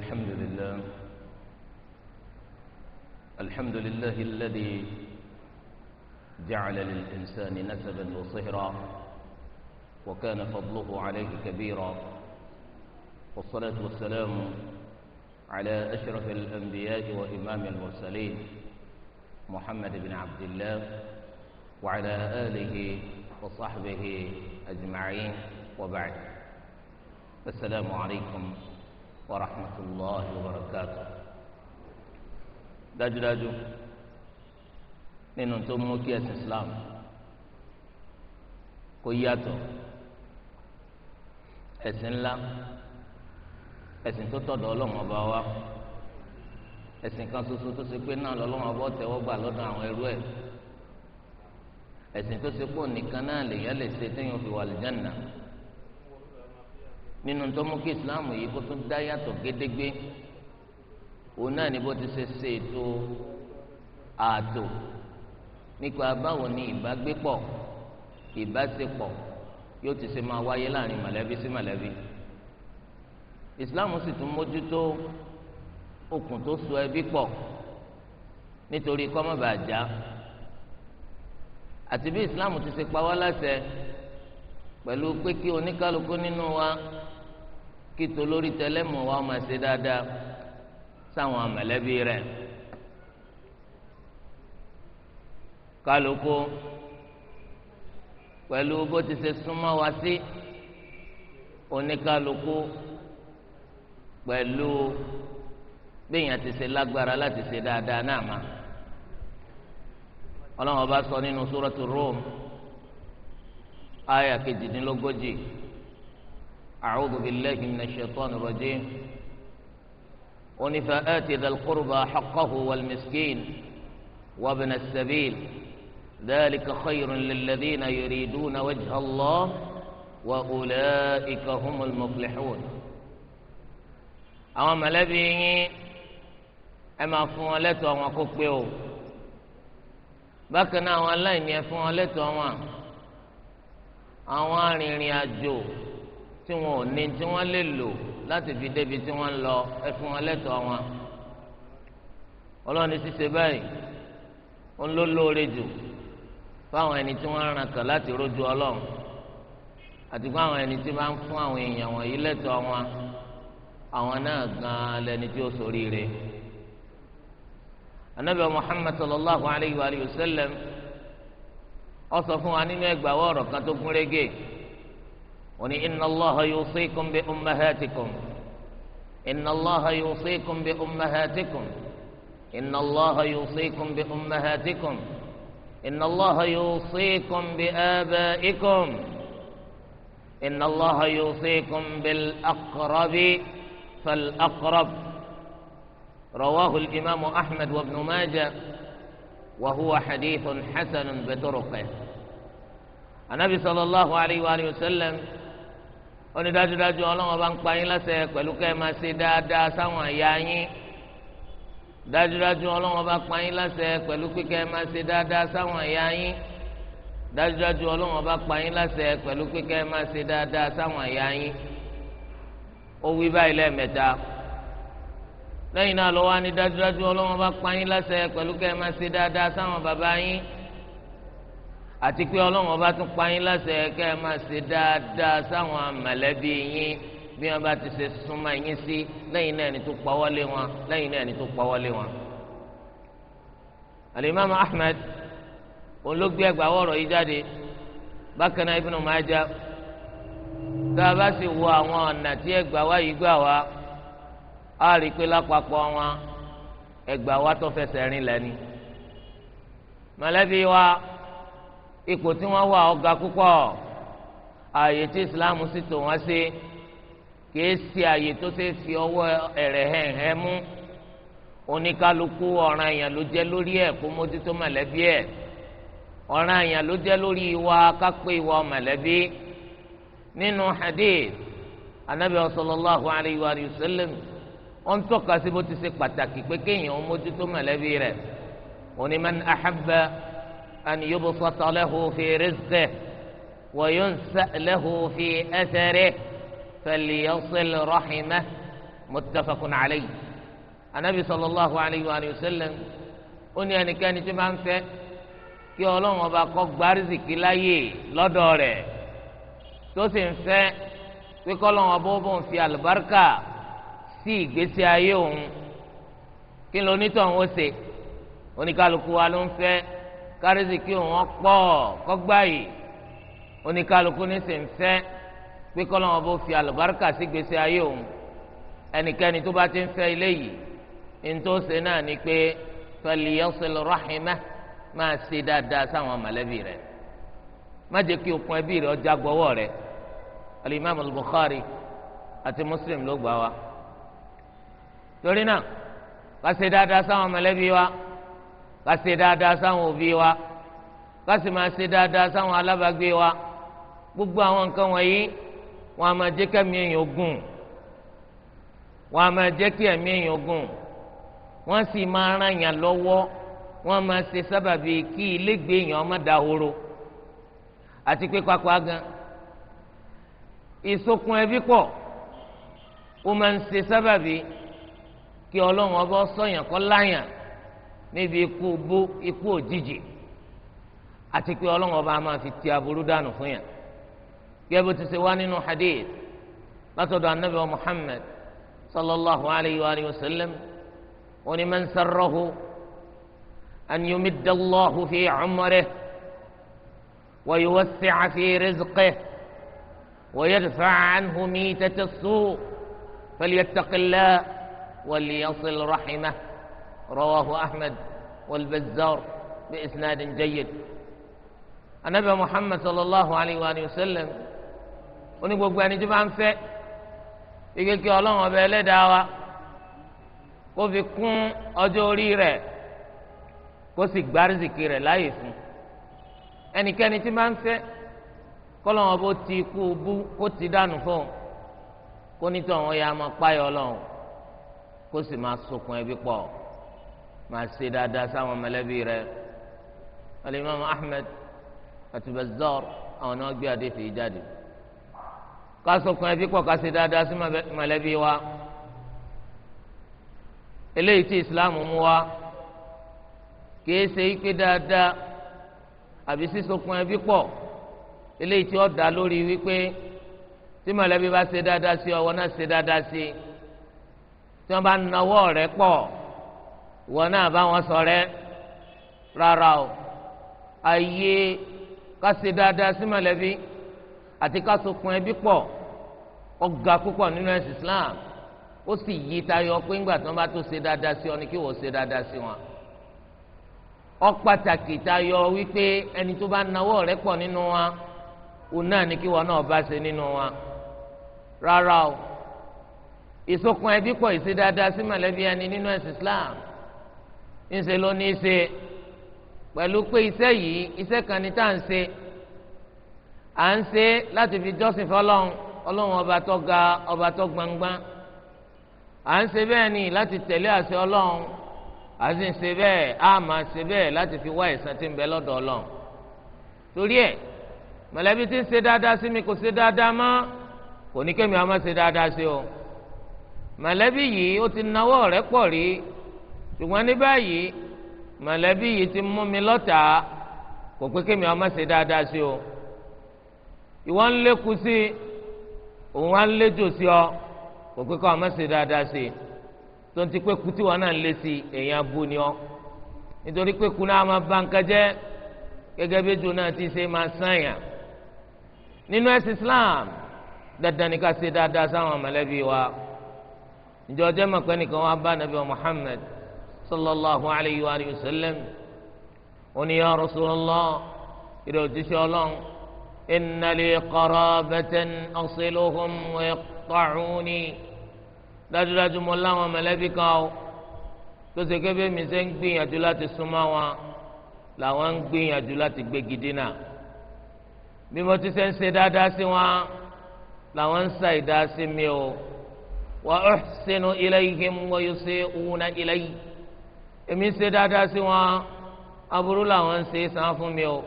الحمد لله الحمد لله الذي جعل للإنسان نسبا وصهرا وكان فضله عليه كبيرا والصلاة والسلام على أشرف الأنبياء وإمام المرسلين محمد بن عبد الله وعلى آله وصحبه أجمعين وبعد السلام عليكم wa rahmatullahi wa barakatuh dájúdájú nínú tó mú kí ẹ̀sìn islam kó yàtọ̀ ẹ̀sìn ńlá ẹ̀sìn tó tọ̀dọ̀ Ọlọ́run ọba wa ẹ̀sìn kan ṣoṣo tó ṣe pé náà lọ́lọ́run ọba tẹ́wọ́ gbà lọ́dọ̀ àwọn ẹrú ẹ̀ ẹ̀sìn tó ṣe pé òun nìkan náà lèèyàn lè ṣe téèyàn fi wà lìjánà nínú tó mú kí ìsìláàmù yìí kó tún dá yàtọ̀ gédégbé òun náà ni bó ti ṣe ṣe ètò ààtò nípa báwo ni ìbágbépọ̀ ìbáṣepọ̀ yóò ti ṣe máa wáyé láàrin mọ̀lẹ́bí sí mọ̀lẹ́bí ìsìláàmù sì tún mójútó okùn tó so ẹbí pọ̀ nítorí kọ́mọ́bàjá àti bí ìsìláàmù ti ṣe pa wá láṣẹ pẹ̀lú pé kí oníkálukú nínú wa. No kí tolórí tẹlẹmọ wa ma ṣe dáadáa sáwọn mẹ̀lẹ́bí rẹ̀ kálukú pẹ̀lú bó ti ṣe súnmọ́ wa sí oníkálukú pẹ̀lú béèyàn ti ṣe lágbára láti ṣe dáadáa náà ma ọlọ́run ọba sọ nínú súrọ́tù Rum áyà kejìdínlógójì. أعوذ بالله من الشيطان الرجيم ونفاءات ذا القربى حقه والمسكين وابن السبيل ذلك خير للذين يريدون وجه الله وأولئك هم المفلحون أما الذي أما أما وكفيه بكنا والله أن يفولته أما àwọn arìnrìn tí wọn ò ní tí wọn lè lò láti fi débi tí wọn ń lọ ẹ fún wọn lẹ́tọ̀ọ́ wọn ọlọ́ni ṣíṣe báyìí ó ń lò lóore jù fáwọn ẹni tí wọ́n ràn kàn láti rójú ọlọ́run àti fún àwọn ẹni tí wọ́n fún àwọn èèyàn wọ̀nyí lẹ́tọ̀ọ́ wọn àwọn náà gan-an lẹni tí ó ṣoríire. anabi muhammad sallallahu alayhi wa sallam ó sọ fún wa nínú ẹgbàá wọ́ọ̀rọ̀ kan tó gún régé. وني إن الله يوصيكم بأمهاتكم إن الله يوصيكم بأمهاتكم إن الله يوصيكم بأمهاتكم إن الله يوصيكم بآبائكم إن الله يوصيكم بالأقرب فالأقرب رواه الإمام أحمد وابن ماجه وهو حديث حسن بطرقه النبي صلى الله عليه وآله وسلم ó ní dájúdájú ọlọ́run ọba ń pa yín láṣẹ pẹ̀lú kẹ́ ẹ máa ṣe dáadáa sáwọn ìyá yín dájúdájú ọlọ́run ọba pa yín láṣẹ pẹ̀lú pé kẹ́ ẹ máa ṣe dáadáa sáwọn ìyá yín dájúdájú ọlọ́run ọba pa yín láṣẹ pẹ̀lú pé kẹ́ ẹ máa ṣe dáadáa sáwọn ìyá yín ó wí báyìí lẹ́ẹ̀mẹ́ta lẹ́yìn náà ló wá ní dájúdájú ọlọ́run ọba pa yín láṣẹ pẹ̀lú kẹ́ ẹ máa ṣe dáadáa sáwọn bàbá yín àti pé ọlọ́run ọba tún pa yín láṣẹ kẹ́ ẹ máa ṣe dáadáa sáwọn mọ̀lẹ́bí yín bí wọ́n bá ti ṣe súnmọ́ yín sí lẹ́yìn náà ẹni tó pawọ́ lé wọn lẹ́yìn náà ẹni tó pawọ́ lé wọn. alimami ahmed òun ló gbé ẹgbàá wọ̀rọ̀ yìí jáde bákan náà ibn Majah tá a bá sì wo àwọn ọ̀nà tí ẹgbàá wá yìí gbà wá á rí i pé lápapọ̀ wọn ẹgbàá wá tó fẹsẹ̀ rìn lẹ́ni mọ̀lẹ́bí wa. ipò tí wọ́n wà ọ̀gá púpọ̀ ààyè tí islam sì tò wọ́n sí kìí ṣe ààyè tó ṣe fi ọwọ́ ẹ̀rẹ̀ hẹ̀hẹ̀ mú oníkálukú ọ̀ràn èèyàn ló jẹ́ lórí ẹ̀ kó mójútó mọ̀lẹ́bí ẹ̀ ọ̀ràn èèyàn ló jẹ́ lórí ìwà kápẹ́ ìwà mọ̀lẹ́bí nínú hadith anabi sallallahu alayhi wa sallam ń tọ́ka sí bó ti ṣe pàtàkì pé kéèyàn mójútó mọ̀lẹ́bí rẹ̀ onímọ̀ ahabba. أن يبسط له في رزقه وينسأ له في أثره فليصل رحمه متفق عليه النبي صلى الله عليه وآله وسلم ní ẹnikẹ́ni tí máa ń fẹ́ kí ọlọ́run ọba kó gba rìsíkí láyè lọ́dọ̀ rẹ̀ tó sì ń fẹ́ pé kọ́lọ́run ọba ó bóun fi àlùbáríkà sí ìgbésí ayé òun kí ló ní tọ̀hún ó ṣe oníkálukú wa ló ń fẹ́ kárẹ́sì kí wọ́n pọ̀ kọ́gbá yìí oníkálukú ní sèǹfẹ́ pé kọ́lọ́wọ́n bó fi àlùbáríkà sí gbèsè ayé òun ẹnikẹ́ni tó bá ti ń fẹ́ ilé yìí ntòsí náà ni pé falyasil rahimah máa ṣe dáadáa sáwọn mọ̀lẹ́bí rẹ̀ má jẹ́ kí okùn ẹbí rẹ̀ ọjà gbọ́wọ́ rẹ̀ al al-Bukhari àti Muslim ló gbà wá torí náà ká ṣe dáadáa sáwọn mọ̀lẹ́bí wa ká ṣe dáadáa sáwọn òbí wa ká sì máa ṣe dáadáa sáwọn alábàágbé wa gbogbo àwọn nǹkan wọ̀nyí wọn a máa jẹ́ kẹ́mi èèyàn gùn wọn a máa jẹ́ kí ẹ̀mí èèyàn gùn wọ́n sì máa ràn yàn lọ́wọ́ wọ́n máa ṣe sábàbí kí ilégbè èèyàn má dahoro àti pé pápá gan ìsokùn ẹbí pọ̀ ó máa ń sábàbí kí ọlọ́run ọba sọ̀yàn kọ́ láyàn. níbi ikú bú ikú òjijì àti pé ọlọ́run ọba máa fi ti aburú dànù fún yàn gẹ́gẹ́ bó ti ṣe wá nínú hadith látọ̀dọ̀ anabi wa muhammed sallallahu alayhi wa sallam oní man sarrahu an yumidda allahu fi cumare wa wá sí cafi rizqihi wa yadfa anhu miitata as-su' falyattaqi allah wa liyasil raxima. رواه أحمد والبزار بإسناد جيد النبي محمد صلى الله عليه وآله وسلم oní gbogbo ẹni tó bá ń fẹ́ ike kí ọlọ́run ọba ẹlẹ́dàá wa kó fi kún ọjọ́ orí rẹ̀ kó sì gbárísìkì rẹ̀ láàyè fún ẹnikẹ́ni tí bá ń fẹ́ kọ́lọ́run ọba ó ti ikú bú kó ti dànù fún kó nítorí àwọn ya máa páyọ̀ ọlọ́run kó sì máa sokùn ẹbí pọ̀. ما ṣe dáadáa sáwọn mọ̀lẹ́bí rẹ alimami ahmed àti bazzar àwọn náà gbé adéfì yìí jáde ká sọkún ẹbí pọ̀ ká ṣe dáadáa sí mọ̀lẹ́bí wa eléyìí tí islam mú wa kìí ṣe ike dáadáa àbí sísọkún ẹbí pọ̀ eléyìí tí ó dá lórí wípé tí mọ̀lẹ́bí bá ṣe dáadáa sí ọwọ́ náà ṣe dáadáa sí tí wọ́n bá nawọ́ rẹ̀ pọ̀ ìwọ náà bá wọn ṣọ̀rẹ́ rárá o ayé ká ṣe dáadáa sí mọ̀lẹ́bí àti ká sokùn ẹbí pọ̀ ọ̀gá púpọ̀ nínú ẹ̀sìn Islam ó sì yí tayọ pé ńgbà tí wọ́n bá tó ṣe dáadáa sí ọ ni kí wọ́n ṣe dáadáa sí wọn ọ pàtàkì tayọ wípé ẹni tó bá nawọ́ rẹ̀ pọ̀ nínú wa òun náà ni kí wọn náà bá ṣe nínú wa rárá o ìsokùn ẹbí pọ̀ ìṣe dáadáa sí mọ̀lẹ́bí ẹni nínú ẹ̀sìn Islam ńṣe ló ní í ṣe pẹ̀lú pé iṣẹ́ yìí iṣẹ́ kan ní tá à ń ṣe à ń ṣe láti fi jọ́sìn fọlọ́run ọlọ́run ọba tó ga ọba tó gbangban à ń ṣe bẹ́ẹ̀ ni láti tẹ̀lé àṣẹ ọlọ́run à sì ń ṣe bẹ́ẹ̀ á máa ṣe bẹ́ẹ̀ láti fi wá ẹ̀san tí ń bẹ lọ́dọ̀ ọlọ́run torí ẹ̀ mọ̀lẹ́bí tí ń ṣe dáadáa sí mi kò ṣe dáadáa mọ́ kò ní kémi àwọn máa ṣe dáadáa sí o mọ̀lẹ́bí yìí ó ti nawọ́ rẹ̀ pọ̀ rí ṣùgbọ́n ní báyìí mọ̀lẹ́bí yìí ti mú mi lọ́tà kò pé kémi ọmọ ṣe dáadáa sí o ìwọ ń lékun sí òun wá ń sí ọ kò pé kó ọmọ ṣe dáadáa sí tó ń ti pé kutí náà ń lé sí èèyàn bú ni ọ nítorí pé kú náà máa bà nǹkan jẹ́ gẹ́gẹ́ bí náà ti ṣe máa sànyà nínú ẹ̀sìn Islam dandan ni ká ṣe dáadáa sáwọn mọ̀lẹ́bí wa mọ̀pẹ́ nìkan wá bá sallallahu alayhi wa sallam ó ní ya rasulallah ìrẹ̀ òjíṣẹ́ ọlọ́run inna li qarabatan asiluhum wa yaqta'uni dájúdájú mo láwọn mẹlẹ́bí kan o tó ṣe kébé mi ṣe ń gbìyànjú láti súnmọ́ wọn làwọn ń gbìyànjú láti gbégi dínà bí mo ti ṣe ń ṣe dáadáa sí wọn làwọn ń sa ìdá sí mi o wa uhsinu ilayhim wa yusi'una ilayhi èmi ń ṣe dáadáa sí wọn aburú làwọn ń ṣe san fún mi o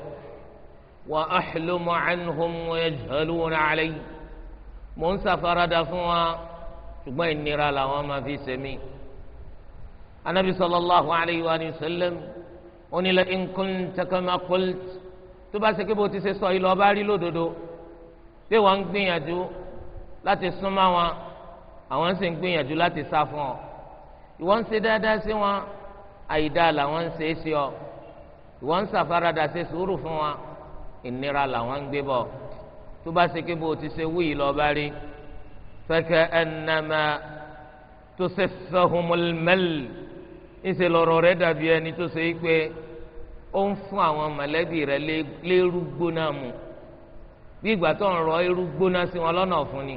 wa ahlumu anhum yajhaluna alayya mò ń ṣàfaradà fún wọn ṣùgbọ́n ìnira làwọn máa fi ṣe mí. anabi sallallahu alayhi wa sallam ó ní la in tó bá ṣe kí bó ti ṣe sọ ilẹ̀ ọba rí lódodo pé wọ́n ń gbìyànjú láti súnmọ́ wọn àwọn sì ń gbìyànjú láti sá fún ọ ìwọ́n ń ṣe dáadáa sí wọn àyídá làwọn ń ṣe é sí ọ ìwọ ń ṣàfaradà ṣe sùúrù fún wa ìnira làwọn ń gbé bọ̀ tó bá ṣe kí bó o ti ṣe wúyì lọ bá rí fẹkẹ ẹnàmà tó ṣe sọhùnmọlẹmẹlì ńṣe lọ́rọ̀ rẹ̀ dàbí ẹni tó ṣe é pé ó ń fún àwọn mọ̀lẹ́bí rẹ̀ lérú gbóná mu bí ìgbà tó ń rọ irú gbóná sí wọn lọ́nà ọ̀fun ni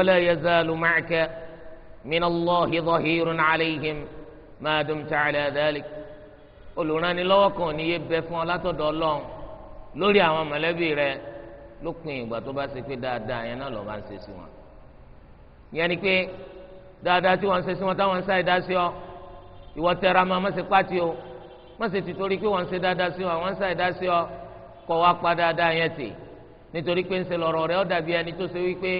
wala yazalu ma'aka minallahi dhahirun alayhim ma dumta ala dhalik olùrànilọ́wọ́ kan ò ní yé bẹ fún ọ látọ̀dọ̀ ọlọ́run lórí àwọn mọ̀lẹ́bí rẹ lópin ìgbà tó bá ṣe pé dáadáa yẹn náà lọ́ọ́ bá ń ṣe sí wọn. ìyẹn ni pé dáadáa tí wọ́n ń ṣe sí wọn táwọn ń ṣàìdá sí ọ ìwọ tẹra máa mọ̀ṣẹ́ pàtì o mọ̀ṣẹ́ ti torí pé wọ́n ń ṣe dáadáa sí ọ àwọn ń ṣàìdá sí ọ kọ́ wa pa dáadáa yẹn tì nítorí pé ń ṣe lọ́rọ̀ rẹ ó dàbí ẹni tó ṣe wípé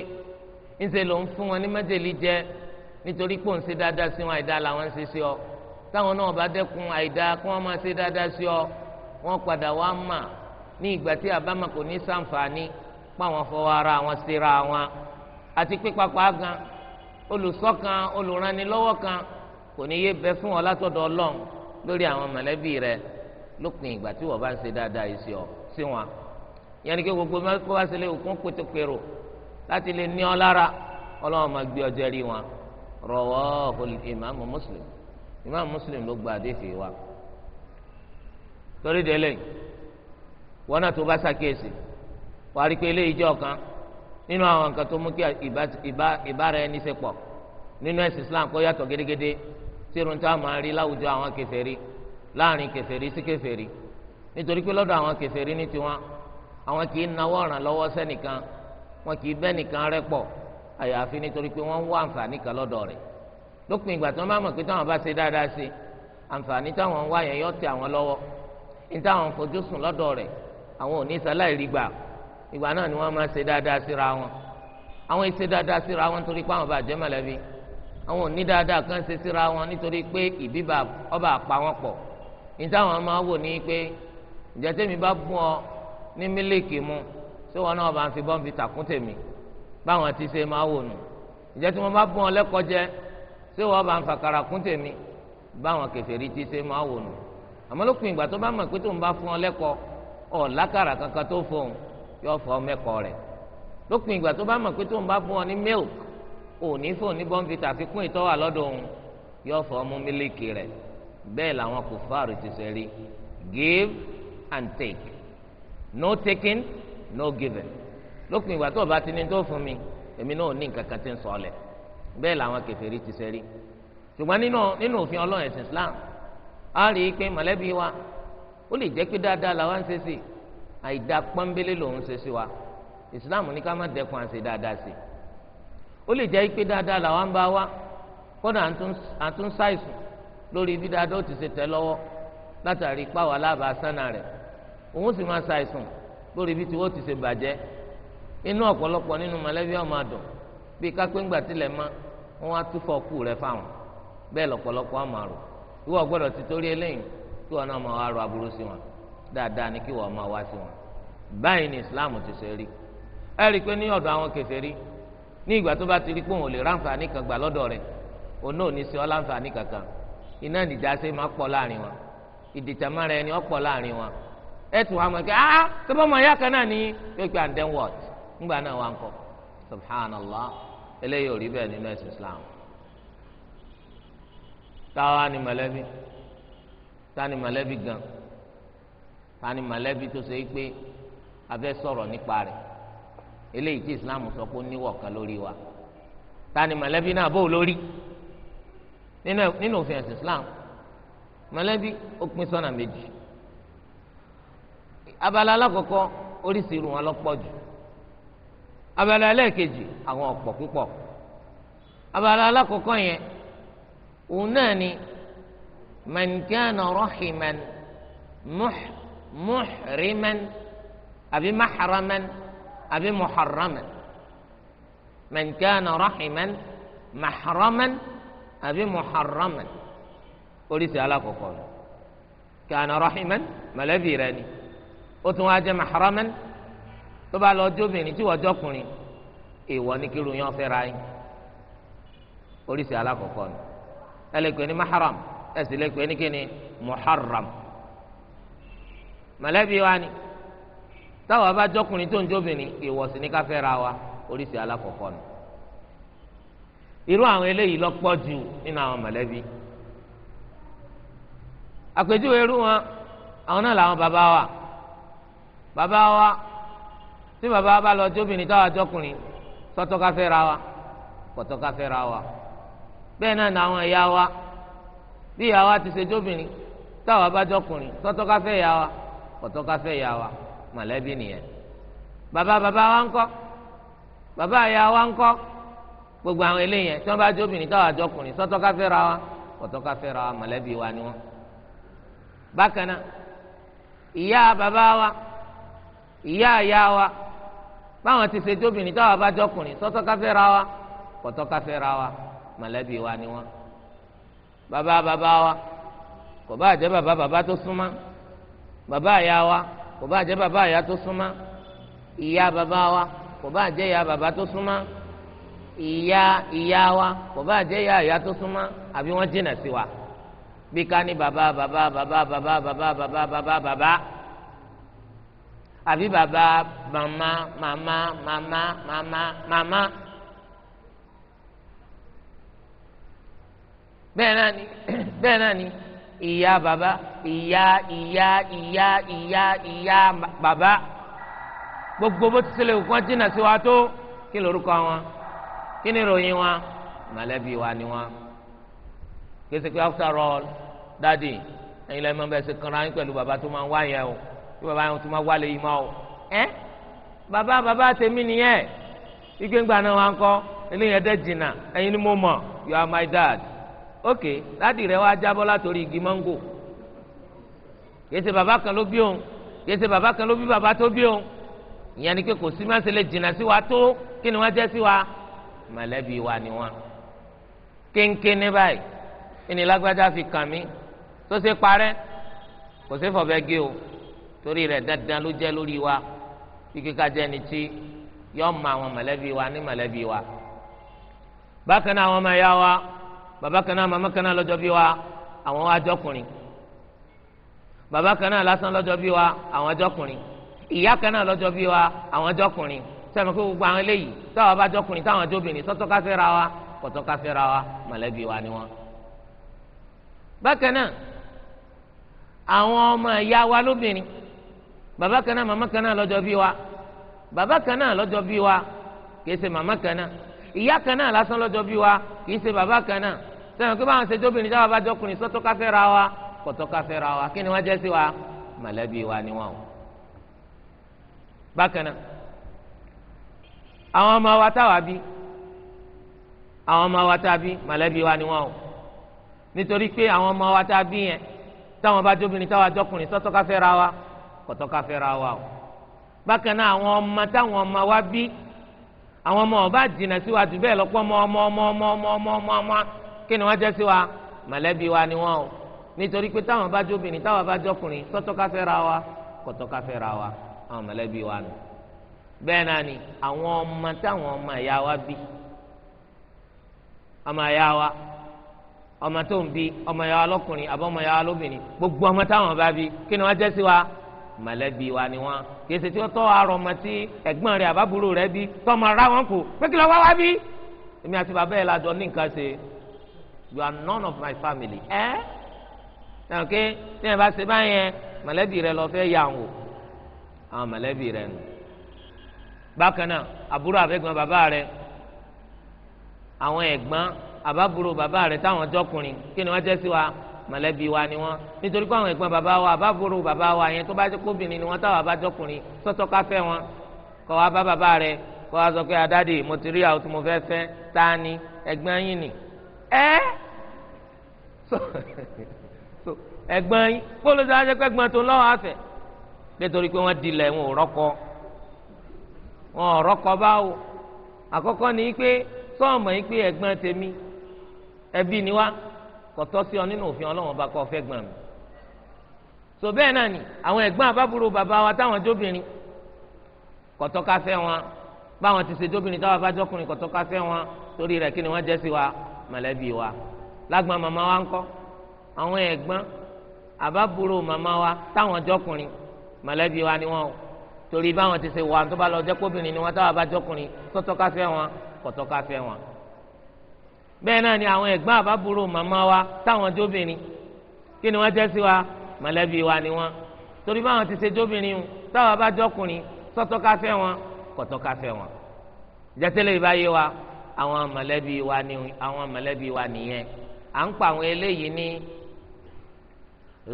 ń ṣe lòun fún wọn ní májèlé jẹ nítorí pé òun ṣe dáadáa sí wọn àìdá làwọn ń ṣe sí ọ táwọn náà bá dẹ́kun àìdá kí wọ́n máa ṣe dáadáa sí ọ wọ́n padà wá mà ní ìgbà tí àbámọ̀ kò ní sàǹfààní pa àwọn fọwọ́ ara wọn síra wọn àti pípapá gan olùṣọ́kan olùrànilọ́wọ́ kan kò ní yé bẹ fún ọ látọ̀dọ̀ ọlọ́run lórí àwọn mọ̀lẹ́bí rẹ lópin ìgbà tí wọ́n bá ń ṣe dáadáa yìí sí ọ sí wọn yẹn kí gbogbo mẹ́kọ́ wá sílé òkun pétékèrò láti lè ní ọ lára ọlọ́run máa gbé ọjọ́ rí wọn rawahu al-Imam Muslim. imam muslim ló gba àdéhìí wa torí délé wọn náà tó bá ṣàkíyèsí wàá rí pé ilé jẹ́ kan nínú àwọn nǹkan tó mú kí ìbára ẹni ṣe pọ̀ nínú ẹ̀sìn islam kó yàtọ̀ gédégédé tí irun tá a máa rí láwùjọ àwọn kèfèrí láàrin sí nítorí pé àwọn ní tiwọn àwọn kì í lópin ìgbà tí wọ́n bá mọ̀ pé táwọn bá ṣe dáadáa ṣe àǹfààní táwọn ń wá yẹn yọ tẹ àwọn lọ́wọ́ ní táwọn ń fojú sùn lọ́dọ̀ rẹ̀ àwọn ò ní sáláì rí gbà ìgbà náà ni wọ́n máa ṣe dáadáa síra wọn àwọn ìṣe dáadáa síra wọn nítorí pé àwọn bá jẹ́ mọ̀lẹ́bí àwọn ò ní dáadáa kan ṣe síra wọn nítorí pé ìbíbà ọba àpá wọn pọ̀ ní táwọn máa wò ní pé ìjẹ́ tèmi bá bùn ọ ní mílíkì mu tí wọn náà bá ń fi bọ́ǹfì tàkùn tèmi báwọn ti ṣe máa wò nù ìjẹ́ tí wọ́n bá bùn ọ lẹ́kọ̀ọ́ jẹ́ ṣé wọ́n bá ń fàkàrà kún tèmi báwọn kèfèrí ti ṣe máa wò nù àmọ́ lópin ìgbà tó bá mọ̀ pé tó ń bá fún ọ lẹ́kọ̀ọ́ ọ̀ lákàrà kankan tó fóun yóò fọ mẹ́kọ̀ọ́ rẹ̀ lópin ìgbà tó bá mọ̀ pé tó ń bá fún ọ ní milk òní fóun ní bọ́ǹfìtà fi kún ìtọ́ wà lọ́dọ̀ òun yóò fọ ọmú mílíkì rẹ̀ bẹ́ẹ̀ làwọn kò fáàrù ti ṣe rí give and take no taking no giving lópin ìgbà tó o bá ti ní tó fún mi èmi náà ò ní nǹkan kan tí ń sọ ọ lẹ̀ bẹ́ẹ̀ làwọn kèfèrí ti sẹ́rí ṣùgbọ́n nínú nínú òfin ọlọ́run ẹ̀sìn Islam a rí i pé mọ̀lẹ́bí wa ó lè jẹ́ pé dáadáa làwọn ń ṣe sí àìdá pọ́nbélé lòun ṣe sí wa Islam ní ká má dẹ́kun àṣẹ dáadáa sí ó lè jẹ́ pé dáadáa làwọn ń bá wa kódà àtún ṣàìsùn lórí bí dáadáa ó ti ṣe tẹ́ lọ́wọ́ látàrí pàwọ́ aláàbà sánà rẹ̀ òun sì máa ṣàìsùn lórí bí tiwọ́ ti ṣe bàjẹ́ inú ọ̀pọ̀lọpọ̀ nínú mọ̀lẹ́bí ọmọ bí kápẹ́ngbà tilẹ̀ mọ́ wọn á túfọ̀ kú rẹ fáwọn bẹ́ẹ̀ lọ́pọ̀lọpọ̀ á máa ìwọ gbọ́dọ̀ ti torí eléyìí kí wọn náà máa wá rò aburú sí wọn dáadáa ni kí wọn máa wá sí wọn báyìí ni Islam ti ṣe rí ẹ rí i pé ní ọ̀dọ̀ àwọn kèfèrí ní ìgbà tó bá ti rí pé òun ò lè ráǹfààní kan gbà lọ́dọ̀ rẹ̀ òun náà ní sí ọ láǹfààní kankan iná ìdìjà ṣe máa pọ̀ láàrin wọn ìdìtàmára ẹni ọ̀pọ̀ láàrin wọn ẹ tún mọ̀ kí ah mọ̀ ẹ̀yà kan and then what ńgbà náà wà eléyìí ò rí bẹ́ẹ̀ nínú ẹ̀sìn islam táwa ni mọ̀lẹ́bí táwa ni mọ̀lẹ́bí gan táwa ni mọ̀lẹ́bí tó ṣe é pé a sọ̀rọ̀ nípa rẹ̀ eléyìí tí islam sọ pé ó níwọ̀ kan lórí wa táwa ni mọ̀lẹ́bí náà bó lórí nínú òfin ẹ̀sìn islam mọ̀lẹ́bí ó pín sọ́nà méjì abala alákọ̀ọ́kọ́ oríṣiríṣi wọn lọ́pọ̀ jù abala ẹlẹ́ẹ̀kejì àwọn ọ̀pọ̀ púpọ̀ abala alákọ̀ọ́kọ́ yẹn òun náà ni man kana rahiman muhriman àbí mahraman àbí muharraman man kana rahiman àbí muharraman oríṣi alákọ̀ọ́kọ́ kana rahiman mọ̀lẹ́bí rẹ ni ó tún wá jẹ́ mahraman. tó bá lọ jóbìnrin tí wọ́n jọkùnrin èèwọ̀ ní kíru yẹn fẹ́ ra yín oríṣi alákọ̀ọ́kọ́ ni ẹ lè pè ní maharam ẹ sì lè pè ní kíni muharram mọ̀lẹ́bí wa ni táwa bá jọkùnrin tó ń jóbìnrin èèwọ̀ sì ní ká fẹ́ ra wa oríṣi alákọ̀ọ́kọ́ ni irú àwọn eléyìí lọ pọ̀ jù nínú àwọn mọ̀lẹ́bí àpèjúwe irú wọn àwọn náà làwọn bàbá wa bàbá wa tí bàbá bá lọ jóbìnrin táwa jọkùnrin sọtọ ká fẹ́ ra wa pọ̀tọ́ ká fẹ́ ra wa bẹ́ẹ̀ náà làwọn ẹ̀yà wa bí ìyá wa ti ṣe jóbìnrin táwa bá jọkùnrin sọtọ ká fẹ́ ìyá wa pọ̀tọ́ ká fẹ́ ìyá wa mọ̀lẹ́bí nìyẹn bàbá bàbá wa ńkọ́ bàbá ìyá wa ńkọ́ gbogbo àwọn eléyẹn tí wọ́n bá jóbìnrin táwa jọkùnrin sọtọ ká fẹ́ ra wa pọ̀tọ́ ká fẹ́ ra wa mọ̀lẹ́bí wa ni wọ́n bákan náà ìyá bàbá wa ìyá ìyá wa báwọn ti ṣe jóbìnrin táwọn bá jọkùnrin sọ́tọ́ káfẹ́ ra wa kọ́tọ́ káfẹ́ ra wa mọ̀lẹ́bí wa ni wọ́n bàbá bàbá wa kò bá jẹ́ bàbá bàbá tó súnmọ́ bàbá àyà wa kò bá jẹ́ bàbá àyà tó súnmọ́ ìyá bàbá wa kò bá jẹ́ ìyá bàbá tó súnmọ́ ìyá ìyá wa kò bá jẹ́ ìyá àyà tó súnmọ́ àbí wọ́n jìnà sí wa bí ká ní bàbá bàbá bàbá bàbá bàbá bàbá bàbá bàbá àbí Baba, Mama, Mama, Mama, Mama, Mama. bẹ́ẹ̀ náà ni bẹ́ẹ̀ náà ni ìyá bàbá ìyá ìyá ìyá ìyá ìyá bàbá gbogbo bó ti ṣẹlẹ̀ òkú wọn jìnnà sí wa tó kí lorúkọ wọn kí ni ìròyìn wọn mọ̀lẹ́bí wa ni wọn kí ẹ sẹ́ after all dadi ẹ̀yin lẹ́yìn mọ́ bẹ́ẹ̀ ṣe kanra yín pẹ̀lú bàbá tó máa ń wáyà o tí bàbá yẹn tó máa wálé yìí máa o ẹ bàbá bàbá tèmi nìyẹn ike ń gbà náà wá ń kọ eléyìí ẹdẹ jìnnà ẹyin ni mo mọ you are my dad ok dádì rẹ wá jábọ́ látòrí igi mango yẹsẹ bàbá kan ló bí òun yẹsẹ bàbá kan ló bí bàbá tó bí òun ìyẹn ni pé kò sí máṣe lè jìnnà sí wa tó kí ni wọ́n jẹ́ sí wa mọ̀lẹ́bí wa ni wọ́n kéńké ní báyìí ìnílágbájá fi kàn mí tó ṣe parẹ́ kò sí fọ̀bẹ́ gé o torí rẹ̀ dandan ló jẹ́ lórí wa kíkẹ́ ká jẹ́ ni tí yọ́ọ́ mọ àwọn mọ̀lẹ́bí wa ní mọ̀lẹ́bí wa bákan náà àwọn ọmọ ẹ̀yà wa bàbá kan náà màmá kan náà lọ́jọ́ bí wa àwọn ajọ́kùnrin bàbá kan náà lásán lọ́jọ́ bí wa àwọn ajọ́kùnrin ìyá kan náà lọ́jọ́ bí wa àwọn ajọ́kùnrin sẹ́mi kó gbogbo àwọn eléyìí táwọn bá jọkùnrin táwọn ajọ́bìnrin sọ́tọ́ ká fẹ́ra wa kọ̀tọ́ ká fẹ́ra wa mọ̀lẹ́bí wa ni wọ́n. bákan náà àwọn ọmọ ẹ̀yà wa lóbìnrin Baba kana mama kana kan náà lọ́jọ́ bí wa bàbá kana. náà lọ́jọ́ bí wa kìí ṣe màmá kana. náà ìyá kan náà lásán lọ́jọ́ bí wa kìí ṣe bàbá kan náà sẹ́yìn pé báwọn ṣe jóbìnrin jáwọ́ bá jọkùnrin sọ́tọ́ ra wa kọ̀tọ́ káfẹ́ ra wa kí ni wọ́n jẹ́ sí wa mọ̀lẹ́bí wa ni wọ́n o. bákan náà àwọn ọmọ wa táwa bí àwọn ọmọ wa táa bí mọ̀lẹ́bí wa ni wọ́n o nítorí pé àwọn ọmọ wa táa bí yẹn táwọn bá jóbìnrin táwa jọkùnrin sọ́tọ́ káfẹ́ ra wa kọ̀tọ́ ká fẹ́ ra wa o bákan náà àwọn ọmọ táwọn ọmọ wa bí àwọn ọmọ ọba jìnnà sí wa jù bẹ́ẹ̀ lọ́pọ̀ ọmọ ọmọ ọmọ ọmọ ọmọ ọmọ ọmọ ọmọ kí ni wọ́n jẹ́ sí wa mọ̀lẹ́bí wa ni wọ́n o nítorí pé táwọn bá jó obìnrin táwọn bá jọkùnrin sọ́tọ́ ká fẹ́ ra wa kọ̀tọ́ ká fẹ́ ra wa àwọn mọ̀lẹ́bí wa nù bẹ́ẹ̀ náà ni àwọn ọmọ táwọn ọmọ ìyá wa bí ọmọ ìyá wa ọmọ tó ń bí ọmọ ìyá wa lọ́kùnrin àbọ̀ ọmọ ìyá wa lóbìnrin gbogbo ọmọ táwọn bá bí kí ni wọ́n jẹ́ sí wa mọ̀lẹ́bí wa ni wọ́n kì í ṣe tí ó tọ́ àrọ̀ ọmọ tí ẹ̀gbọ́n rẹ̀ àbábúrò rẹ̀ bí ra wọn kù pé kí lọ wá èmi àti bàbá yẹn lájọ ní nǹkan ṣe you are none of my family ẹ ẹ ok ní ẹ bá ṣe báyẹn mọ̀lẹ́bí rẹ̀ lọ fẹ́ yà wò àwọn mọ̀lẹ́bí rẹ̀ nù bákan náà àbúrò àbẹ̀gbọ́n bàbá rẹ̀ àwọn ẹ̀gbọ́n àbábúrò bàbá rẹ̀ táwọn jọkùnrin kí ni wọ́n jẹ́ sí wa mọ̀lẹ́bí wa ni wọ́n nítorí pé àwọn ẹ̀gbọ́n bàbá wa àbábòrò bàbá wa yẹn tó bá jẹ́ kóbìnrin ni wọ́n táwọn abájọkùnrin sọ́tọ́ ká fẹ́ wọn kọ́ wa bá bàbá rẹ kọ́ wa sọ pé ah, adáde mo ti rí àwọn tí mo fẹ́ fẹ́ ta ni ẹ̀gbọ́n yín ni ẹ́ ẹ̀gbọ́n yín kó ló sọ pé ẹ̀gbọ́n tó lọ́wọ́ àfẹ́ nítorí pé wọ́n dilẹ̀ wọn ò rọ́kọ wọn ò rọ́kọ báwo àkọ́kọ́ ni pé sọ́ọ̀mọ̀ yín pé ẹ̀gbọ́n tèmi ẹbí ni wá kọtọ sí ọ nínú òfin Ọlọ́run ọba kọ fẹ́ gbọn mi so bẹ́ẹ̀ náà ni àwọn ẹ̀gbọ́n àbábúrò bàbá wa táwọn jóbìnrin kọtọ ká fẹ́ wọn báwọn ti ṣe jóbìnrin táwọn abájọkùnrin kọtọ ká fẹ́ wọn torí rẹ̀ kí ni wọn jẹ́ sí wa mọ̀lẹ́bí wa lágbọn màmá wa ń kọ àwọn ẹ̀gbọ́n àbábúrò màmá wa táwọn jọkùnrin mọ̀lẹ́bí wa ni wọn o torí báwọn ti ṣe wà tó bá lọ jẹ́ kóbìnrin ni wọn táwọn abájọkùnrin kọtọ ká fẹ́ wọn kọtọ ká fẹ́ wọn bẹ́ẹ̀ náà ni àwọn ẹ̀gbọ́n àbábúrò màmá wa táwọn jóbìnrin kí ni wọ́n jẹ́ sí wa mọ̀lẹ́bí wa ni wọ́n torí báwọn ti ṣe jóbìnrin o táwọn bá jọkùnrin sọ́tọ́ ká fẹ́ wọn kọ̀tọ́ ká fẹ́ wọn ìjẹ́tẹ́lẹ̀ ìbáyé wa àwọn mọ̀lẹ́bí wa ni àwọn mọ̀lẹ́bí wa nìyẹn à ń pa àwọn eléyìí ní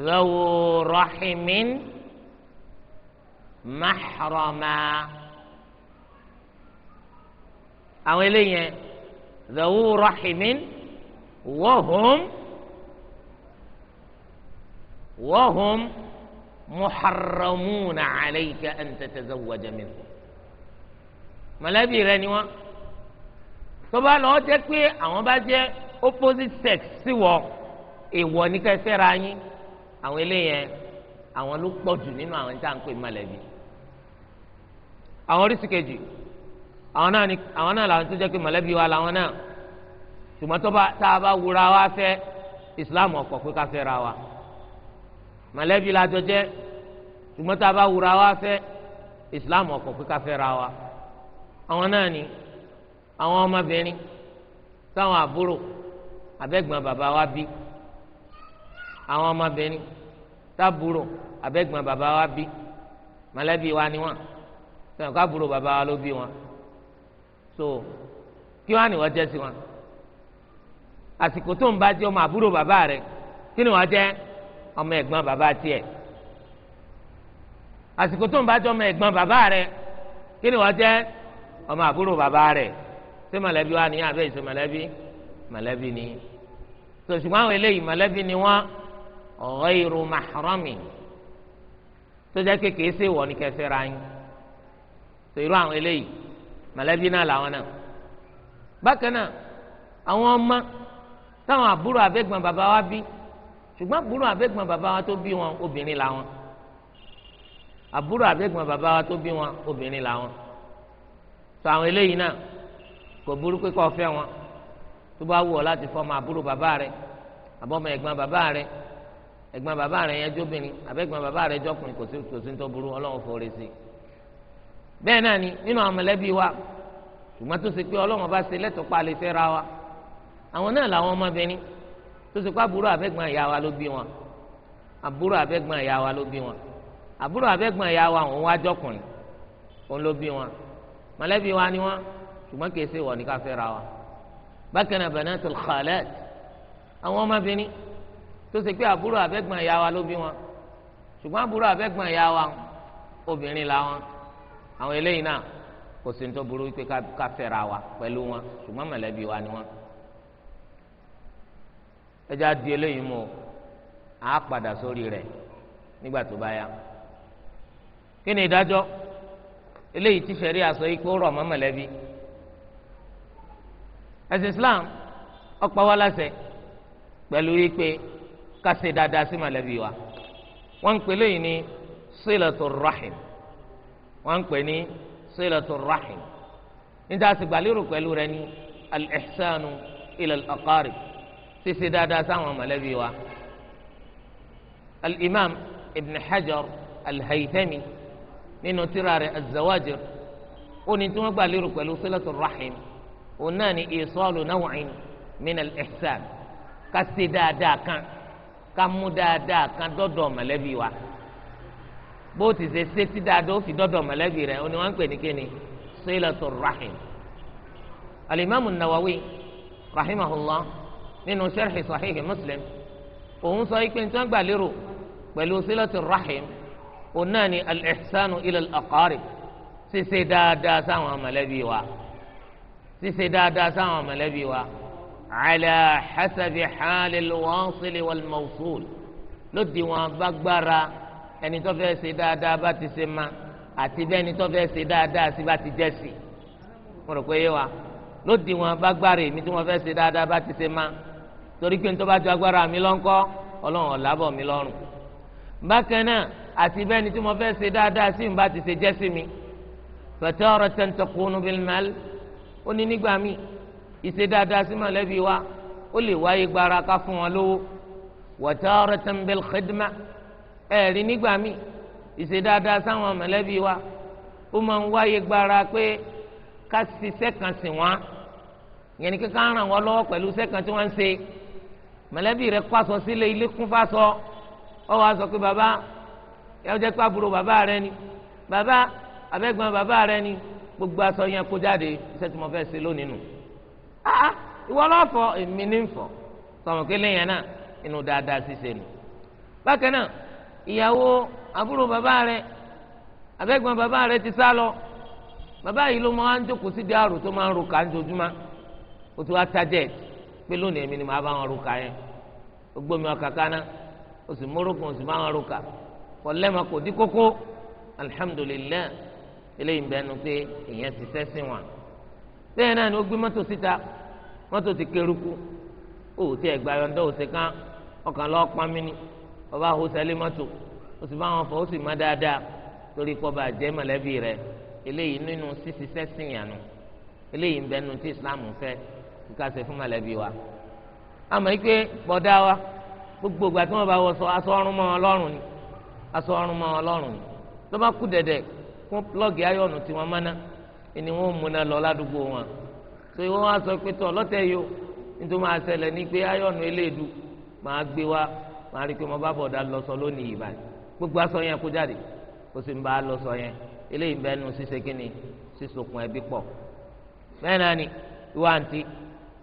zawu rahimin mahrama àwọn eléyìí yẹn. ذو رحم وهم وهم محرمون عليك أن تتزوج منهم mọ̀lẹ́bí rẹ ni wọ́n tó bá lọ́ọ́ jẹ́ pé àwọn bá jẹ́ opposite sex sí wọ èèwọ̀ ní kẹsẹ́ ra yín àwọn eléyẹn àwọn ló pọ̀ jù nínú àwọn tí a ń pè mọ̀lẹ́bí àwọn oríṣi àwọn náà ni àwọn náà làwọn tó jẹ́ pé mọ̀lẹ́bí wa làwọn náà ṣùgbọ́n tó bá tá a bá wura wa fẹ́ islam ọ̀kọ̀ pé ká fẹ́ ra wa mọ̀lẹ́bí la jọ jẹ́ ṣùgbọ́n tá a bá wura wa fẹ́ islam ọ̀kọ̀ pé ká fẹ́ ra wa àwọn náà ni àwọn ọmọbìnrin táwọn àbúrò abẹ́gbọ̀n bàbá wa bí àwọn ọmọbìnrin tábúrò abẹ́gbọ̀n bàbá wa bí mọ̀lẹ́bí wa ni wọ́n sọ̀rọ̀ kábúrò bàbá wa ló bí wọn so kí wọn á ní wọn jẹ sí wọn àsìkò tó ń bá jẹ ọmọ àbúrò bàbá rẹ kí ni wọn jẹ ọmọ ẹ̀gbọ́n bàbá tiẹ̀ àsìkò tó ń bá jẹ ọmọ ẹ̀gbọ́n bàbá rẹ kí ni wọn jẹ ọmọ àbúrò bàbá rẹ ṣé mọ̀lẹ́bí wa nìyẹn àbẹ ìṣe mọ̀lẹ́bí mọ̀lẹ́bí ni so àwọn eléyìí mọ̀lẹ́bí ni wọn ghayru mahrami tó jẹ kékeré ṣèwọ ní kẹsẹ ra yín so àwọn eléyìí mọ̀lẹ́bí náà làwọn náà bákan náà àwọn ọmọ táwọn àbúrò abẹ́gbọ̀n bàbá wa bí ṣùgbọ́n àbúrò abẹ́gbọ̀n bàbá wa tó bí wọn obìnrin làwọn àbúrò abẹ́gbọ̀n bàbá wa tó bí wọn obìnrin làwọn tó àwọn eléyìí náà kò burú pé kó fẹ́ wọn tó bá wù ọ́ láti fọmọ àbúrò bàbá rẹ àbọ̀mọ ẹ̀gbọ́n bàbá rẹ ẹ̀gbọ́n bàbá rẹ yẹn jóbìnrin àbẹ́gbọ̀n bàbá rẹ jọkùnrin kò sí tó burú ọlọ́run fòrè sí i bẹ́ẹ̀ náà ni nínú àwọn mọ̀lẹ́bí wa ṣùgbọ́n tó ṣe pé ọlọ́run bá ṣe lẹ́tọ̀ọ́ pa lè fẹ́ ra wa àwọn náà làwọn ọmọbìnrin tó ṣe pé àbúrò àbẹ́gbọ̀n ìyá wa ló bí wọn àbúrò àbẹ́gbọ̀n ìyá wa ló bí wọn àbúrò àbẹ́gbọ̀n ìyá wa òun wá jọkùnrin òun ló bí wọn mọ̀lẹ́bí wa ni wọn ṣùgbọ́n kì í ṣe wọ̀ ní ká fẹ́ wa bákan náà banatul wọn àwọn eléyìí náà kò sí ní tó burú pé ká fẹ́ra wa pẹ̀lú wọn ni wọn. ẹja di eléyìí mú a padà sórí rẹ̀ nígbà tó bá yá. kí ni ìdájọ́ eléyìí tí sẹ́rí àsọ yìí rọ̀ mọ́ mọ̀lẹ́bí. ẹ̀sìn Islam pẹ̀lú ká ṣe dáadáa sí mọ̀lẹ́bí rahim. wọ́n ń pè ní sílẹ̀tù rahim níta sì gbàlérò pẹ̀lú rẹ ní al-ihsanu ila al-aqarib ṣíṣe dáadáa sáwọn mọ̀lẹ́bí wa al-imam ibn hajar al-haytami nínú tírà rẹ̀ az tí wọ́n gbàlérò pẹ̀lú sílẹ̀tù rahim òun náà ní ìsọ́ọ̀lù naw'in min al-ihsan dáadáa kan ká dáadáa kan dọ́dọ̀ mọ̀lẹ́bí wa bó ti ṣe ṣe tí dáadọ́ ó fi dọ́dọ̀ mọ̀lẹ́bí rẹ̀ ó ní wọ́n ń pè ní kíni silatur rahim alimami nawawi rahimahullah nínú sẹ́rìhì sahihi muslim òun sọ pé tí wọ́n gbà lérò pẹ̀lú silatur rahim òun náà ni al-ihsanu ila al dáadáa sáwọn mọ̀lẹ́bí wa ṣíṣe dáadáa sáwọn mọ̀lẹ́bí wa ala hasabi hali al wal-mawsul lódì wọn ẹni tó fẹ́ ṣe dáadáa bá ti ṣe ma àti bẹ́ẹ̀ni tó fẹ́ ṣe dáadáa sí bá ti jẹ́ sí mo rò pé yé wa lódì wọn bá gbára èmi tí wọn fẹ́ ṣe dáadáa bá ti ṣe ma torí pé nítorí bá ju agbára mi lọ́nkọ́ ọlọ́run ọ̀làbọ̀ mi lọ́rùn bákan náà àti bẹ́ẹ̀ni tí mo fẹ́ ṣe dáadáa sí bá ti ṣe jẹ́ sí mi fataratan takunu bil mal ó ní nígbà míì ìṣe dáadáa sí mọ̀lẹ́bí wa ó lè wáyé gbára ká fún wọn lówó wa taratan bil khidma ẹ̀rí nígbà míì ìṣe dáadáa sáwọn mọ̀lẹ́bí wa ó máa ń wáyé gbára pé ká sì sẹ́kàn sí wọn yẹn ni kíkà ń ràn wọ́n lọ́wọ́ pẹ̀lú sẹ́kàn tí wọ́n ń ṣe mọ̀lẹ́bí kó aṣọ sílé ilé kún fáṣọ ọ wàá sọ pé bàbá jẹ́ pé àbúrò bàbá ni bàbá bàbá rẹ ni gbogbo aṣọ yẹn kó jáde iṣẹ́ tí mo fẹ́ ṣe lónìí nù ah ìwọ èmi ní ń fọ̀ sọ̀rọ̀ ìyàwó àbúrò bàbá rẹ̀ abẹ́gbọ́n bàbá rẹ̀ ti sá lọ bàbá yìí ló máa ń jókòó sí di àrò tó máa ń ro ká ń jojúmọ́ o ti wá target pé lónìí èmi ni màá bá wọn ro ká yẹn o gbómi ọkà kaná o sì mórókun o sì bá wọn ro ká kọlẹ́mà kò dí kókó alihamudulilayi eléyìí ń bẹnu pé èèyàn ti sẹ́sìn wọn bẹ́ẹ̀ náà ni o gbé mọ́tò síta mọ́tò ti kéruku o ò tí ẹ̀ gbà yọ̀ǹda òsè kan ọkàn lọ́ọ́ pọ́nmi ni. ọba hu sẹlẹmọtò ó sì bá wọn fọ ó sì má dáadáa torí kọ́ bá jẹ́ mọ̀lẹ́bí rẹ eléyìí nínú sísí yànnú eléyìí ń bẹ tí islam fẹ́ kíkà ṣe fún mọ̀lẹ́bí wa. àmọ́ ike bọ̀dá wa gbogbo ìgbà tí wọ́n bá wọ sọ aṣọ ọrùn mọ́ ọlọ́run ni aṣọ ọrùn mọ́ ọlọ́run ni tó bá kú fún plọ́ọ̀gì ayọ̀nù tí wọ́n mọ́ná ni wọ́n lọ ládùúgbò wọn. wá sọ pé yìí o nítorí máa ṣẹlẹ̀ ní pé màá rí i pé mo bá bọ̀dá lọ sọ lónìí ìbàdí gbogbo aṣọ yẹn kó jáde kó sì ń bá a lọ sọ yẹn eléyìí bẹ́ẹ̀ nu ṣíṣe kí ni sísokùn ẹbí pọ̀ bẹ́ẹ̀ náà ni ìwà àǹtí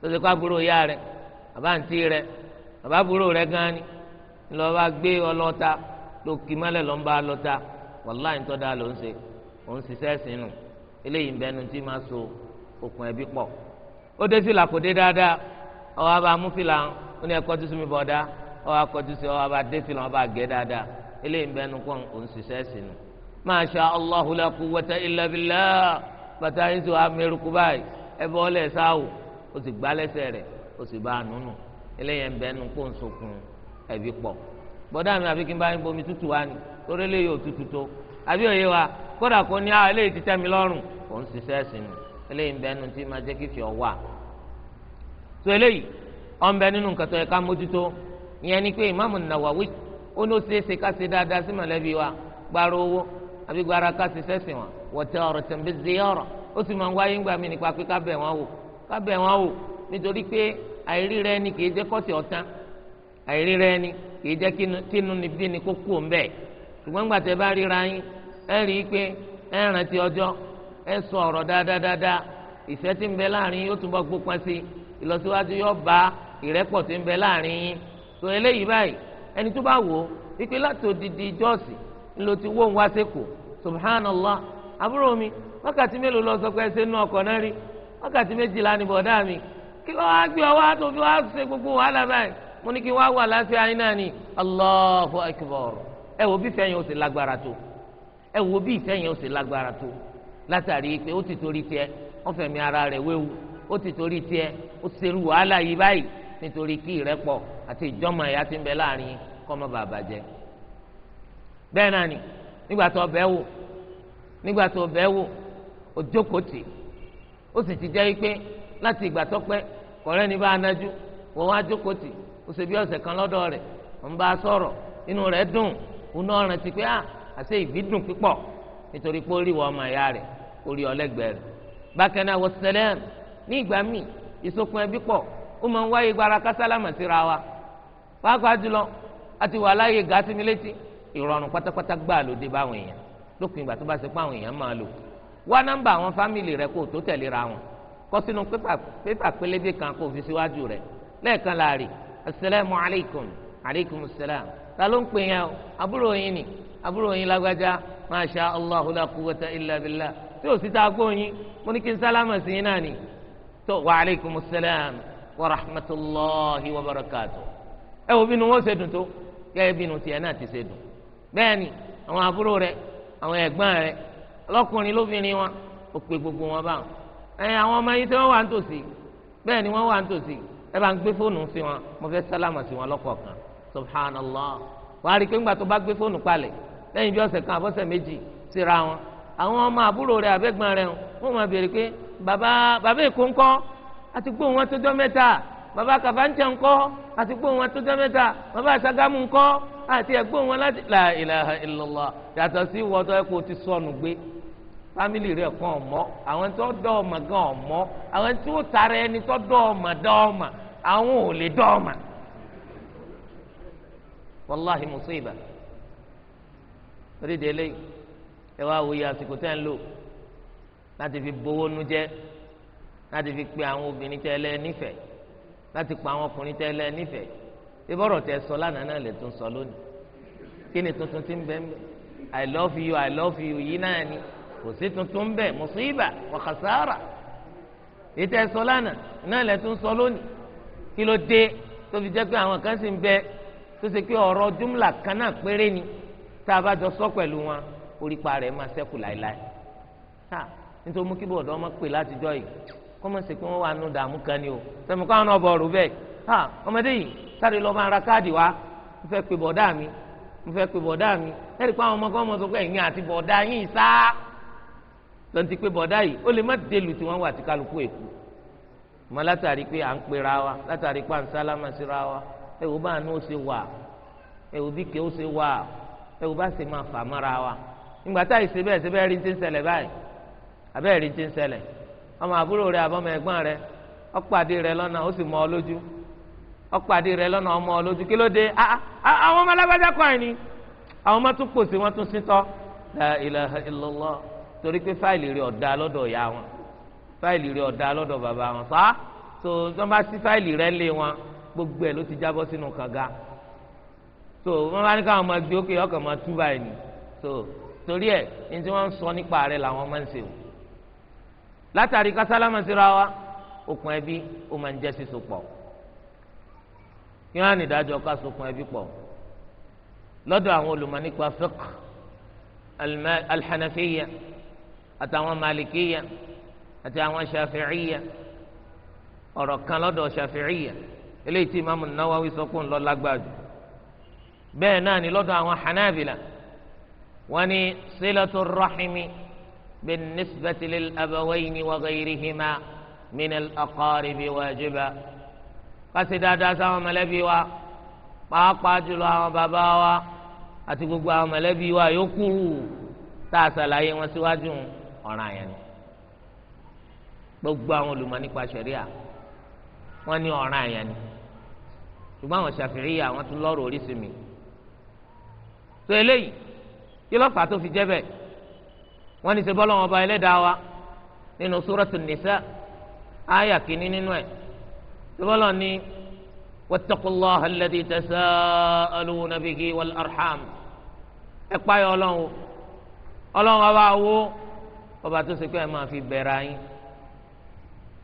lọ́sẹ̀ kó àbúrò ya rẹ̀ àbá àǹtí rẹ̀ àbá àbúrò rẹ̀ gan ni lọ́ bá gbé ọlọ́ta lókì mọ́lẹ̀ lọ́n bá lọ́ta wàláì tó dáa ló ń ṣe òun ṣiṣẹ́ sínú eléyìí bẹ́ẹ̀ nu tí máa so okùn ẹbí pọ̀ ó dé sí làkòdé dáadáa ọwọ́ abá ó ní ẹ̀kọ́ tuntun mi bọ̀ dáa ọ wá kọjú sí ọ bá dé fìlà ọ bá gé dáadáa eléyìí bẹ́ẹ̀ nu kàn òun ṣiṣẹ́ sí nu. masha allah la quwwata bàtà yín amẹ́rùkú báyìí ẹ bọ́ lẹ̀ ó sì rẹ̀ ó sì bá a nùnù eléyìí nu kó ń sokun pọ̀ bọ́dà mi kí n bá yín bomi tútù wá torí eléyìí ò tútù tó àbí òye wa kódà kó ní ah, bẹ ìyẹn ni pé ìmáàmù onye ó ní ó ṣeé ṣe ká ṣe dáadáa sí mọ̀lẹ́bí wa gbára owó àbí gbàrà ká ṣe sẹ́sìn wọn wọ̀tẹ́ ọ̀rọ̀ tẹ̀m̀bẹ́ ziyara ó sì máa ń wáyé ńgbà mí nípa pé ká bẹ̀ wọ́n wò ká bẹ̀ wọ́n wò nítorí pé àìrí rẹ ni kìí jẹ́ kọ́sì àìrí rẹ ni kìí jẹ́ kínú ṣùgbọ́n bá ríra yín ẹ rí i pé ẹ rántí sọ eléyìí báyìí ẹni tó bá wò ó wípé láti odidi jọ́ọ̀sì ńlọ ti wó ń wá sẹ́kù subhanallah àbúrò mi wákàtí mélòó lọ sọ pé ẹ ṣe nú ọkọ̀ náà rí wákàtí méjìlá ni bọ̀dá mi kí ló wá gbé ọwọ́ àtòfin wá ṣe gbogbo wàhálà báyìí mo ní kí wà náà ni Allahu akbar ẹ wo bí ìfẹ́ yẹn ó sì lágbára tó ẹ wo bí ìfẹ́ yẹn ó sì lágbára tó látàrí pé ó ara rẹ̀ wéwu ó ti torí ó ti ṣerú wàhálà nítorí kí ìrẹ́pọ̀ àti ìjọ́mọ̀ ẹ̀yà ti ń bẹ láàrin kọ́mọ bàbà jẹ́ bẹ́ẹ̀ náà ni nígbà tó bẹ́ẹ̀ wò nígbà tó bẹ́ẹ̀ wò ó jókòó tì ó sì ti jẹ́ pé láti ìgbà tó pẹ́ kọ̀rẹ́ ni bá anájú wọ́n wá jókòó tì ó ṣe bí ọ̀sẹ̀ kan lọ́dọ̀ rẹ̀ ń bá a sọ̀rọ̀ inú rẹ̀ dùn òun náà rántí pé à ah, àṣẹ ìbí dùn pípọ̀ nítorí pé ó rí wọn ọmọ ìyá rẹ̀ ó rí ọlẹ́gbẹ̀ẹ́ rẹ̀ bákan náà wọ́n sẹlẹ̀ ní ìgbà míì ìsopọ̀ ẹbí pọ̀ ó máa ń wáyé gbára kásálámà síra wa pàápàá jùlọ àti wà láyé gàásìmí létí ìrọ̀rùn pátápátá gbà ló dé báwọn èèyàn lópin ìgbà tó bá ṣe pé àwọn èèyàn máa lò wá nọ́mbà àwọn fámìlì rẹ kó tó tẹ̀léra wọn kọ sínú pépà pélébé kan kó fi síwájú rẹ lẹ́ẹ̀kan láàrin asalaamu alaykum alaykum salaam ta ló ń pè yẹn o àbúrò yín ni àbúrò yín lágbájá masha allah la quwwata tí o sì ta gbóyin mo ní kí n sálámà sí yín náà ni tó wa alaykum salaam wa rahmatulahi wa barakatu ẹ wo bínú wọn ṣe dùn tó gẹ́gẹ́ bínú tiẹ̀ náà ti ṣe dùn bẹ́ẹ̀ ni àwọn àbúrò rẹ àwọn ẹ̀gbọ́n rẹ ọlọ́kùnrin lóbìnrin wọn ò pè gbogbo wọn báwọn ẹ àwọn ọmọ yìí tí wọ́n wà ń tòsí bẹ́ẹ̀ ni wọ́n wà ń tòsí ẹ bá ń gbé fóònù sí wọn mo fẹ́ sálámà sí wọn lọ́kọ̀ọ̀kan subhanallah wàá rí i pé ńgbà tó bá gbé fóònù palẹ̀ lẹ́yìn bí ọ̀sẹ̀ kan àbọ̀sẹ̀ méjì síra wọn àwọn ọmọ àbúrò rẹ àbẹ́gbọ́n rẹ wọn máa béèrè pé bàbá bàbá èkó ńkọ́ àti gbóhùn wọn tó jọ mẹ́ta bàbá nkọ ńkọ́ àti gbóhùn wọn tó jọ mẹ́ta bàbá sàgámù ńkọ́ àti ẹ̀gbóhùn wọn láti la ilaha illallah yàtọ̀ sí wọ́tọ́ ẹ̀kọ́ ti sọnù gbé fámìlì rẹ̀ kàn ọ̀mọ́ àwọn tó dọ̀ gan ọ̀mọ́ àwọn tí tara ẹni tó dọ̀ ọ̀mà dọ̀ ọ̀mà àwọn ò lè dọ̀ wàláhi ẹ wá wòye àsìkò tẹ́ ń lò láti fi bowó nu jẹ́ láti fi pe àwọn obìnrin tẹ́lẹ̀ nífẹ̀ẹ́ láti pa àwọn ọkùnrin tẹ́lẹ̀ nífẹ̀ẹ́ bí bọ́rọ̀ tẹ sọ lánàá náà lè tún sọ lónìí kí ni tuntun ti ń bẹ ń i love you i love you yìí náà ni kò sí tuntun ń bẹ mùsíbà wa khasara ìtẹ sọ lánàá náà lè tún sọ lónìí kí ló dé tó fi jẹ́ pé àwọn kan sì ń bẹ tó ṣe pé ọ̀rọ̀ júmùlà kan náà péré ni tá a bá jọ sọ pẹ̀lú wọn orípa rẹ̀ máa ṣẹ́kù láéláé nítorí mú kí bọ̀dọ̀ ọmọ pè látijọ́ yìí kọ́mọ̀ sí pé wọ́n wà nù dààmú kan ni o sẹ́mi káwọn náà bọ̀ ọ̀rù bẹ́ẹ̀ ha ọmọdé yìí sáré lọ́ọ́ máa ra káàdì wa mo fẹ́ pe bọ̀dá mi mo fẹ́ pe bọ̀dá mi ẹ̀rì pé àwọn ọmọ kan mọ̀ sọ pé ẹ̀yin àti bọ̀dá yín sá lọ́ntì pé bọ̀dá yìí ó lè má délù tí wọ́n wà tí kálukú èkó mọ látàrí pé à ń pera wa látàrí pé à ń sálámà síra wa ẹ bá àánú ó ṣe wà ẹ bí ké ó ṣe wà ẹ bá ṣe máa fà mọ́ra wa ìgbà táyì ṣe bẹ́ẹ̀ ṣe bẹ́ẹ̀ rí ti ń ṣẹlẹ̀ báyìí àbẹ́ẹ̀ rí ti ń ṣẹlẹ̀ ọmọ àbúrò rẹ àbọmọ ẹ̀gbọ́n rẹ ọpàdé rẹ lọ́nà ó sì mọ ọ lójú ọpàdé rẹ lọ́nà ọmọ ọ lójú kí ló dé àwọn ọmọ alágbájá kọ ẹ ni àwọn ọmọ tún pòsè wọn tún síntọ la ilaha illallah torí pé fáìlì rẹ ọ̀dà lọ́dọ̀ ìyá wọn fáìlì rẹ ọ̀dà lọ́dọ̀ bàbá wọn sá tó wọn bá sí fáìlì rẹ lé wọn gbogbo ẹ ló ti jábọ́ sínú kànga tó wọn bá ní káwọn ọmọ gbé ókè ọkàn máa tú báyìí ni tó torí ẹ ní tí wọn ń sọ nípa rẹ làwọn máa ń ṣe o látàrí kásálámà síra wa okùn ẹbí ó máa ń jẹ́ síso pọ̀ kí wọ́n á nìdájọ́ ká sokùn ẹbí pọ̀ lọ́dọ̀ àwọn olùmọ̀ nípa fiqh alhanafiya àtàwọn malikiya àti àwọn shafi'iya ọ̀rọ̀ kan lọ́dọ̀ shafi'iya eléyìí tí imaamu nawawi sọ pé ń lágbàdo bẹ́ẹ̀ náà ni lọ́dọ̀ àwọn hanabila wọ́n ní sílẹ̀tò rahimi. بالنسبة للأبوين وغيرهما من الأقارب واجبا قصد داسا وملبي و pàápàá jùlọ àwọn bàbá wa àti gbogbo àwọn mọ̀lẹ́bí wa yòókù tá a ṣàlàyé wọn síwájú ọ̀ràn yẹn ni gbogbo àwọn olùmọ̀ nípa ṣẹ̀ríà wọ́n ní ọ̀ràn yẹn ni ṣùgbọ́n àwọn ṣàfihàn àwọn tún lọ́rọ̀ oríṣi mi tó eléyìí kí ló fà tó fi jẹ́ bẹ́ẹ̀ wọ́n ní ṣe bọ́lá wọn ọba ẹlẹ́dàá wa nínú sóràtún nìṣá àyà kìíní nínú ẹ̀ ṣe bọ́lá ní wàtẹ́kùlọ́ alẹ́dí tẹ̀sán alùwùn nàbìgì wàl arham ẹ̀ páyọ̀ ọlọ́run ọlọ́run ọba wo ọba tó ṣe kí ẹ máa fi bẹ̀rẹ̀ ayín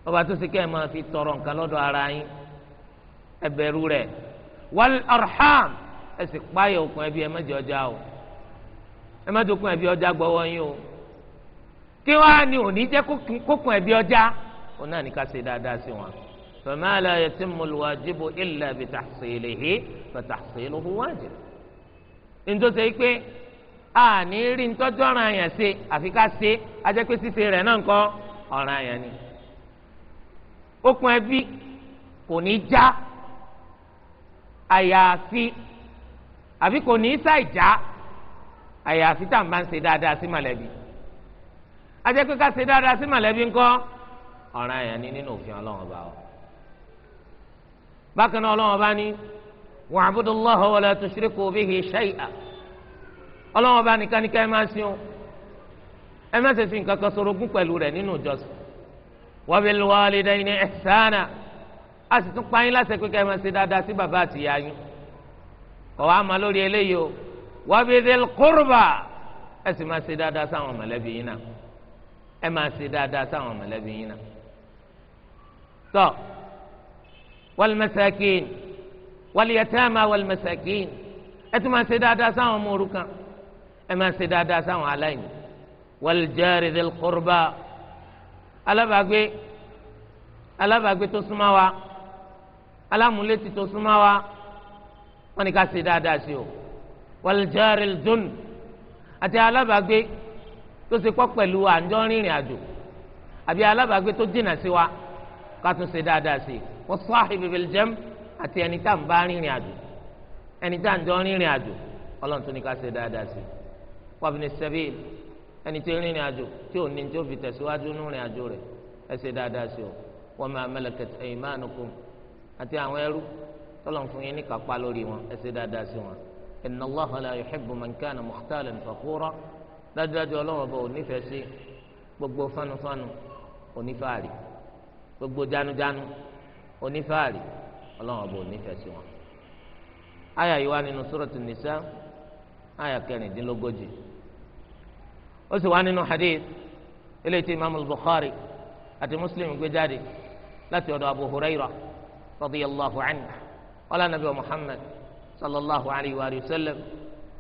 ọba tó ṣe kí máa fi tọrọ nǹkan lọ́dọ̀ ara yín ẹ rẹ̀ wàl arham ẹ sì páyọ̀ òkun ẹbí ẹ má ọjà o ẹ má òkun ẹbí ọjà gbọ́wọ́ yín o kí wàá ní òní jẹ́ kókùn ẹ̀bí ọjà ó náà ní ká ṣe dáadáa sí wọn. fama la yatimmul wajibu illa bitahsilihi fatahsiluhu wajib. nítorí pé a ní rí ntọ́jú ọ̀ràn àyàn ṣe àfi ká ṣe ajẹ́ ṣíṣe rẹ̀ náà nǹkan ọ̀ràn àyàn ni. kókùn ẹbí kò ní já àyàfi àfi kò ní sàìjá àyàfi tá à ń bá ń ṣe dáadáa sí mọ̀lẹ́bí ajẹ́ pé ká ṣe dáadáa sí mọ̀lẹ́bí ńkọ́ ọ̀ràn àyàn ni nínú òfin ọlọ́run ọba ọ. bákan náà ọlọ́run ọba ní wa'budu Allaha wa la tushriku bihi shay'a ọlọ́run ọba nìkan nìkan ẹ máa sìn o ẹ má ṣe fi nǹkan kan ṣorogún pẹ̀lú rẹ̀ nínú ìjọsìn. wa bil walidayni ihsana a sì tún pààyàn láṣẹ pé ká ẹ máa ṣe dáadáa sí bàbá ẹ máa ṣe dáadáa sáwọn mọ̀lẹ́bí yín náà. tọ́ wàlmẹ́sàkín wàlìyàtẹ́mà wàlmẹ́sàkín ẹ tún máa ṣe dáadáa sáwọn ọmọ òrukàn ẹ máa ṣe dáadáa sáwọn aláìní wàlìjẹ́rì dẹ́l kọ́rọ́bà alábàágbé alábàágbé tó súnmọ́ wa alámúlétì tó súnmọ́ wa wọ́n ní ká ṣe dáadáa sí o wàlìjẹ́rì àti alábàágbé tó ṣe pọ̀ pẹ̀lú àjọ rìnrìn àjò àbí alábàágbé tó jìnnà sí wa ká tún ṣe dáadáa sí i wọ́n sahibi bil jam àti ẹni tá à ń bá rìnrìn àjò ẹni tá à ń jọ rìnrìn àjò ọlọ́run tún ní ká ṣe dáadáa sí i wabni sabil ẹni tí rìnrìn àjò tí ò ní tí ó fi tẹ̀síwájú nínú rìn àjò rẹ̀ ẹ ṣe dáadáa sí o wa ma malakat aymanukum àti àwọn ẹrú tọ́lọ̀ fún yín ní kápá lórí wọn ẹ ṣe dáadáa sí wọn inna Allaha la yuhibbu man kana mukhtalan fakhura dájúdájú ọlọ́run ọba ò nífẹ̀ẹ́ sí gbogbo fánufánu onífàárì gbogbo jánujánu onífàárì ọlọ́run ọba ò nífẹ̀ẹ́ sí wọn. àyà yìí wá nínú sọ́rọ̀tù nìṣá àyà kẹrìndínlógójì ó sì wá nínú hadith eléyìí tí imaamu bukhari àti muslim gbé jáde láti ọ̀dọ̀ abu huraira radiyallahu anhu ọlá nàbí wa muhammad sallallahu alayhi wa sallam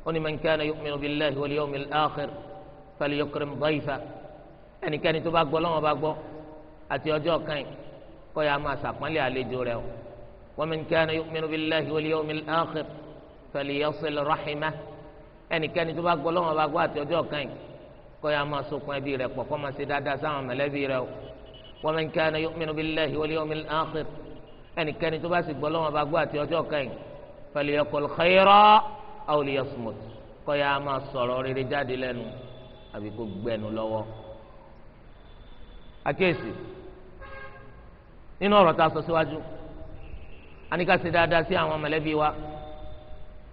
ó ní man kana yu'minu billahi wal yawmil akhir falyukrim dayfa ẹnikẹ́ni tó bá gbọ́ lọ́wọ́ bá gbọ́ àti ọjọ́ kan kó yá máa ṣàpọ́nlé àlejò rẹ̀ o wa man kana yu'minu billahi wal yawmil akhir falyasil rahimah ẹnikẹ́ni tó bá gbọ́ lọ́wọ́ bá gbọ́ àti ọjọ́ kan kó yá máa sokun ẹbí rẹ̀ pọ̀ kó awli yasmut kọ́ya a máa sọ̀rọ̀ rere jáde lẹ́nu àbí kó gbẹnu lọ́wọ́. àkíyèsí nínú ọ̀rọ̀ tá a sọ síwájú a ní ká ṣe dáadáa sí àwọn mọ̀lẹ́bí wa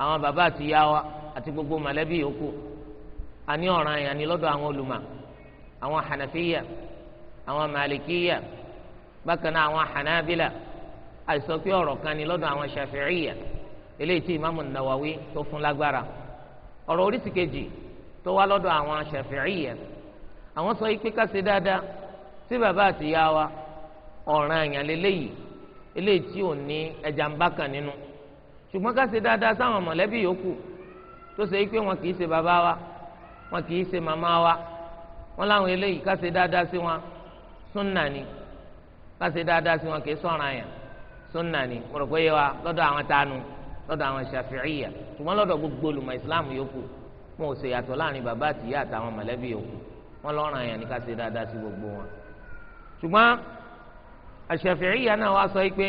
àwọn bàbá àti ìyá wa àti gbogbo mọ̀lẹ́bí yòókù a ní ọ̀ràn àyàn ní lọ́dọ̀ àwọn olùmọ̀ àwọn hànàfíyà àwọn màlìkíyà bákan náà àwọn hànàbílà àìsọ pé ọ̀rọ̀ kan ní lọ́dọ̀ àwọn ṣàfíìyà eléyìí tí ìmáàmù nàwáwí tó fún lágbára ọ̀rọ̀ oríṣi kejì tó wá lọ́dọ̀ àwọn Ṣafi'iyya àwọn sọ yìí pé ká ṣe dáadáa sí bàbá àti ìyá wa ọ̀ràn àyàn lélẹ́yìí eléyìí tí ò ní ẹja ń bá kàn nínú ṣùgbọ́n ká dáadáa sáwọn mọ̀lẹ́bí yòókù tó ṣe yìí pé wọn kì í ṣe bàbá wa wọn kì í ṣe màmá wa wọn láwọn eléyìí ká ṣe dáadáa sí wọn súnà ni ká dáadáa sí wọn kì í sọ̀ràn àyàn súnà ni mo rò pé yẹ wa lọ́dọ̀ àwọn tánu lọ́dọ̀ àwọn Ṣafi'iyya ṣùgbọ́n lọ́dọ̀ gbogbo olùmọ̀ islam yòókù wọn ò ṣe yàtọ̀ láàrin bàbá àtìyá àtàwọn mọ̀lẹ́bí yòókù wọn lọ́ràn yẹn ní ká ṣe dáadáa sí gbogbo wọn. ṣùgbọ́n Ṣafi'iyya náà wá sọ pé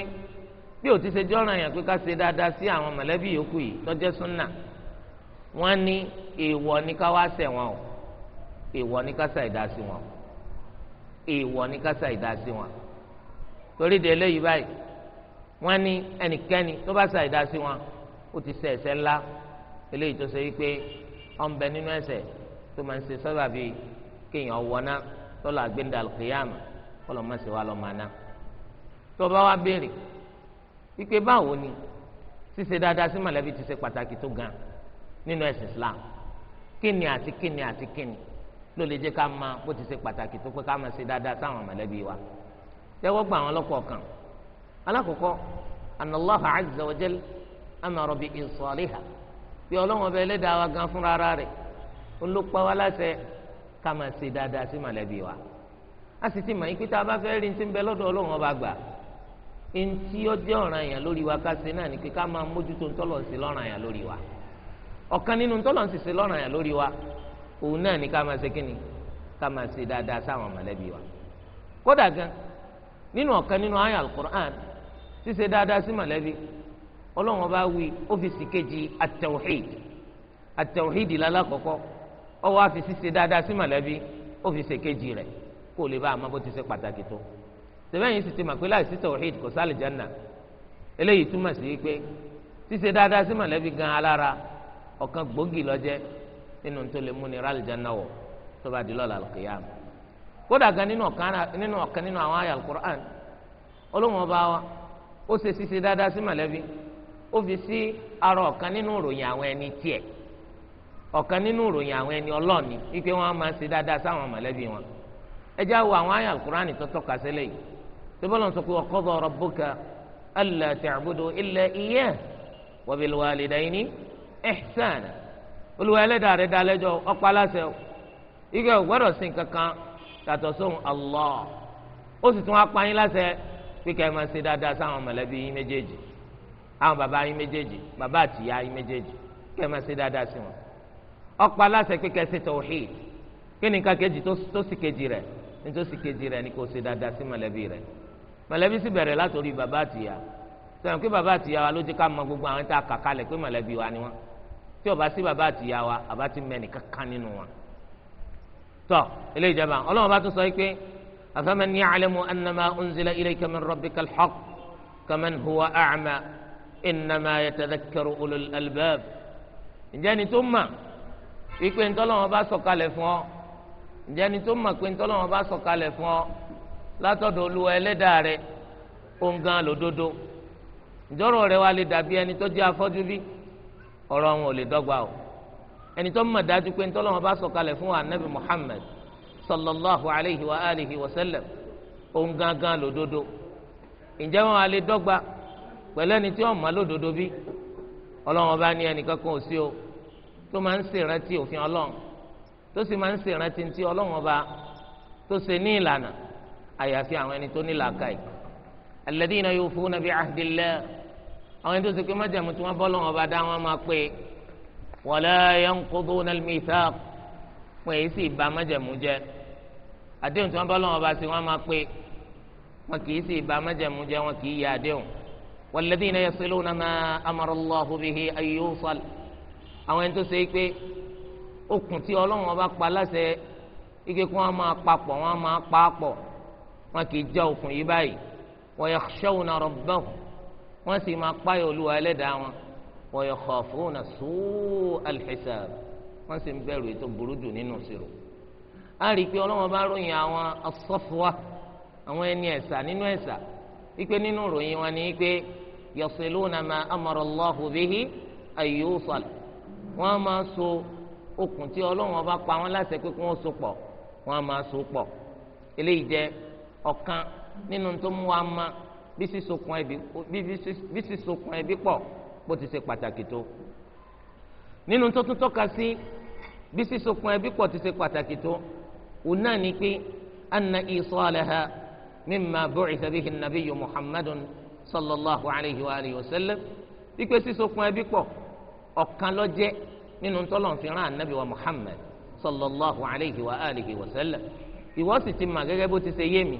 bí ó ti ṣe jọ́ràn yẹn pé ká ṣe dáadáa sí àwọn mọ̀lẹ́bí yòókù yìí tó jẹ́ súnà wọ́n ní èèwọ̀ ní ká wá ṣẹ̀ wọn o èèwọ̀ ní ká ṣàìdá wọn èèwọ̀ ní ká wọ́n ní ẹnikẹ́ni tó bá sa ìdásí wọn ó ti ṣẹ̀ ẹ̀ṣẹ̀ ńlá eléyìí tó ṣe wípé ọ̀nbẹ nínú ẹ̀ṣẹ̀ tó máa ń ṣe sábà bíi kéèyàn wọná lọ́la àgbéǹda kìyàmù kọ́lọ́ má ṣe wá lọ́ máa ná tó bá wá béèrè wípé báwo ni ṣíṣe dáadáa sí mọ̀lẹ́bí ti ṣe pàtàkì tó gan nínú ẹ̀sìn Islam kíni àti kíni àti kíni ló lè jẹ́ ká máa bó ti ṣe pàtàkì tó pé ká máa ṣe dáadáa sáwọn mọ̀lẹ́bí wa alákọ̀ọ́kọ́ anallahu azza wa jal amara bi isaliha bí ọlọ́wọ́n bẹ ẹlẹ́dàá wa gan fúnra ara rẹ̀ olùpá wa láṣẹ ká máa ṣe dáadáa sí mọ̀lẹ́bí wa a sì ti mọ̀ yín pé tá a bá fẹ́ rí ní ti ń bẹ lọ́dọ̀ ọlọ́wọ́n bá gbà ntí ó jẹ́ lórí wa ká náà ni pé mójútó ntọ́lọ̀ ń ṣe lórí wa ọ̀kan nínú ntọ́lọ̀ ń ṣe ṣe lórí wa òun náà ni ká máa ṣe kíni ká sáwọn mọ̀lẹ́bí wa kódà gan nínú ọ̀kan nínú àyá al ṣíṣe dáadáa sí mọ̀lẹ́bí ọlọ́run ọba wí ọ́fíìsì kejì at-tawhid at-tawhid lálákọ̀ọ́kọ́ ọwọ́ àfi ṣíṣe dáadáa sí mọ̀lẹ́bí ọ́fíìsì kejì rẹ̀ kó lè bá a máa bó ti ṣe pàtàkì tó sẹ́fẹ̀yìn sì ti mà pé láìsí tawhid kò sálì jánà eléyìí túmọ̀ sí pé ṣíṣe dáadáa sí mọ̀lẹ́bí gan alára ọ̀kan gbòógì lọ́jẹ́ nínú tó lè múni rálì jánà wọ̀ tó bá di lọ́la al-qiyam kódà gan nínú ọ̀kan nínú àwọn àyà al-Qur'an ọlọ́run ọba wa ó ṣe ṣiṣe dáadáa sí mọ̀lẹ́bí ó fi sí ara ọ̀kan nínú ìròyìn àwọn ẹni tiẹ̀ ọ̀kan nínú ìròyìn àwọn ẹni ọlọ́ọ̀ni wípé wọ́n á máa ṣe dáadáa sáwọn mọ̀lẹ́bí wọn ẹ já wo àwọn àyà alukurani tó tọ́ka sílẹ̀ yìí tó bọ́lá ń sọ pé qada rabbuka alla ta'budu illa iyyah wa bil walidayni ihsana olùwà ẹlẹ́dàá rẹ̀ pé kẹ́ ẹ máa ṣe dáadáa sáwọn mọ̀lẹ́bí yín méjèèjì àwọn bàbá yín méjèèjì bàbá àtìyá yín méjèèjì kẹ́ ẹ máa ṣe dáadáa sí wọn. ọ̀pọ̀ aláṣẹ pé kẹ́ ẹ ṣe kí ni nǹkan kejì tó sì kejì rẹ̀ ní tó sì kejì rẹ̀ ni kò ṣe dáadáa sí mọ̀lẹ́bí rẹ̀ mọ̀lẹ́bí sì bẹ̀rẹ̀ látòrí bàbá àtìyá sọ̀rọ̀ pé bàbá àtìyá wa ló jẹ́ ká mọ gbogbo àwọn tá a kà kalẹ̀ pé mọ̀lẹ́bí wa ni wọ́n tí ó bá sí bàbá àtìyá wa àbá ti mẹ́ni kankan nínú wọn. tọ́ ilé ìjọba ọlọ́run bá tún sọ yìí pé أفمن يعلم أن ما أنزل إليك من ربك الحق كمن هو أعمى إنما يتذكر أولو الألباب ǹjẹ́ni tó mọ̀ wípé ntọ́lọ́wọ́n bá sọ̀kalẹ̀ fún ọ ǹjẹ́ni tó mọ̀ pé ntọ́lọ́wọ́n bá sọ̀kalẹ̀ fún ọ látọ̀dọ̀ olúwa ẹlẹ́dàá rẹ òǹgàn lòdodo ìjọ́rọ̀ rẹ wa lè dàbí ẹni tó jẹ́ afọ́jú bí ọ̀rọ̀ wọn ò lè dọ́gba o ẹni tó mọ̀ dájú pé ntọ́lọ́wọ́n bá sọ̀kalẹ̀ fún wa anabi Muhammad sallallahu alayhi wa alihi wa sallam òun gangan lòdodo ǹjẹ́ wọn alẹ́ dọ́gba pẹ̀lú ẹni tí wọ́n mọ̀ lòdodo bí ọlọ́run ọba ní ẹnìkan kan ò sí o tó máa ń ṣèrántí òfin ọlọ́run tó sì máa ń ṣèrántí ti ọlọ́run ọba tó ṣe ní ìlànà àyàfi àwọn ẹni tó ní làákàyè alladhina yufuna bi ahdillah àwọn ẹni tó ṣe pé májàmú tí wọ́n bọ́ lọ́wọ́ ọba dá wọn máa pé wala yanquduna al-mithaq pé èyí sì bà májàmú jẹ́ àdéhùn tí wọ́n bá lọ́wọ́ bá ṣe wọ́n máa pé wọn kì í sì bá májẹ̀mú jẹ́ wọn kì í yẹ àdéhùn walladhina yasiluna ma amara Allahu bihi an yusal àwọn ẹni tó ṣe é pé okùn tí Ọlọ́run bá pa láṣẹ ike kí wọ́n máa papọ̀ wọ́n máa pa pọ̀ wọn kì í já okùn yìí báyìí wa yakhshawna rabbahum wọ́n sì máa páyọ̀ olúwa ẹlẹ́dàá wọn wa yakhafuna su'al hisab wọ́n sì ń bẹ̀rù ètò burú nínú ìṣirò a rí i pé ọlọ́wọ́n bá ròyìn àwọn asọ́fọ́wá àwọn ẹni ẹ̀sà nínú ẹ̀sà wípé nínú ròyìn wọn ni wípé yasiluna ma amara Allahu bihi ay yusal wọ́n máa so okùn tí ọlọ́wọ́n bá pa so pọ̀ wọ́n máa so pọ̀ eléyìí jẹ́ ọ̀kan nínú tó mú wa ma bí sísokùn ẹbí pọ̀ bó ti ṣe pàtàkì tó nínú tó tún tọ́ka sí bí sísokùn ẹbí pọ̀ ti ṣe pàtàkì tó. òun náà ni pé anna isalaha mimma bu'itha bihi nabiyyu muhammadun sallallahu alayhi wa alihi wa sallam ikpe sísokun ẹbí pọ̀ ọ̀kan ló jẹ́ nínú tọ́lọ̀ fi rán anabi wa muhammad sallallahu alayhi wa alihi wa sallam ìwọ sì ti mà gẹ́gẹ́ bó ti ṣe yé mi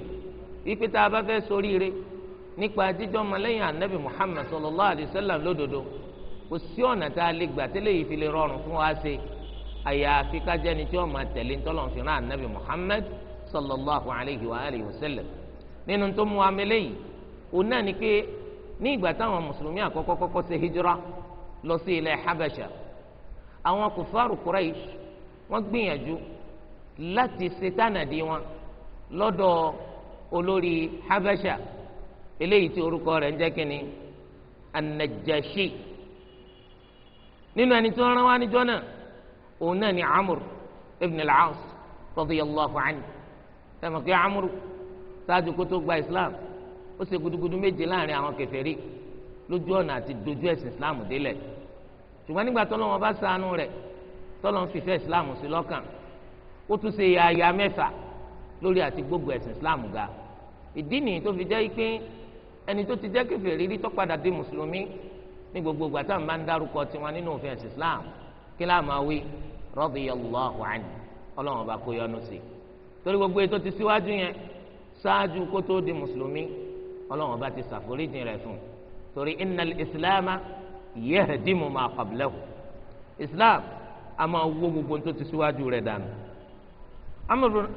ikpe tá a bá fẹ́ ṣoríire nípa jíjọ́ mọ́lẹ́yìn anabi muhammad sallallahu alayhi wa sallam lódodo kò sí ọ̀nà tá a lè gbà tẹ́lẹ̀ yìí fi lè rọrùn fún wa ṣe àyàfi kájẹni tí wọn máa tẹ̀lé ntọ́lọ̀ fi rán anabi muhammed sallallahu alayhi wa alayhi wa sallam nínú tó mú amẹ́lẹ́ yìí òun náà ni pé ní ìgbà táwọn mùsùlùmí àkọ́kọ́ kọ́kọ́ ṣe hijira lọ sí ilẹ̀ habasha àwọn kùfàrù quraish wọ́n gbìyànjú láti ṣe tánàdí wọn lọ́dọ̀ olórí habasha eléyìí tí orúkọ rẹ̀ ń jẹ́ kínní anajashi nínú ẹni tí wọ́n rán wá níjọ́ náà òun náà ni amur ibn al-aas radiyallahu anhu sẹ́mi pé amur ṣáájú kó tó gba islam ó ṣe gudugudu méje láàrin àwọn kèfèrí lójú ọ̀nà àti dojú ẹ̀sìn islam délẹ̀ ṣùgbọ́n nígbà tó lọ́wọ́ bá ṣàánú rẹ̀ tọ́lọ́ ń fìfẹ́ islam sí lọ́kàn ó tún ṣe yàyà mẹ́fà lórí àti gbogbo ẹ̀sìn islam ga ìdí nìyí tó fi jẹ́ pé ẹni tó ti jẹ́ kèfèrí rí tó padà mùsùlùmí ní gbogbo ìgbà máa ń dárúkọ tiwọn nínú òfin ẹ̀sìn islam kí láà máa radiyallahu anhu ọlọ́run ọba kó yọ́nú sí i torí gbogbo ètò ti síwájú yẹn ṣáájú kó tó di mùsùlùmí ọlọ́run ọba ti ṣàforíjìn rẹ̀ fún un torí innal ìsìláàmà yahdimu ma qablahu islam a máa wó gbogbo tó ti síwájú rẹ̀ dànù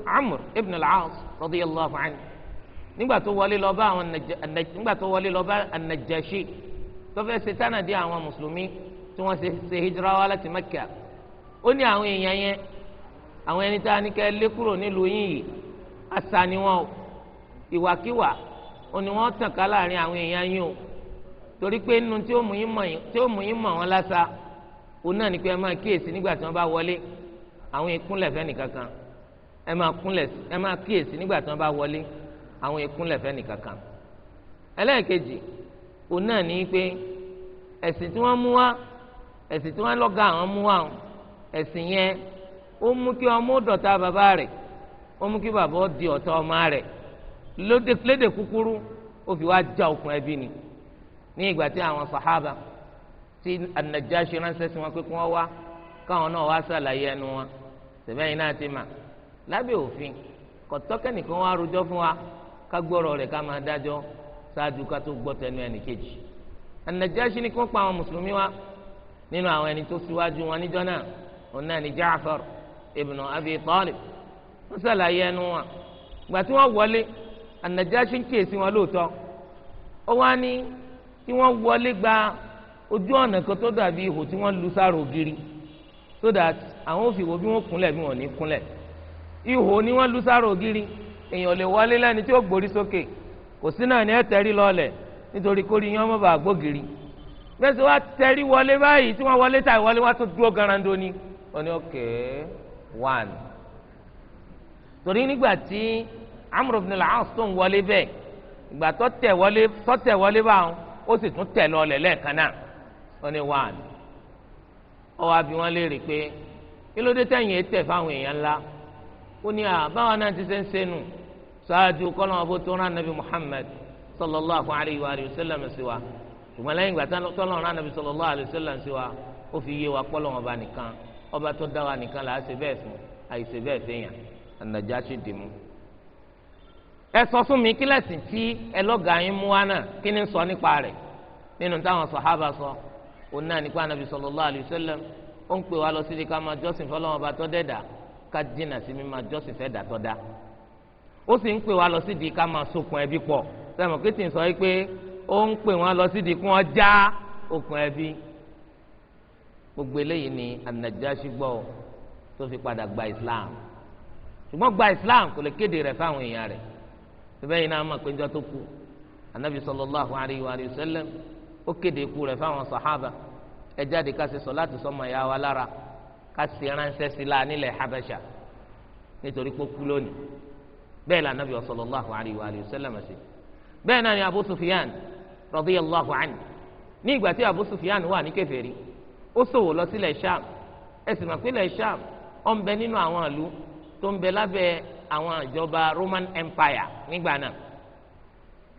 amr ibn al-aas radiyallahu anhu nígbà tó wọlé nígbà tó wọlé lọ bá tó fẹ́ ṣe tánà àwọn mùsùlùmí tí wọ́n ṣe hijira wá láti Mẹ́kà ó ní àwọn èèyàn yẹn àwọn ẹni tá a ní kẹ́ lé kúrò nílùú yín yìí àṣà ni wọn o ìwàkiwà ó ní wọn tàn ká láàrin àwọn èèyàn yín o torí pé nínú tí ó mú yín mọ̀ wọn lásà òun náà ní pé ẹ máa kíyèsí nígbà tí wọ́n bá wọlé àwọn ìkúnlẹ̀ fẹ́ni kankan ẹ máa kúnlẹ̀ ẹ máa kíyèsí nígbà tí wọ́n bá wọlé àwọn ìkúnlẹ̀ fẹ́ni ẹlẹ́ẹ̀kejì òun náà ní pé ẹ̀sìn tí wọ́n mú wá ẹ̀sìn tí wọ́n lọ́gàá àwọn mú wá àwọn ẹ̀sìn yẹn ó mú kí ọmọ dọ̀tá bàbá rẹ̀ ó mú kí bàbá ó di ọ̀tá ọmọ rẹ̀ lédè kúkúrú ó fi wá já okùn ẹbí ni ní ìgbà tí àwọn sàhábà tí An-Najashi ránṣẹ́ sí wọn pé kí wọ́n wá káwọn náà wá sàlàyé ẹnu wọn sẹ̀fẹ̀yìn náà ti mà lábẹ́ òfin kọ̀tọ́kẹ́nìkan wá rojọ́ fún wa ká gbọ́rọ̀ rẹ̀ ká máa dájọ́ ṣáájú ká tó gbọ́ tẹnu ẹnì kejì An-Najashi ni kí wọ́n pa àwọn mùsùlùmí wa nínú àwọn ẹni tó síwájú wọn níjọ́ náà òun náà ni Jaafar ibn Abi Talib wọ́n sàlàyé ẹnu wọn ìgbà tí wọ́n wọlé An-Najashi ń kíyèsí wọn lóòótọ́ ó wá ní tí wọ́n wọlé gba ojú ọ̀nà kan tó dàbí ihò tí wọ́n lu sára ògiri so that àwọn òfin wo bí wọ́n kúnlẹ̀ bí wọ́n ní kúnlẹ̀ ihò ni wọ́n lu sára ògiri èèyàn lè wọlé lẹ́ni tí ó gbórí sókè kò sí náà ní ẹ tẹrí lọlẹ̀ nítorí kórìí yẹn ọmọ bàá gbógiri bẹ́ẹ̀ sọ wá tẹrí wọlé báyìí tí wọ́n wọlé tàì wọlé wá tó dúró garandoni ó ní òkè one torí nígbà tí amúrò fún ilà áwọn tó ń wọlé bẹ́ẹ̀ ìgbà tó tẹ̀ wọlé tó tẹ̀ wọlé báwọn ó sì tún tẹ̀ lọ́ọ̀lẹ̀ lẹ́ẹ̀kan náà ó ní one ó wá bi wọ́n léèrè pé kí ló dé tẹ̀yìn ètè fáwọn èèyàn ńlá ó ní àbáwọn náà ti ṣe ń sẹ́nu ṣáájú kọ́lọ́n abó tó rán nabi Muhammad sallallahu alayhi wa sallam sí wa ṣùgbọ́n lẹ́yìn ìgbà tọ́lọ́run rán nabi sallallahu alayhi wa sí wa ó fi yé wa kọ́lọ́n ọba nìkan ọba tó dá wa nìkan là á ṣe bẹ́ẹ̀ fún àìṣe bẹ́ẹ̀ fẹ́yàn ànàjáṣe dìmú. ẹ sọ fún mi kí lẹ́sìn tí ẹlọ́gàá yín mú wa náà kí ni sọ nípa rẹ̀ nínú táwọn sàhábà sọ òun náà nípa anabi sallallahu alaihi wasallam ó ń pè wá lọ sí di ká máa jọ́sìn fọlọ́wọn ọba tó dẹ́dà ká dínà sí mi máa jọ́sìn fẹ́ dà tó ó sì ń pè wá lọ sí di ká máa sokùn ẹbí pọ̀ sẹ́mi kí tì ń sọ yìí pé ó ń pè wá lọ sí di kí wọ́n já okùn ẹbí gbogbo eléyìí ni anajashi gbọ́ tó fi padà gba islam ṣùgbọ́n gba islam kò lè kéde rẹ̀ fáwọn èèyàn rẹ̀ bẹ́ẹ̀ yìí náà mọ̀ pé njọ́ tó kú anabi sallallahu alayhi wa sallam ó kéde ikú rẹ̀ fáwọn sahaba ẹ jáde ká ṣe sọ̀láàtì sọ́mọ ìyá wa lára ká ṣe ránṣẹ́ sí la nílẹ̀ habasha nítorí pé ó kú lónìí bẹ́ẹ̀ la anabi sallallahu alayhi wa sallam ṣe bẹ́ẹ̀ náà ni abu sufiyan radiyallahu anhu ní ìgbà tí abu sufiyan wà ní kèfèrí ó ṣòwò lọ sílẹ̀ sham ẹ̀sìn mọ̀ pínlẹ̀ sham ó ń bẹ nínú àwọn ìlú tó ń bẹ lábẹ́ àwọn ìjọba roman empire nígbà náà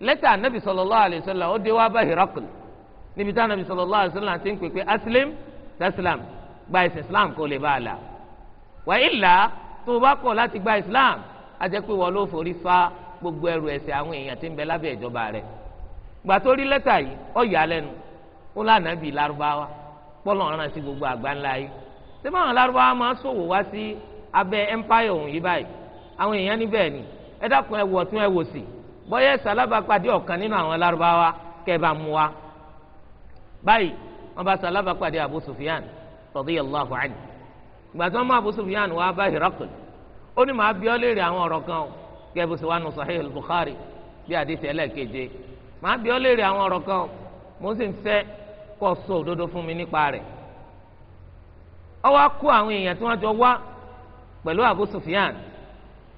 lẹ́tà anabi sallallahu alayhi wasallam ó dé wá bá hirakul níbi tí anabi sallallahu alayhi wasallam ti ń pè aslim taslam gba ẹ̀sìn islam kó lè bá a la wà ilà tó o bá kọ̀ láti gba islam a jẹ́ pé wọ́n ló forí fa gbogbo ẹrù ẹ̀ṣẹ̀ àwọn èèyàn tí ń bẹ lábẹ́ ìjọba rẹ̀ gbàtórí lẹ́tà yìí ó yà á lẹ́nu ó lànà bíi lárúbáwá pọ́lọ̀ ọ̀ràn sí gbogbo àgbáńlá yìí ṣé báwọn alárúbáwá máa ṣòwò wá sí abẹ́ empire ọ̀hún yìí báyìí àwọn èèyàn níbẹ̀ ni ẹ dákun ẹ wọ̀ tún ẹ wò sí bọ́yá ẹ̀sà alábàápàdé ọ̀kan nínú àwọn alárúbáwá kẹ́ ẹ bá mú wa báyìí wọ́n bá sọ alábàápàdé Abu Sufyan radiyallahu anhu ìgbà tí wọ́n mú Abu Sufyan wá bá Hirakul ó ní màá bi ọ́ léèrè àwọn ọ̀rọ̀ kan o gẹ́gẹ́ bó ṣe wà nù Sahih al-Bukhari bí àdìsí ẹlẹ́ẹ̀keje màá bi ọ́ léèrè àwọn ọ̀rọ̀ kan o mo sì ń fẹ́ kó sọ òdodo fún mi nípa rẹ̀ ó wá kó àwọn èèyàn tí wọ́n jọ wá pẹ̀lú Abu Sufyan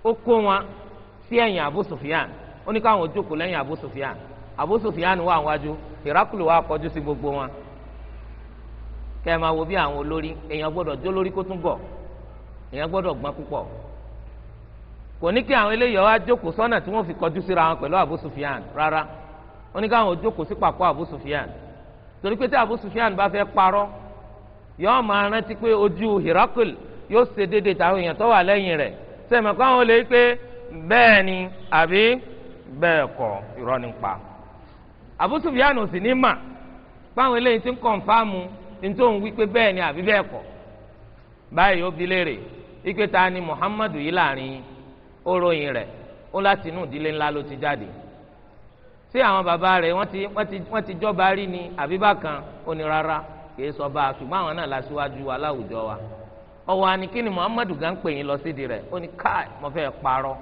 ó kó wọn sí ẹ̀yìn Abu Sufyan ó ní káwọn jókòó lẹ́yìn Abu Sufyan Abu Sufyan wà wájú Hirakulu wà kọjú sí gbogbo wọn kẹ́ ẹ máa wo bí àwọn olórí èèyàn gbọ́dọ̀ jó lórí kó tún gọ̀ èèyàn gbọ́dọ̀ gbọ́n púpọ̀ kò ní kí àwọn eléyìí wá jókòó sọ́nà tí wọ́n fi kọjú síra wọn pẹ̀lú Abu Sufyan rárá ó ní káwọn jókòó sí pàkó Abu Sufyan torí pé tí Abu Sufyan bá fẹ́ parọ́ yọọ máa rántí pé ojú Hirakul yóò ṣe déédéé táwọn èèyàn tó wà lẹ́yìn rẹ̀ sẹ́mi kó àwọn olè pé bẹ́ẹ̀ ni àbí bẹ́ẹ̀ kọ́ irọ́ ni pa Abu Sufyan ò sì ní mà páwọn eléyìí ti ń kọ̀nfàmù nítorí wí pé bẹ́ẹ̀ ni àbí bẹ́ẹ̀ kọ́ báyìí ó bi léèrè ipe ta ni Muhammadu yìí láàrin ó rẹ̀ ó láti inú ìdílé ńlá ló ti jáde ṣé àwọn bàbá rẹ̀ wọ́n ti wọ́n ti wọ́n ti jọba rí ni àbí bákan ó ní rárá kìí sọba ṣùgbọ́n àwọn náà láṣíwájú wa láwùjọ wa ọwọ́ àníkíni muhammadu gan pè yín lọ sídi rẹ̀ ó ní káì mo fẹ́ parọ́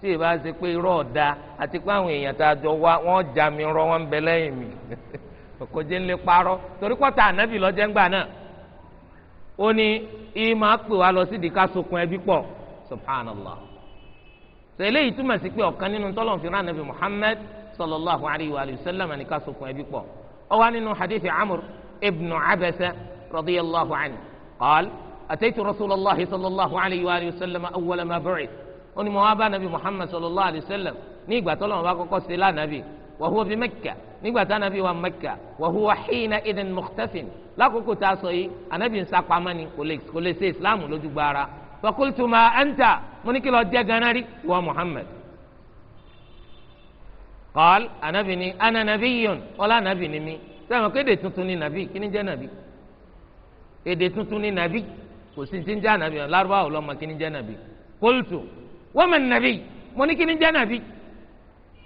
tí ìbá ṣe pé irọ́ ọ̀dà àti pé àwọn èèyàn tá a jọ wá wọ́n já mi rọ́ wọ́n ń bẹ lẹ́yìn mi kò jẹ́ ń lè parọ́ torí pọ́tà ànábì lọ́jẹ́ ńgbà náà ó ní ìmọ̀ pè wá lọ sídi ká sokun ẹbí pọ̀ subhanallah tẹ̀lé yìí túmọ̀ sí pé ọ̀kan nínú tọ́lọ̀ fi rán ànábì muhammad sallallahu alayhi wa sallam ni ká sokùn ẹbí pọ̀ ó wà nínú hadithi amur ibnu abasa radiyallahu anhu qaal ataitu rasulallah sallallahu alayhi wa sallam awwala ma bu'ith ó ní mo wá bá nabi muhammad sallallahu alayhi wa sallam ní ìgbà tó lọ́wọ́ bá kọ́kọ́ sí lánàbí wa huwa bi makka nígbà tá nàbí wa makka wa huwa hina idin mukhtafin lákòókò tá a sọ yìí anabi ń sá pamọ́ ni kò lè ṣe islam lójú gbára fakultu ma anta mo ní kí lọ jẹ́ ganarí wa muhammad kọ́l anabi ni ana nabi yun ọlá anabi ni mi sẹ́wọ̀n kéde tuntun ni nabi kí ni jẹ́ nabi èdè tuntun ni nabi kò sí ti ń jẹ́ anabi yẹn lárúbáwò lọ́mọ kí ni jẹ́ nabi kóòtù wọ́n mọ̀ nabi mo ní kí ni jẹ́ nabi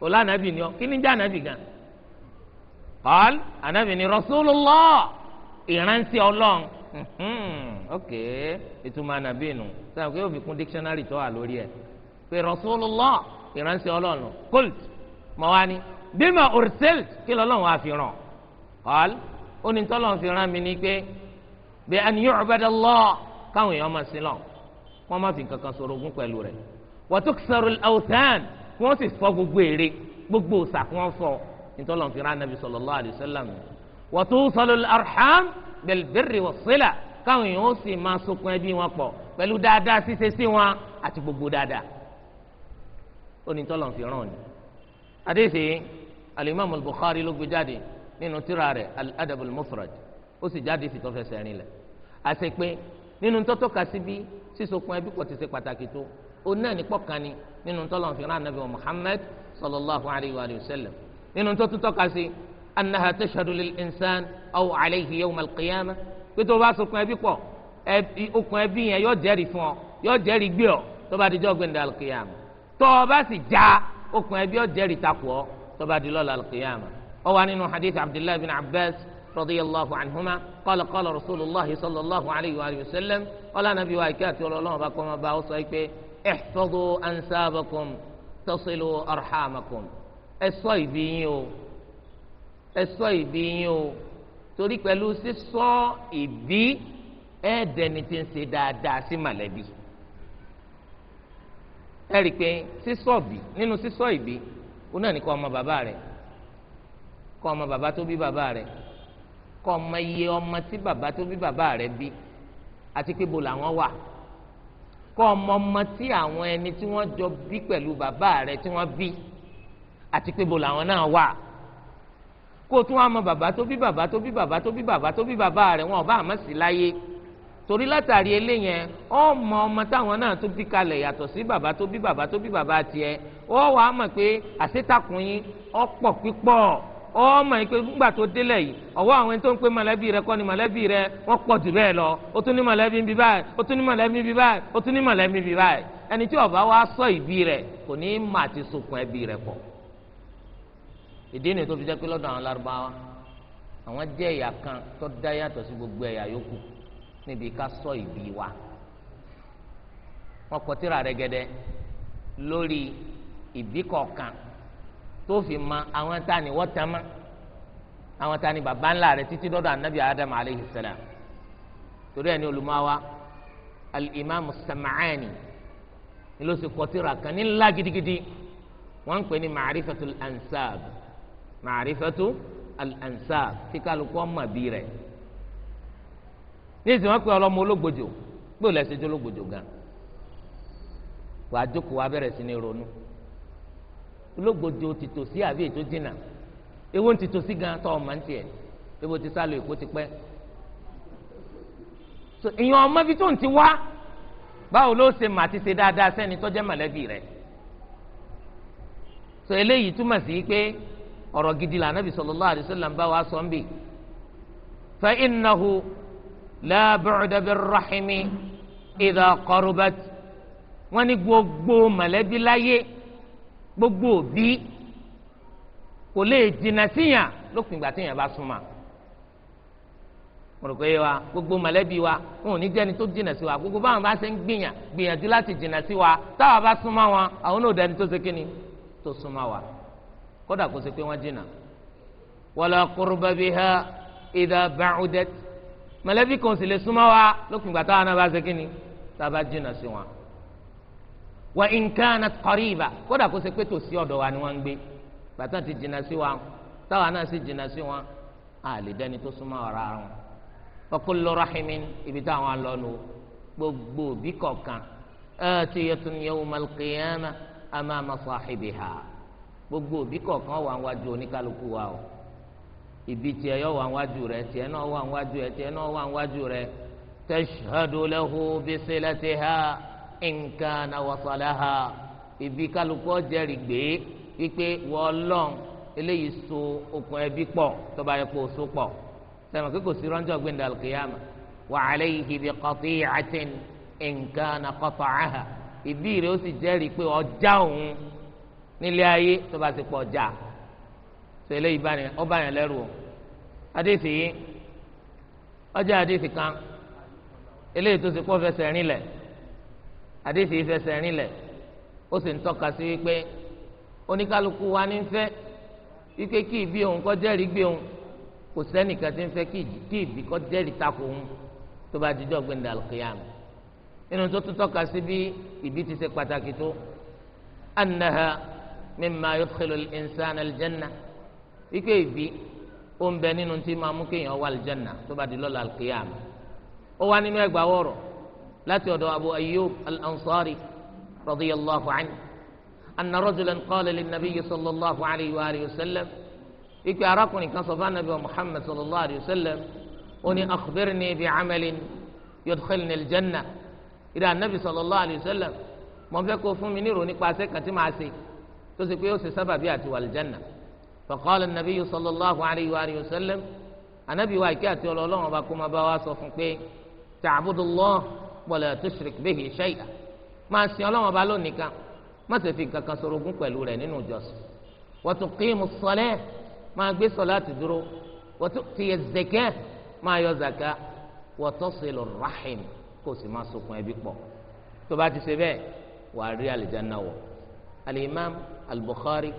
ọlá anabi ni ọ kí ni jẹ́ anabi gan kọ́l anabi ni rasulullah ìránṣẹ́ ọlọ́run ok ìtumọ̀ anabi nù sẹ́wọ̀n kéde òfin kún dictionary tó wà lórí ẹ̀ pé rasulullah ìránṣẹ́ ọlọ́run kóòtù mọ wá ní bímọ òrìṣẹl kí lọlọrun wá fi ràn ọl ó ní tọlọrun fi ràn mí ní pé bí an yu'bada Allah káwọn èèyàn máa sin lọ wọn má fi kankan sọ̀rọ̀ ogún pẹ̀lú rẹ̀ wa tuksaru al-awthan kí wọn sì fọ́ gbogbo ère gbogbo òòṣà kí wọn fọ́ ní tọlọrun fi ràn Nabi sallallahu alayhi wa sallam wa tusalu al-arham káwọn èèyàn sì máa sokun ẹbí wọn pọ̀ pẹ̀lú dáadáa ṣíṣe sí wọn àti gbogbo dáadáa ó fi ràn ni àdéhìí alimami bukhari ló gbé jáde nínú tírà rẹ̀ al-adabul mufrad ó sì jáde sì tó fẹsẹ̀ rìn lẹ̀ àti pé nínú tọ́tọ́ ka síbi sísokun ẹbí pọ̀ ti ṣe pàtàkì tó o náà ní pọ̀kan ni nínú tọ́lọ̀ fi rán anabi muhammad sallallahu alayhi wa sallam nínú tọ́tọ́ tọ́ka sí anaha tashhadu lil insan aw alayhi yawm al-qiyamah o bá sokun ẹbí pọ̀ okun ẹbí yẹn yóò jẹ́rìí fún ọ yóò jẹ́rìí gbé ọ tó bá dijọ́ gbẹ̀ndẹ̀ al-qiyamah tó o okùn ẹbí ọ̀jẹ̀rì takò ọ́ tọ́ba di lọ́la alqiyama ó wà nínú hadith abdullahi bin abbas radiyallahu anhuma qala qala rasulullahi sallallahu alayhi wa sallam ọlá nàbí wa ike àti ọlọ́run bá kọ́ ma bá ọ sọ pé ihfadhu ansabakum tasilu arhamakum ẹ ṣọ́ ìbí yín o ẹ ṣọ́ ìbí yín o torí pẹ̀lú sísọ ìbí ẹ̀ẹ́dẹ̀ni ti ń ṣe dáadáa sí mọ̀lẹ́bí ẹ rí i pé sísọ bí nínú sísọ ìbí ó náà ní kọ́ ọmọ bàbá rẹ̀ kọ́ ọmọ bàbá tó bí bàbá rẹ̀ kọ́ ọmọ iye ọmọ tí bàbá tó bí bàbá rẹ̀ bí àti pé bo làwọn wà kọ́ ọmọ ọmọ tí àwọn ẹni tí wọ́n jọ bí pẹ̀lú bàbá rẹ̀ tí wọ́n bí àti pé bo làwọn náà wà kó o tún wá mọ bàbá tó bí bàbá tó bí bàbá tó bí bàbá tó bí bàbá rẹ̀ wọn ò bá àmọ́ sí láyé torí látàrí eléyẹn mọ ọmọ táwọn náà tó bí kalẹ̀ yàtọ̀ sí bàbá tó bí bàbá tó bí bàbá tiẹ̀ ọ wàá mọ̀ pé àṣetàkùn ọ pọ̀ pípọ̀ ọmọ yìí pé nígbà tó délẹ̀ yìí ọwọ́ àwọn ní mọ̀lẹ́bí bí báyìí ó tún ní mọ̀lẹ́bí bí báyìí ó tún ní mọ̀lẹ́bí bí báyìí ẹni tí níbi ká sọ ìbí wa wọn kọ tírà rẹ̀gẹ̀dẹ̀ lórí ìbí kọ̀ọ̀kan tó fi ma àwọn tá ni wọ́n tán mọ́ àwọn tá ni bàbá ńlá rẹ̀ títí dọ́dọ̀ anabi adam aleyhi salam torí ẹni olùmọ́wá alimami samaani ni ló sì kọ tírà kan ní gidigidi wọ́n ń pè ní ma'rifatul ansab ma'rifatu al ansab tí bí rẹ̀. ní ìsìn wọn pe ọlọmọ ológbòjò pé ò lẹsẹ jọ ológbòjò gan wàá jókòó wàá bẹ̀rẹ̀ sí ní ronú ológbòjò tìtò sí ewu ń tìtò sí gan tó ọmọ ń tiẹ̀ ebo ti sálọ èkó ti so ìyẹn ọmọ bíi tó ń ti wá báwo ló ṣe ti ṣe dáadáa sẹ́ni tó jẹ́ mọ̀lẹ́bí rẹ̀ so eléyìí túmọ̀ sí pé ọ̀rọ̀ gidi la bu'da birrahimi idha qarubat wọ́n ní gbogbo mọ̀lẹ́bí láyé gbogbo òbí kò lè jìnnà síyàn lópin ìgbà tíyàn bá súnmọ́ mọ̀rọ̀kọ́ yé wa gbogbo mọ̀lẹ́bí wa wọn ò ní jẹ́ni tó jìnnà sí wa gbogbo báwọn bá ṣe ń gbìyàn gbìyànjú láti jìnnà sí wa táwa bá súnmọ́ wọn àwọn náà dání tó ṣe kíni tó súnmọ́ wa kódà kó ṣe pé wọ́n jìnnà. wala qurba biha idha ba'udat mọ̀lẹ́bí kan sì lè súnmọ́ wa lópin ìgbà táwọn náà bá ṣe kí ni tá a bá jìnnà sí wọn. wa in kanat qariba kódà kó ṣe pé tòsí ọ̀dọ̀ wa ni wọ́n ń gbé bàtà ti jìnnà sí wa táwọn náà sì jìnnà sí wọn a lè dẹni tó súnmọ́ ọ̀rá wọn. wa kullu rahimin ibi táwọn lọ nù gbogbo òbí kọ̀ọ̀kan atiyatun yawmal qiyamah amama sahibiha gbogbo òbí kọ̀ọ̀kan wà wájú oníkálukú wa o. tí tiẹ̀ yọ wà wájú tí tiẹ̀ náà wà wájú rẹ̀ tiẹ̀ náà wà wájú rẹ̀ tashhadu ha bisilatiha na kana ha ibi kálukú gbé wípé eléyìí so okùn ẹbí pọ̀ tọba yẹ so pọ̀ sẹ́mi kí kò sí rọ́njọ́ gbẹ̀ndà ó sẹlẹ ìbáni ọba yẹn lẹ́rù o adéṣe yìí ọjà adéṣe kan eléyìí tó ti kọ́ fẹsẹ̀ rìn lẹ̀ adéṣe yìí fẹsẹ̀ rìn lẹ̀ ó sì ń tọ́ka sí wípé oníkálukú wa ní fẹ́ wípé kí ìbí òun kọ́ jẹ́rìí gbé òun kò sẹ́nìkan tí ń fẹ́ kí ìbí kọ́ jẹ́rìí takò òun tó bá dijọ́ gbẹ̀ndà inú tó tún tọ́ka sí bí ìbí ti ṣe pàtàkì tó annaha mimma yudkhilu al-insāna al-jannah wípé ìbí ó ń bẹ nínú tí máa mú kéèyàn wà lìjánà tó bá di lọ́la alkiyama ó wá nínú ẹgbàá wọ̀rọ̀ láti ọ̀dọ̀ abu ayyub al-ansari radiyallahu anhu anna rajulan qala lin-nabiyyi sallallahu alayhi wa alihi wa sallam wípé arákùnrin kan sọ fún anabi muhammad sallallahu alayhi wa sallam akhbirni bi amalin yudkhilni aljanna ìdá anabi sallallahu alayhi wa mo fẹ́ kó fún mi ní ìròyìn pàṣẹ kàtí màá ṣe tó ṣe pé ó ṣe sábàbí àti wà lìjánà. فقال النبي صلى الله عليه وآله وسلم النبي وايكاتي ولولون وباكما بواسو فنكي تعبد الله ولا تشرك به شيئا ما سي الله ما سيفي كاكا سروغون كوالورا نينو وتقيم الصلاة ما بي صلاة درو وتؤتي الزكاة ما يزكى وتصل الرحم كوسي ما سوكم يبيكو تباتي سيبه وعريا لجنة الإمام البخاري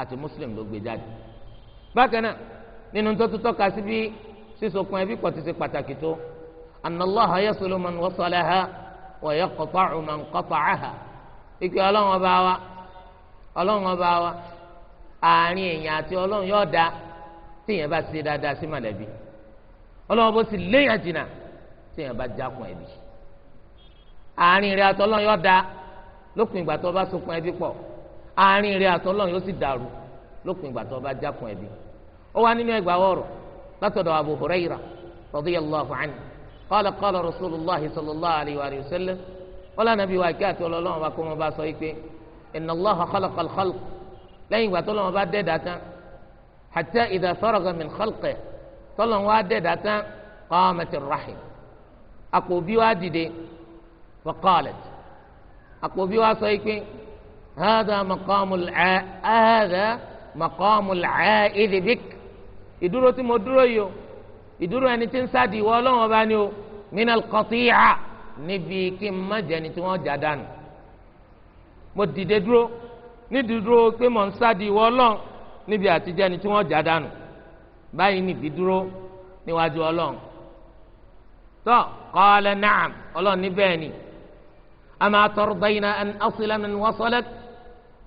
àti muslim ló gbé jáde bákan náà nínú tó tún tọ́ka sí bí sísokun ẹbí pọ̀ ti ṣe pàtàkì tó anallaha yasulu man wasalaha wa yaqta'u man qata'aha ike ọlọ́run ọba wa ọlọ́run ọba wa àárín èèyàn àti ọlọ́run yóò da tí èèyàn bá ṣe dáadáa sí mọ̀lẹ́bí ọlọ́run bó ti léèyàn jìnnà tí èèyàn bá jákun ẹbí àárín rẹ̀ àti ọlọ́run yóò da lópin ìgbà tó bá sokun ẹbí pọ̀ àárín rẹ àtọ́lọ́run yóò sì dàrú lópin ìgbà tó bá jákun ẹ̀bi ó wá nínú ẹgbàá ọ̀rọ̀ látọ̀dọ̀ Abu Hurayra radiyallahu anhu qala qala rasulillah sallallahu alayhi wa sallam wala nabi wa kí àti ọlọ́run wa kó wọn bá sọ yìí pé inna Allaha khalaqa al-khalq lẹ́yìn ìgbà tọ́lọ́run bá dẹ́ẹ̀dá tán hatta idha faraga min khalqihi tọ́lọ́run wá dẹ́ẹ̀dá tán qamat ar-rahim àpò bí wá dìde faqalat àpò bí wá sọ yìí هذا مقام الع... هذا مقام العائد بك ìdúró tí mo dúró yìí o ìdúró ẹni tí ń sáàdì ìwọ ọlọ́run ọba ni o minal qati'a níbi kí n má jẹ ẹni tí wọ́n jà dànù mo dìde dúró ní dúró pé mo ń sáàdì ìwọ ọlọ́run níbi àtijọ́ ẹni tí wọ́n jà dànù báyìí nìdí dúró níwájú ọlọ́run tó qala na'am ọlọ́run níbẹ̀ ni ama tardayna an asila man wasalak.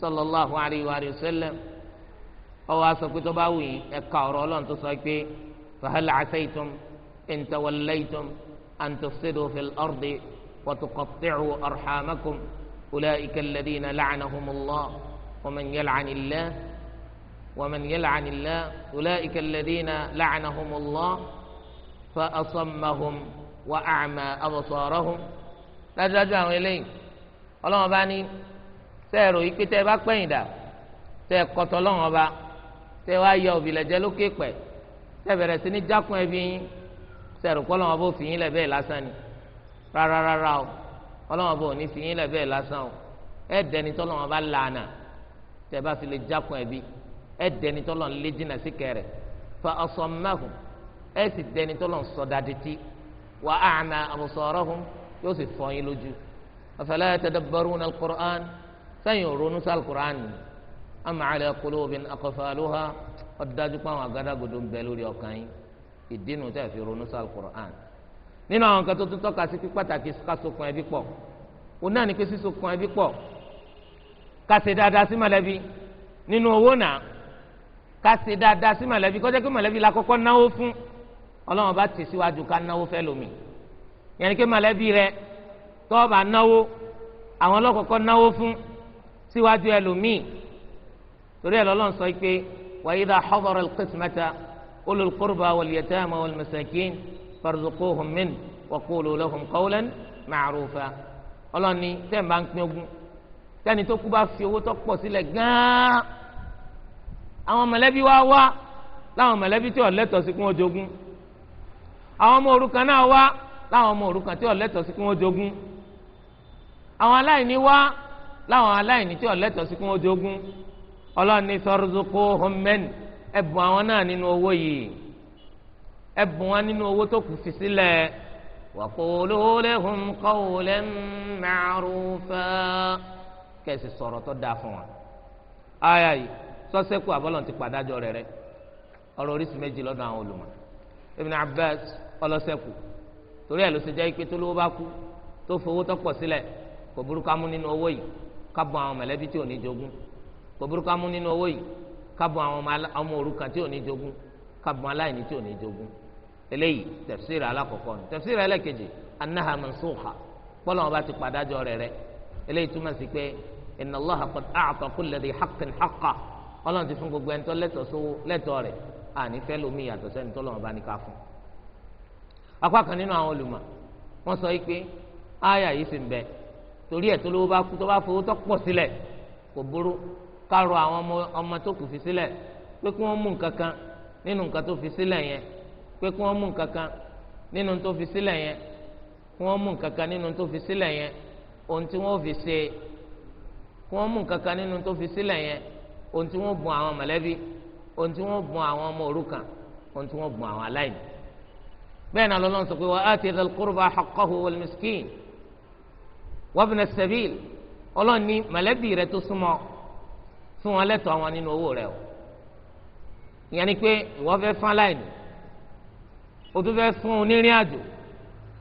sọlọ sallallahu alayhi wa sẹlẹm ọwọ́ aṣọ pé tó bá wù yín ẹ̀ka ọ̀rọ̀ ọlọ́run tó sọ pé fahal asaytum in tawallaytum an tufsidu fil ardi wa tuqatti'u arhamakum ulaika alladhina la'anahumullah wa man yal'anillah ومن يلعن الله أولئك الذين لعنهم الله فأصمهم وأعمى أبصارهم لا تدعوا إليه اللهم باني sẹ́ẹ̀rọ yìí pé tẹ́ ẹ bá pẹ́yìn dà tẹ́ ẹ kọ́tọ́ lọ́wọ́n ọba tẹ́ ẹ wá yọ òbílẹ̀jẹ́ lókè pẹ̀ tẹ́ ẹ bẹ̀rẹ̀ sí ní jákun ẹbí yín sẹ́ẹ̀rọ kọ́ lọ́wọ́n ọba ò fi yín lẹ̀ bẹ́ẹ̀ lásán ni rárá rárá o ọlọ́wọ́n ọba ò ní fi yín lásán o ẹ dẹni tọ́lọ́wọ́n ọba lànà tẹ́ ẹ bá fi lè jákun ẹbí ẹ dẹni tọ́lọ́wọ́n lé jìnnà sí kẹrẹ fa asammahum ẹ sẹ́yìn òrónú sá alukur'ani ama ala qulubin aqfaluha ọ̀dájú pé àwọn àgádágodo ń bẹ lórí ọkàn yín ìdínú tẹ̀ fi òrónú sá alukur'ani nínú àwọn kan tó tún tọ́ka sí pé pàtàkì kásokùn ẹbí pọ̀ òun náà ní pé sísokùn ẹbí pọ̀ kásẹ̀ dáadáa sí mọ̀lẹ́bí nínú owó náà kásẹ̀ dáadáa sí mọ̀lẹ́bí kọjá pé mọ̀lẹ́bí la kọ́kọ́ náwó fún ọlọ́run bá tì síwájú ká náwó fẹ́ lómi yẹn ni pé mọ̀lẹ́bí rẹ tọ́ọ̀bà náwó àwọn ọlọ́kọ̀ọ́kọ́ náwó fún síwájú ẹlòmíì torí ẹ lọ́lọ́run sọ pé wa idha hadara al-qismata ulul qurba wal yatama wal masakin farzuquhum min wa qulu lahum qawlan ma'rufa ọlọ́ni tẹ́ ń bá ń pín ogún tẹ́ni tó kú bá fi owó tó pọ̀ sílẹ̀ gán-an àwọn mọ̀lẹ́bí wá wá láwọn mọ̀lẹ́bí tí ó lẹ́tọ̀ọ́ sí kí wọ́n jogún àwọn ọmọ òrukàn náà wá láwọn ọmọ òrukàn tí ó lẹ́tọ̀ọ́ sí kí wọ́n jogún àwọn aláìní wá láwọn aláìní tí ọ̀lẹ́tọ̀ sí kún ojogún ọlọ́ni sọ́rọ́sọ́kọ́ homen ẹ̀bùn àwọn náà nínú owó yìí ẹ̀bùn wọn nínú owó tó kù fi sílẹ̀ wàkúlù lẹ́hùn kọ́wùlẹ́ màrúfẹ́ kẹ̀sì sọ̀rọ̀ tó dáa fún wa. ayà yìí sọ́sẹ́kù àbọ̀lọ̀ ti pàdájọ́ rẹ̀ rẹ̀ ọ̀rọ̀ oríṣi méjì lọ́dọ̀ àwọn olùmọ̀ Ibn Abbas ọlọ́sẹ̀kù torí ẹ̀ ló ṣe jẹ́ pé tó lówó bá kú tó fowó tó pọ̀ sílẹ̀ kò burúkú amú nínú owó yìí kábọn àwọn mẹ̀lẹ́bí tí ò ní jogún kò burúkú amú nínú owó yìí kábọn àwọn ọmọ òrukàn tí ò ní jogún kábọn aláìní tí ò ní jogún eléyìí tafsir alákọ̀ọ́kọ́ ni tafsir ẹlẹ́kejì annaha mansukha kpọ́lọ́ wọn bá ti padàjọ́ rẹ̀ rẹ̀ eléyìí túmọ̀ sí pé inna Allaha qad a'ta kulli dhi haqqin haqqa ọlọ́run ti fún gbogbo ẹni tó lẹ́tọ̀ọ́ sówó lẹ́tọ̀ọ́ rẹ̀ àní fẹ́ lómi yàtọ̀ sẹ́ni tó lọ́wọ́ bá ní ká fún. apá nínú àwọn olùmọ̀ wọ́n sọ yìí pé áyà yìí sì ń bẹ́ẹ̀ torí ẹ̀ tó lówó bá kú tó bá fowó tó pọ̀ sílẹ̀ kò burú kárọ àwọn ọmọ tó kù fi sílẹ̀ pé kí wọ́n mú nǹkan kan nínú nǹkan tó fi sílẹ̀ yẹn pé kí wọ́n mú nǹkan kan nínú tó fi sílẹ̀ yẹn kí wọ́n mú nǹkan kan nínú tó fi sílẹ̀ yẹn ohun tí wọ́n fi ṣe kí wọ́n mú nǹkan kan nínú tó fi sílẹ̀ yẹn ohun tí wọ́n bùn àwọn mọ̀lẹ́bí ohun tí wọ́n bùn àwọn ọmọ òrukàn ohun tí wọ́n bùn àwọn aláìní bẹ́ẹ̀ náà lọ́lọ́run sọ pé wa ati dhal qurba haqqahu wal miskin wabna sabil ọlọ́run ní mọ̀lẹ́bí rẹ tó súnmọ́ fún wọn lẹ́tọ̀ọ́ wọn nínú owó rẹ o ìyẹn ni pé ìwọ fẹ́ fún aláìní o tún fẹ́ fún onírìn àjò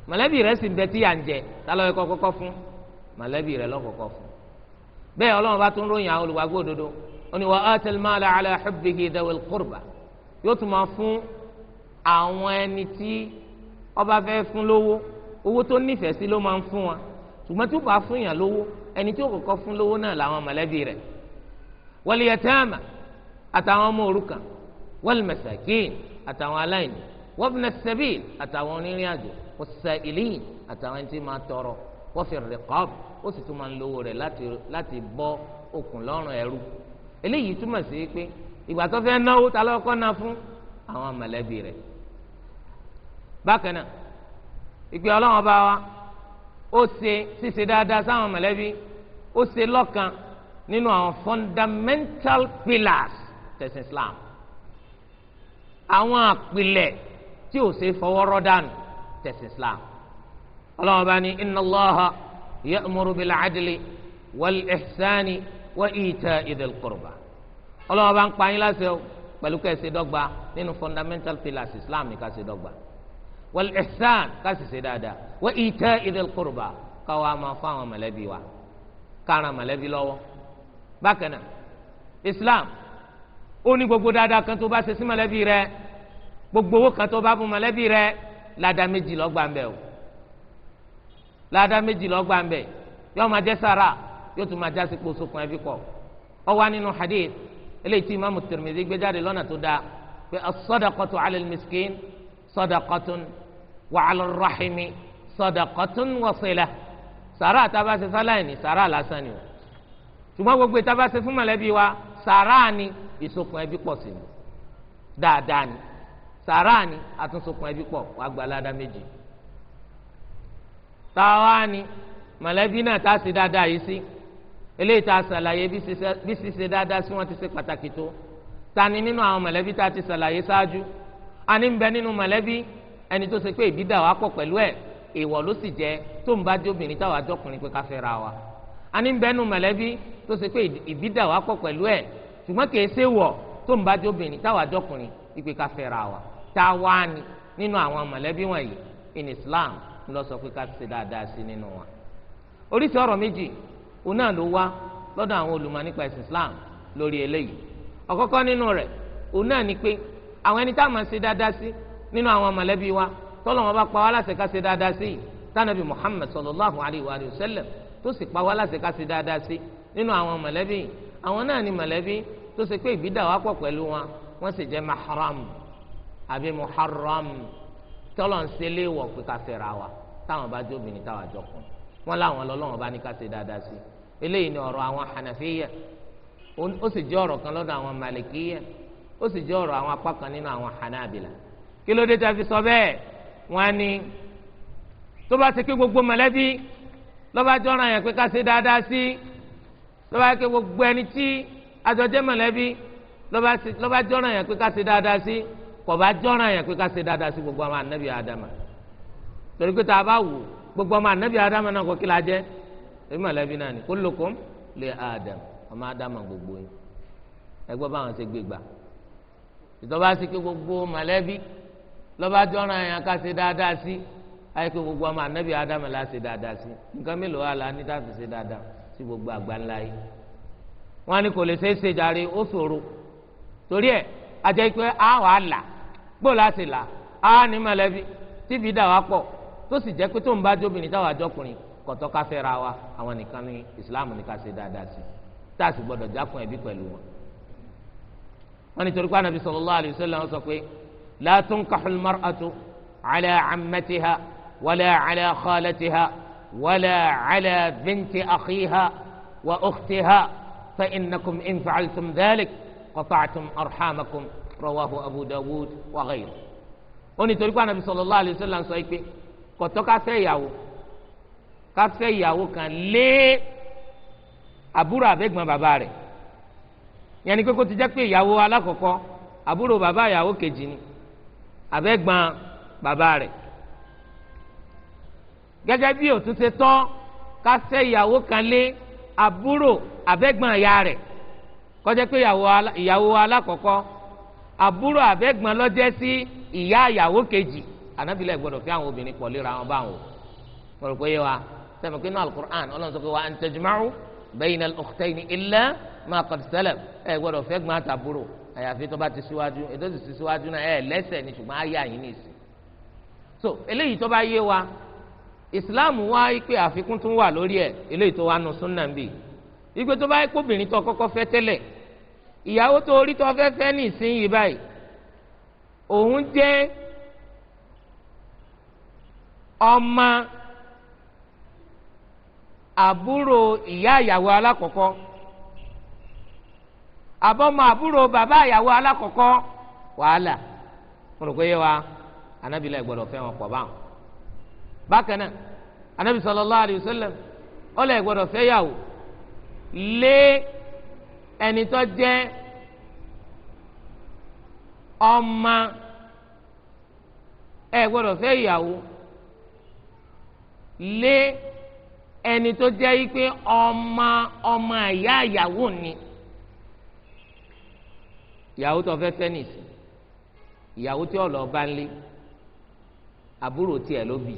mọ̀lẹ́bí rẹ sì ń bẹ tí yà ń jẹ tálọ́ ẹ̀kọ́ kọ́kọ́ fún mọ̀lẹ́bí rẹ lọ́kọ̀ọ́kọ́ fún bẹ́ẹ̀ ọlọ́run bá tún ròyìn àwọn olùwàgbọ́ òdodo ó ní wa atal mala ala hubbihi dawil qurba yóò tún máa fún àwọn ẹni tí ọba fẹ́ fún lówó owó tó nífẹ̀ẹ́ sí ló máa ń fún wọn ṣùgbọ́n tí ó bá fún yàn lówó ẹni tí ó kọ́kọ́ fún lówó náà làwọn mọ̀lẹ́bí rẹ̀ wal yatama àtàwọn ọmọ òrukàn wal masakin àtàwọn aláìní wabna sabil àtàwọn onírìn àjò was-sa'ilin àtàwọn ẹni tí máa tọrọ wa fi riqab ó sì tún máa ń lówó rẹ̀ láti bọ́ okùn lọ́rùn ẹrú eléyìí túmọ̀ sí pé ìgbà tó fẹ́ náwó ta lọ́kọ́ náà fún àwọn mọ̀lẹ́bí rẹ̀ bákan náà ìgbé ó ṣe ṣíṣe dáadáa sáwọn mọ̀lẹ́bí ó ṣe lọ́kan nínú àwọn fundamental pillars tẹ̀sán Islam àwọn àpilẹ̀ tí ò ṣe fọwọ́rọ́ dànù tẹ̀sán Islam ọlọ́run bá ní inna Allaha ya'muru bil adli wal ihsani wa ita'i dhil qurba ọlọ́run bá ń pa yín láṣẹ pẹ̀lú kẹ́ ẹ ṣe dọ́gba nínú fundamental pillars Islam ní ká ṣe dọ́gba wal ihsan ká sì ṣe dáadáa wa ita'i dhil qurba káwa máa fún àwọn mọ̀lẹ́bí wa kára mọ̀lẹ́bí lọ́wọ́ bákan náà islam ó ní gbogbo dáadáa kan tó bá ṣe sí mọ̀lẹ́bí rẹ gbogbo owó kan tó bá fún mọ̀lẹ́bí rẹ ládàá méjì lọ́gbà ń bẹ̀ o ládàá méjì lọ́gbà ń bẹ̀ yóò máa jẹ́ sàrà yóò tún máa jásí kó sokun ẹbí kọ ọ wá nínú hadith eléyìí tí imaamu Tirmidhi gbé jáde lọ́nà tó dáa pé as-sadaqatu 'ala al-miskin sadaqatun wa ala rahimi sadaqatun wa sila sàrà tá a bá ṣe fáláì ní sàrà lásán ni o ṣùgbọ́n gbogbo tá a bá ṣe fún mọ̀lẹ́bí wa sàrà ni ìsokùn ẹbí pọ̀ sí ni dáadáa ni sàrà ni àtúnṣokùn ẹbí pọ̀ wàá gba aládàá méjì táwa ni mọ̀lẹ́bí náà tá a ṣe dáadáa yìí sí eléyìí tá a ṣàlàyé bí ṣíṣe dáadáa sí wọn ti ṣe pàtàkì tó ta ni nínú àwọn mọ̀lẹ́bí tá a ti ṣàlàyé ṣáájú ani ń bẹ nínú mọ̀lẹ́bí ẹni tó ṣe pé ìbí dà wá pọ̀ pẹ̀lú ẹ̀ èèwọ̀ ló sì jẹ́ tó ń bá jẹ́ obìnrin táwa jọkùnrin pé ká fẹ́ ra wa ani ń bẹ nínú tó ṣe pé ìbí dà wá pọ̀ pẹ̀lú ẹ̀ kì í ṣe wọ̀ tó ń bá jẹ́ obìnrin táwa jọkùnrin pé ká fẹ́ ra wa tá a ni nínú àwọn mọ̀lẹ́bí wọ̀nyí in Islam ló sọ pé ká ṣe dáadáa sí nínú wa oríṣi ọ̀rọ̀ méjì òun náà ló wá lọ́dọ̀ àwọn olùmọ̀ nípa ẹ̀sìn Islam lórí eléyìí ọ̀kọ́kọ́ nínú rẹ̀ òun náà ni pé àwọn ẹni tá a máa ṣe dáadáa sí nínú àwọn mọ̀lẹ́bí wa tọ́lọ̀ wọn bá pa wá láṣẹ ká ṣe dáadáa sí tánàbí Muhammad sallallahu alayhi wa sallam tó sì pa wá láṣẹ ká ṣe dáadáa sí nínú àwọn mọ̀lẹ́bí àwọn náà ni mọ̀lẹ́bí tó ṣe pé ìbídà wá pọ̀ pẹ̀lú wọn wọ́n sì jẹ́ mahram àbí muharram tọ́lọ̀ ń ṣe léèwọ̀ pé ká fẹ́ra wa táwọn bá jóbìnrin táwọn àjọkùn wọn láwọn lọ́lọ́wọ́n bá ní ká ṣe dáadáa ó sì jẹ́ ọ̀rọ̀ àwọn apá kan nínú àwọn hanabila kí ló dé tá a fi sọ bẹ́ẹ̀ wọ́n ní tó bá ti kí gbogbo mọ̀lẹ́bí lọ́ba jọ́ra yẹn pé ká ṣe dáadáa sí lọ́ba kí gbogbo ẹni tí àjọjẹ́ mọ̀lẹ́bí lọ́ba jọ́ra yẹn pé ká ṣe dáadáa sí kọ̀ọ̀bá jọ́ra yẹn pé ká ṣe dáadáa sí gbogbo àwọn ànábì àdàmà torí pé tá a bá wò gbogbo ọmọ ànábì àdàmà náà kò kí la jẹ́ èyí mọ̀lẹ́bí náà ni kullukum li Adam ọmọ àdàmà gbogbo yìí ẹgbẹ́ báwọn ṣe gbé ìjọba sí pé gbogbo mọ̀lẹ́bí lọ́ba jọ́ràn yẹn ká ṣe dáadáa sí ayé pé gbogbo ọmọ ànábì ádámù la ṣe dáadáa sí nǹkan mélòó wà lá níta fi ṣe dáadáa sí gbogbo àgbáńlá yìí wọ́n ní kò lè ṣe é ṣe jàre ó ṣòro torí ẹ̀ ajẹ́ pé a wà á là gbọ́ la ṣe là á ní mọ̀lẹ́bí tíbi dà wá pọ̀ tó sì jẹ́ pé tó ń bá jóbìnrin táwa jọkùnrin kọ̀tọ́ ká fẹ́ ra wa àwọn nìkan ní ìsìláàmù ní ká ṣe dáadáa sí tá a sì gbọ́dọ̀ jákun ẹbí pẹ̀lú wọn. wọn nítorí pé anabi sallallahu alayhi wa sallam sọ pé la tunkahu al-mar'atu ala ammatiha wala ala khalatiha wala ala binti akhiha wa ukhtiha fa innakum in fa'altum dhalik qata'tum arhamakum rawahu abu dawud wa ghayru. wọn nítorí pé anabi sallallahu alayhi wa sallam sọ pé kò tọ́ ká fẹ́ ìyàwó ká fẹ́ ìyàwó kan lé àbúrò àbẹ̀gbọ́n bàbá rẹ̀. yẹn ni pé kó ti jẹ́ pé ìyàwó alákọ̀ọ́kọ́ àbúrò bàbá ìyàwó kejì ni àbẹ́gbọ́n bàbá rẹ̀ gẹ́gẹ́ bí òtún ṣe tọ́ ká ṣe ìyàwó kan lé àbúrò àbẹ́gbọ́n ìyá rẹ̀ kó jẹ́ pé ìyàwó alákọ̀ọ́kọ́ àbúrò àbẹ́gbọ́n ló jẹ́ sí ìyá ìyàwó kejì ànábìlẹ̀ gbọ́dọ̀ fi àwọn obìnrin pọ̀ léra wọn báwọn o mo rò pé yé wa sẹ́mi pé alukur'an ọlọ́run sọ pé wa an tajma'u bayna al-ukhtayn illa ma qad salaf ẹ gbọ́dọ̀ fẹ́ gbọ́n àtàbúrò àyàfi tó bá ti síwájú ètò ti síwájú náà ẹ lẹ́sẹ̀ ni ṣùgbọ́n ayé àyín nìsí. so eléyìí tó bá yé wa ìsìláàmù wá pé àfikún tún wà lórí ẹ eléyìí tó wà nù súnà bì ìgbé tó bá yẹ kó tó kọ́kọ́ fẹ́ tẹ́lẹ̀ ìyàwó tó orí tó fẹ́ ọmọ àbúrò ìyá ìyàwó alákọ̀ọ́kọ́ àbọ̀mọ àbúrò bàbá ìyàwó alákọ̀ọ́kọ́ wàhálà mo rò pé yé wa anábìlẹ̀ gbọ́dọ̀ fẹ́ wọn pọ̀ báwọn bákan náà anábì sallallahu alayhi wa sallam ọlẹ̀ gbọ́dọ̀ fẹ́ yàwó lé ẹni tó jẹ́ ọmọ lé. ẹni tó jẹ́ yí pé ọmọ ọmọ ìyá ìyàwó ni ìyàwó tó fẹ́ fẹ́ ìyàwó tí ọ̀lọ́ bá ń lé àbúrò tiẹ̀ ló bì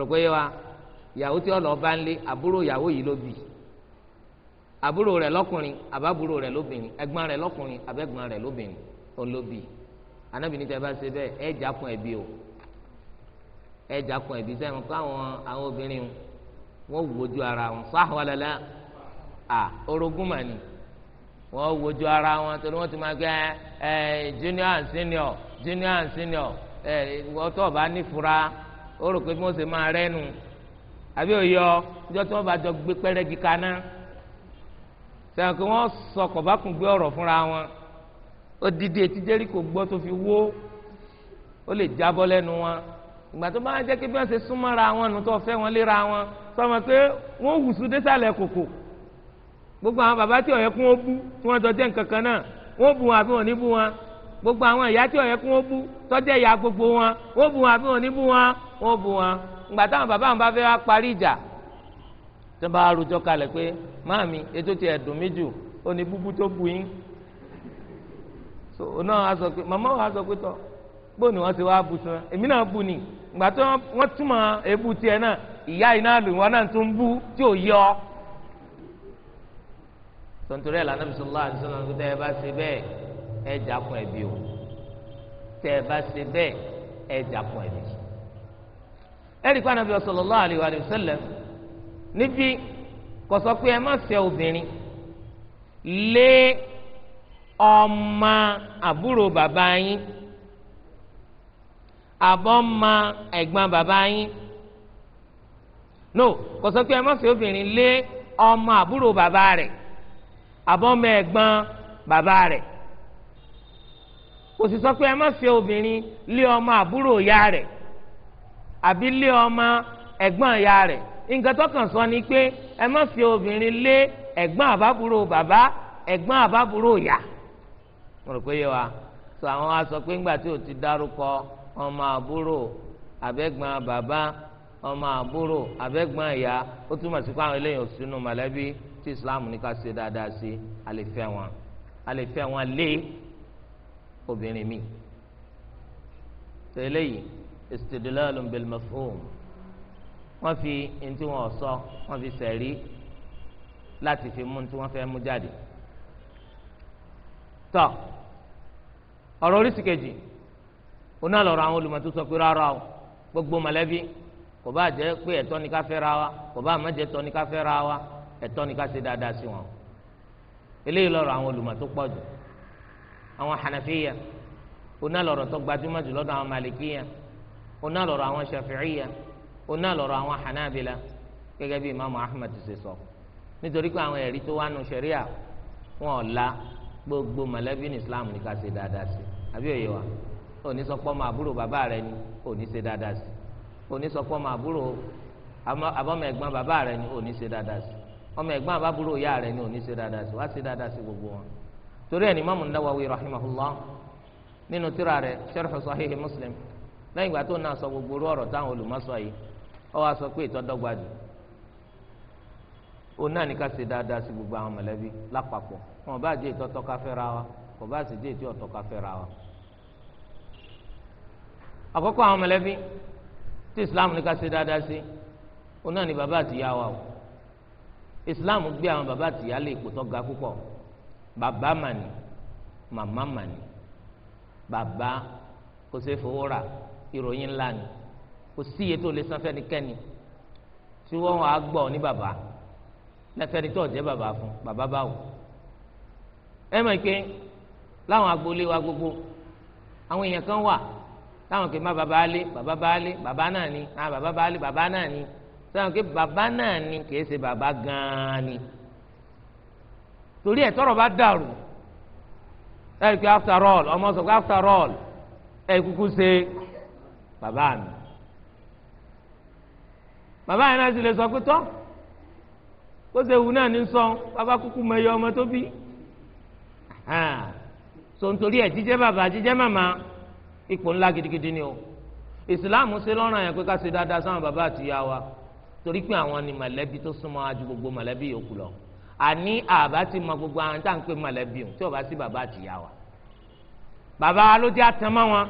rò pé wa ìyàwó tí ọ̀lọ́ bá ń lé àbúrò ìyàwó yìí ló bì àbúrò rẹ̀ lọ́kùnrin àbábúrò rẹ̀ lóbìnrin ẹ̀gbọ́n rẹ̀ lọ́kùnrin àbẹ̀gbọ́n rẹ̀ lóbìnrin ó anábìnrin tẹ́ bá ṣe bẹ́ẹ̀ ẹ̀ jákun ẹ̀bí o ẹja kan ìdí sẹ́yìn mọ́ káwọn àwọn obìnrin wọn wojú ara wọn sáwọlẹ́lá à orogún mà ní wọn wojú ara wọn torí wọn ti máa gbé ẹ junior and senior junior and senior ẹ wọ́n tó bá nífura ó rò pé bí wọ́n ṣe máa rẹ́nu àbí òye ọ ìjọ tí wọ́n bá jọ gbé pẹ́rẹ́gì kaná sẹ́yìn pé wọ́n sọ kọ̀bákùn gbé ọ̀rọ̀ fúnra wọn ó dídí etí gbọ́ tó fi wó ó lè jábọ́ lẹ́nu wọn ìgbà tó bá jẹ́ pé bí wọ́n ṣe súnmọ́ra wọn nù tó fẹ́ wọn léra wọn sọmọ pé wọ́n wùsù désàlẹ̀ kòkò gbogbo àwọn bàbá tí ó yẹ kún ó bú tí wọ́n jọ jẹ́ nǹkan kan náà wọ́n bù wọn àbí wọn ní bú wọn gbogbo àwọn ìyá tí ó yẹ kún ó bú tọ́jẹ́ ìyá gbogbo wọn wọ́n bù wọn àbí wọn ní bú wọn wọ́n bù wọn ìgbà táwọn bàbá wọn bá fẹ́ wá parí ìjà tó bá rojọ́ kalẹ̀ pé máàmi ètò ti ẹ̀dùn mí jù ó ní búbú tó bu yín so náà a sọ pé màmá wa sọ pé tọ́ bóun ni wọ́n ti wá bu sùn èmi náà ìgbà tó wọ́n túmọ̀ èébú tiẹ̀ náà ìyá iná lùwọ́n náà tún bú tí ò yọ. tontorí ẹ̀ lànà bisalòlá àdìsọ́nà ló tẹ́ ẹ bá ṣe bẹ́ẹ̀ ẹ jàkun ẹ̀bí o tẹ́ ẹ bá ṣe bẹ́ẹ̀ ẹ jàkun ẹ̀bí. ẹ̀rí pa Ànábì sallallahu alaihi wa sallam níbi kò sọ pé ẹ má ṣe obìnrin lé ọmọ àbúrò bàbá yín àbọ̀ ma ẹ̀gbọ́n bàbá yín no kò sọ pé ẹ má ṣe obìnrin lé ọmọ àbúrò bàbá rẹ̀ àbọ̀ ma ẹ̀gbọ́n bàbá rẹ̀ kò sì sọ pé ẹ má ṣe obìnrin lé ọmọ àbúrò ìyá rẹ̀ àbí lé ọmọ ẹ̀gbọ́n ìyá rẹ̀ nǹkan tó kàn sọ ni pé ẹ má ṣe obìnrin lé ẹ̀gbọ́n àbábúrò bàbá ẹ̀gbọ́n àbábúrò ìyá mo rò pé yẹ wa sọ àwọn wa sọ pé ńgbà tí o ti dárúkọ ọmọ àbúrò abẹ́gbọ́n bàbá ọmọ àbúrò abẹ́gbọ́n ìyá ó túmọ̀ sí fáwọn eléyìí sínú mọ̀lẹ́bí tí islam ní ká ṣe dáadáa sí àlefẹ́ wọn àlefẹ́ wọn lé obìnrin mi tẹ́lẹ̀ yìí istidlalun bil mafhum wọ́n fi ntí wọn sọ wọ́n fi sẹ̀rí láti fi mú ntí wọ́n fẹ́ mú jáde tọ́ ọ̀rọ̀ oríṣi kejì. So, oní àlọ́rọ̀ àwọn olùmọ̀tò sọ pé rárá o gbogbo mọ̀lẹ́bí kò bá jẹ́ pé ẹ̀tọ́ ni ká fẹ́ ra wa kò bá má jẹ́ ẹ̀tọ́ ni ká fẹ́ ra wa ẹ̀tọ́ ni ká ṣe dáadáa sí wọn. eléyìí lọ́rọ̀ àwọn olùmọ̀tò pọ̀ jù àwọn hànàfíyà oní àlọ́rọ̀ tó gbajúmọ̀ jù lọ́dọ̀ àwọn màlìkíyà oní àlọ́rọ̀ àwọn ṣàfíìyà oní àlọ́rọ̀ àwọn hànàbìlà gẹ́gẹ́ bí imaamu ahmed ṣe sọ nítorí pé àwọn ẹ̀rí tó wà nù wọn ò la gbogbo mọ̀lẹ́bí ní islam ní ká ṣe dáadáa sí àbí òye wa òní sọ pé ọmọ àbúrò bàbá rẹ ni òní ṣe dáadáa sí òní sọ pé ọmọ àbúrò àbọ̀mọ̀ ẹ̀gbọ́n bàbá rẹ ni òní ṣe dáadáa sí ọmọ ẹ̀gbọ́n àbábúrò ìyá rẹ ni òní ṣe dáadáa sí wá ṣe dáadáa sí gbogbo wọn. torí ẹni Imam Nawawi rahimahullah nínú tírà rẹ̀ sharh sahihi Muslim lẹ́yìn ìgbà tó náà sọ gbogbo orú ọ̀rọ̀ táwọn olùmọ̀sọ yìí ó wá sọ pé ìtọ́dọ́gba jù ó náà ní ká ṣe dáadáa sí àkọ́kọ́ àwọn mọ̀lẹ́bí tí islam ní ká ṣe dáadáa sí òun náà ni bàbá àtìyá wa o islam gbé àwọn bàbá àtìyá lè ipò tó ga púpọ̀ bàbá màní màmá màní bàbá kò ṣeé fowó rà ìròyìn ńlá ni kò sí iye tó lè san fẹ́nikẹ́ni tí wọ́n wàá gbọ́ ní bàbá lẹ́fẹ̀ẹ́ni tó jẹ́ bàbá fún bàbá báwo ẹ mọ̀ pé láwọn agboolé wa gbogbo àwọn èèyàn kan wà táwọn kì í má bàbá alé bàbá baálé bàbá náà ni ah bàbá baálé bàbá náà ni táwọn kì í bàbá náà ni kì í ṣe bàbá gan-an ni torí ẹ̀ tọ́rọ̀ bá dàrú ẹ rí i pé after all ọmọ sọ pé after all ẹ kúkú ṣe bàbá mi bàbá yẹn náà sì lè sọ pé tọ́ kó ṣe wù náà ní sọ bàbá kúkú mọ iye ọmọ tó bí so nítorí ẹ̀ jíjẹ́ bàbá jíjẹ́ màmá ipò ńlá gidigidi ni o ìsìláàmù ṣe lọ́ràn yẹn pé ká ṣe dáadáa sáwọn bàbá àtìyá wa torí pé àwọn ni mọ̀lẹ́bí tó súnmọ́ ju gbogbo mọ̀lẹ́bí yòókù lọ àní àbá ti mọ gbogbo àwọn tá à ń pè mọ̀lẹ́bí o tí ò bá sí bàbá àtìyá wa bàbá wa ló jẹ́ àtẹ̀mọ́ wọn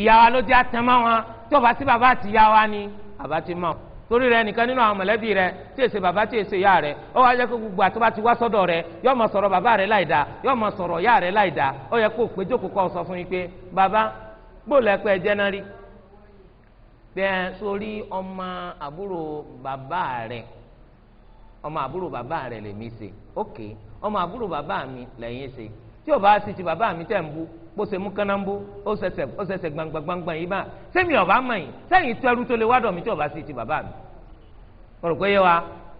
ìyá wa ló jẹ́ àtẹ̀mọ́ wọn tí ò bá sí bàbá àtìyá wa ni àbá ti mọ̀ torí rẹ nìkan nínú àwọn mọ̀lẹ́bí rẹ tí èsè bàbá tí èsè ìyá rẹ ó wá yẹ kó gbogbo àtúbà ti wá sọ́dọ̀ rẹ yóò máa sọ̀rọ̀ bàbá rẹ láì dáa yóò máa sọ̀rọ̀ ìyá rẹ láì dáa ó yẹ kó o pé jókòó kọ́ ọ sọ fún yín pé bàbá gbọ́dọ̀ ẹ̀pẹ́ jẹ́nárì bẹ́ẹ̀ sórí ọmọ àbúrò bàbá rẹ̀ ọmọ àbúrò bàbá rẹ̀ lèmi ṣe ok ọmọ àbúrò bàbá mi lẹ́yìn ṣe tí o bá sì ti bàbá mi tẹ̀ ń bú bó ṣe mú kánná ń bú ó ṣẹ̀ṣẹ̀ ó ṣẹ̀ṣẹ̀ gbangba gbangba yìí bá sẹ́mi ọ̀bá mọ̀ yìí sẹ́yìn tó ẹrú tó lè wádọ̀ mi tí o sì ti bàbá mi mo rò pé yé wa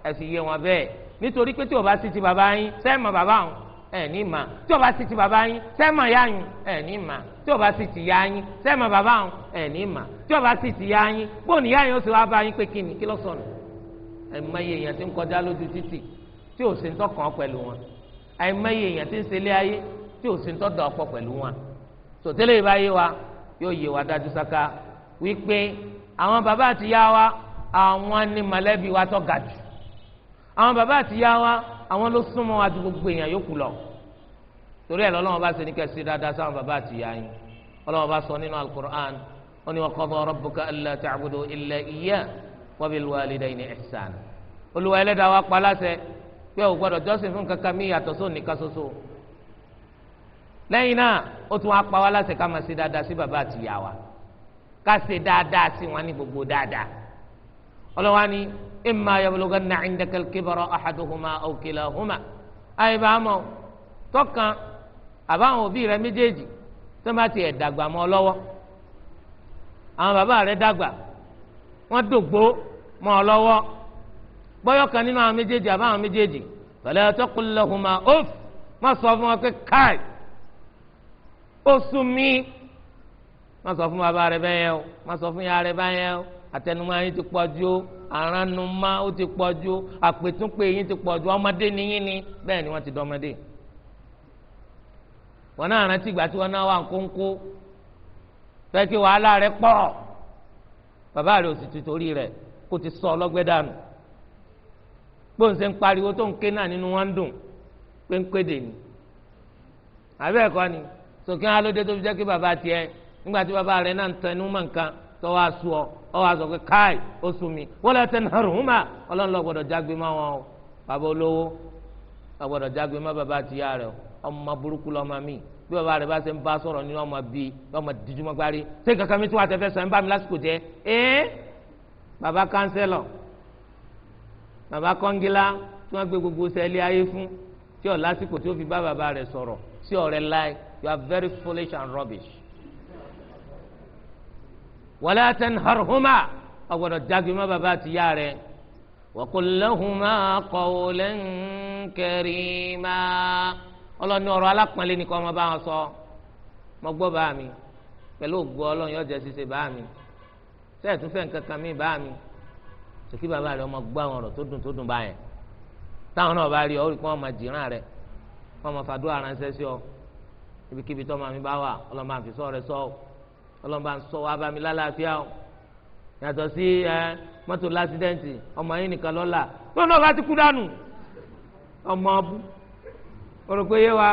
ẹ̀sìn yé wọn bẹ́ẹ̀ nítorí pé tí o sì ti bàbá yín sẹ́yìn mọ̀ bàbá òun ẹ ní ma tí o bá sì ti bàbá yín sẹ́mà yá yín ẹ ní ma tí o bá sì ti yá yín sẹ́mà bàbá yín ẹ ní ma tí o bá sì ti yá yín bóun ìyá yín ó sì wá bá yín pé kí ni kí ló sọnù àìmọye èèyàn ti ń kọjá lójú títì tí ò sì ń tọkàn pẹ̀lú wọn àìmọye èèyàn ti ń ṣẹlẹ̀ ayé tí ò sì ń tọ́dọ̀ ọ̀pọ̀ pẹ̀lú wọn tòtẹ́lẹ̀ ìbáyé wa yóò yé wa dájú sáká wípé àwọn bàbá àti yá wa àwọn ni mọ̀lẹ́bí wa tó àwọn ló súnmọ́ àti gbogbo èèyàn yòókù lọ torí ẹ̀ lọ́lọ́wọ́ bá ṣe ní kẹsí dáadáa sáwọn bàbá àti ìyá yín ọlọ́wọ́ bá sọ nínú alukur'an ó ní wa qada rabbuka alla ta'budu illa iyyah wa bil walidayni ihsan olùwà ẹlẹ́dàá wa paláṣẹ pé o gbọ́dọ̀ jọ́sìn fún kankan mí yàtọ̀ sóun nìkan ṣoṣo lẹ́yìn náà ó tún wá pa wá láṣẹ ká máa ṣe dáadáa sí bàbá àti ìyá wa ká ṣe dáadáa sí wọn ní gbogbo dáadáa ọlọ́wọ́ á ní imma yablughanna indaka al-kibara ahaduhuma aw kilahuma àyè bá a mọ̀ tọ́kan àbáwọn òbí rẹ méjèèjì tó bá ti ẹ̀dàgbà mọ́ lọ́wọ́ àwọn bàbá rẹ dàgbà wọ́n dògbó mọ́ ọ lọ́wọ́ bọ́yọ̀kan nínú àwọn méjèèjì àbáwọn méjèèjì fala taqul lahuma uff má sọ fún wọn pé káì ó sún mí má sọ fún bàbá rẹ bẹ́ẹ̀ yẹn o má sọ fún yàrá rẹ bẹ́ẹ̀ yẹn o. àtẹnumọ́ yín ti pọ̀jù aranumọ́ ó ti pọ̀jù àpètúnpè yín ti pọ̀jù ọmọdé ni yín wọ́n ti dọ́mọdé wọn náà rántí ìgbà tí wọn wà nkónkó kí wàhálà rẹ bàbá rẹ ò sì ti torí rẹ kó ti sọ dànù ń pariwo tó ń ké náà nínú wọn ń dùn ni àbẹ́ ni tó fi jẹ́ bàbá tiẹ̀ nígbà tí bàbá rẹ náà ń tẹnu mọ́ ọ wá sọ pé káì ó sùn mí wala tanharhuma ọlọ́run lọ gbọ́dọ̀ jágbe má wọn o bàbá olówó lọ gbọ́dọ̀ jágbe má bàbá àtìyá rẹ ọmọ burúkú lọ́mọ mi bí bàbá rẹ bá ṣe ń bá sọ̀rọ̀ nínú ọmọ bí ọmọ dídúmọ́ gbárí ṣé kankan mi tún wà tẹ́fẹ́ sọ ẹ̀ ń bá mi lásìkò jẹ́ ẹ́ bàbá kánsẹ́lọ̀ bàbá kọ́ngilá tí wọ́n gbé gbogbo sẹ́lẹ̀ ayé fún tí ọ̀ lásìkò tí ó fi bá bàbá rẹ sọ̀rọ̀ sí ọ̀rẹ́ láì you are very foolish and rubbish wala tanharhuma ọgbọ́dọ̀ jágbe má bàbá àti yá rẹ̀ wa qul lahuma qawlan karima ni kọ́ ọmọ bá wọn sọ mọ gbọ́ bá mi pẹ̀lú ògbó ọlọ́run yọjẹ́ ṣiṣẹ́ bá mi mi bá mi bàbá gbọ́ àwọn ọ̀rọ̀ tó dùn tó dùn báyẹn táwọn náà bá rí ọ máa máa fàdúrà ránṣẹ́ sí ọ ibikíbi mi bá ọlọ́run bá ń sọ wá bá mi lálàáfíà o yàtọ̀ sí ẹ mọ́tò lásídẹ́ǹtì ọmọ yín nìkan lọ́la lọ́nà ọ̀gá ti kú dànù ọmọ ọbú olùkóyè wa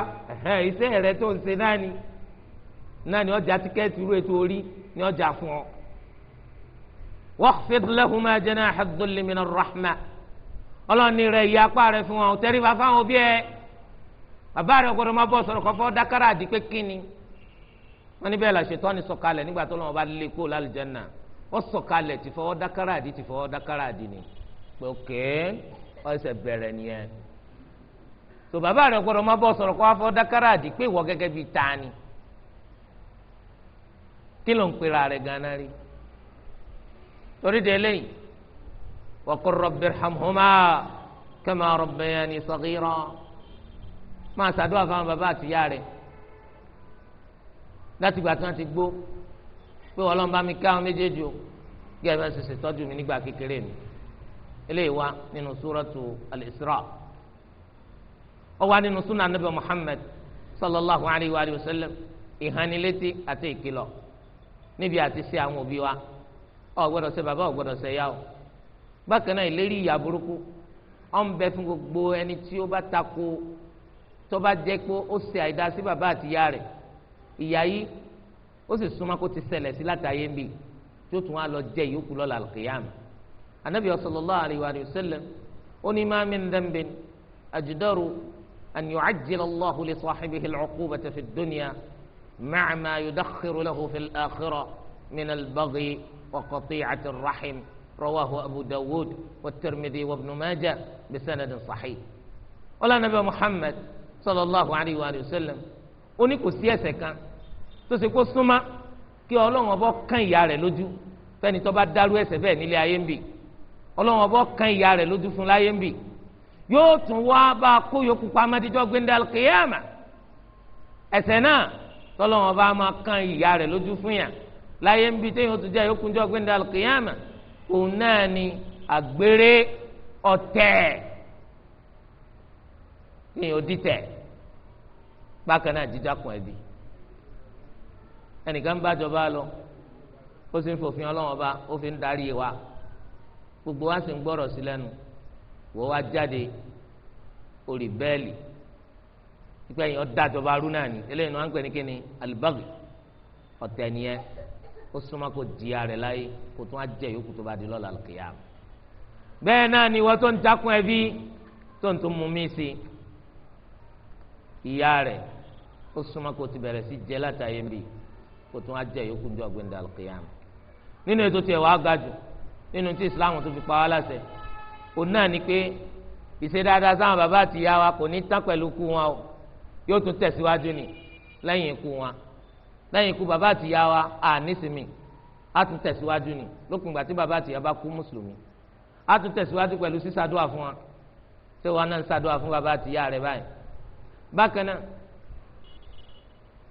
iṣẹ́ rẹ tó ń ṣe náà ni náà ni ọjà tíkẹ́ẹ̀tì irú ètò orí ni ọjà fún ọ. waqfid lahuma janaha dhulli mina rahma ọlọ́ni rẹ̀ yí apá rẹ̀ fún ọ tẹ́rí bàbá wọn bí ẹ bàbá rẹ̀ gbọ́dọ̀ máa bọ̀ sọ̀rọ̀ kọ́fọ́ dákàrà àdìpé kínni wọ́n ní bẹ́ẹ̀ la ṣètánì sọ̀kalẹ̀ nígbà tó lọ́wọ́ bá lé kó lálùjánnà ó sọ̀kalẹ̀ ti fọwọ́ dákàrà àdì ti fọwọ́ dákàrà àdì ni pé òkè ọ̀sẹ̀ bẹ̀rẹ̀ nìyẹn tó bàbá rẹ̀ gbọ́dọ̀ má bọ́ sọ̀rọ̀ kó wá fọ́ dákàrà àdì pé ìwọ gẹ́gẹ́ bíi tani kí ló ń pera rẹ̀ ganan rí torí de eléyìí wa qur rabbi irhamhuma kama máa ṣàdúrà fáwọn bàbá àtìyá rẹ̀ láti gbà tí wọ́n ti gbó pé Ọlọ́run bá mi ká àwọn méjèèjì o kí ẹ bá ṣe ṣètọ́jú mi nígbà kékeré mi eléyìí wá nínú súrọ́tù al-Isra ó wá nínú súnà Ànábì Muhammad sallallahu alayhi wa sallam ìhánilétí àti ìkìlọ̀ níbi àti ṣe àwọn òbí wa ọ gbọ́dọ̀ ṣe bàbá ọ gbọ́dọ̀ ṣe yá o bákan náà ìlérí ìyá burúkú ọ ń bẹ fún gbogbo ẹni tí ó bá tako tó bá jẹ́ pé ó ṣe àìdá sí bàbá àti ìyá rẹ̀ ìyá yìí ó sì súnmọ́ kó ti ṣẹlẹ̀ sí látàyé nbí tó tún á lọ jẹ ìyókù lọ́la alqiyama anabi sallallahu alayhi wa sallam ó ní ma min dhanbin ajdaru an yu'ajjila Allahu li sahibihi al-'uqubata fi ad-dunya ma'a ma yudakhiru lahu fi al-akhirah min al-baghi wa qati'ati ar-rahim rawahu abu dawud wa tirmidhi wa ibn majah bisanadin sahih. wala muhammad sallallahu alayhi wa sallam ó ní kò sí ẹ̀ṣẹ̀ kan tó ṣe kó súnmá kí ọlọ́run ọbọ̀ kán ìyá rẹ̀ lójú fẹ́ni tó bá dárú ẹ̀ṣẹ̀ bẹ́ẹ̀ nílé ayé ń bì ọlọ́run ọbọ̀ kán ìyá rẹ̀ lójú fún láyé ń bì yóò tún wá bá a kó yòókù pamọ́ díjọ́ gbéńdà kéèyàmà ẹ̀ṣẹ̀ náà tọ́lọ́run ọba máa kán ìyá rẹ̀ lójú fún yàn láyé ń bì téèyàn tó jẹ́ yòókù díjọ́ gbéńdà kéèyàmà òun náà ni àgbèrè ọ̀tẹ̀ ni òdìtẹ̀ bákan náà jíjákun ẹbí ẹnìkan bá jọba lọ ó sì ń fòfin ọlọ́wọ́n bá ó fi ń darí wa gbogbo wa sì ń gbọ́rọ̀ sí lẹ́nu wọ́ wá jáde orí bẹ́ẹ̀lì ìgbà yẹn ọ̀dà jọba arú náà ni eléyìí ni wọ́n ń pè ní kíni alibagi ọ̀tẹ̀ nìyẹn ó súnmọ́ kó di ààrẹ láyé kó tún á jẹ yòókù tó bá di lọ́la kìyà bẹ́ẹ̀ náà ni wọ́n tó ń jákun ẹbí tó ń tún mú mí sí ìyá rẹ̀ ó súnmọ́ kó ti bẹ̀rẹ̀ sí jẹ́ látàyè ń bì kó tún á jẹ́ yòókù ní ọ̀gbìn dàlùkìyàmù nínú ètò tiẹ̀ wàá ga jù nínú tí islam tó fi pa wá láṣẹ òun náà ni pé ìṣe dáadáa sáwọn bàbá àti ìyá wa kò ní tán pẹ̀lú kú wọn o yóò tún tẹ̀síwájú ni lẹ́yìn ikú wọn lẹ́yìn ikú bàbá àti ìyá wa à nísìmì á tún tẹ̀síwájú ni lópin ìgbà tí bàbá àti ìyá bá kú mùsùlùmí á tún tẹ̀síwájú pẹ̀lú sísàdúà fún wa ṣé wọn náà ń ṣàdúà fún bàbá àti ìyá rẹ báyìí bákan náà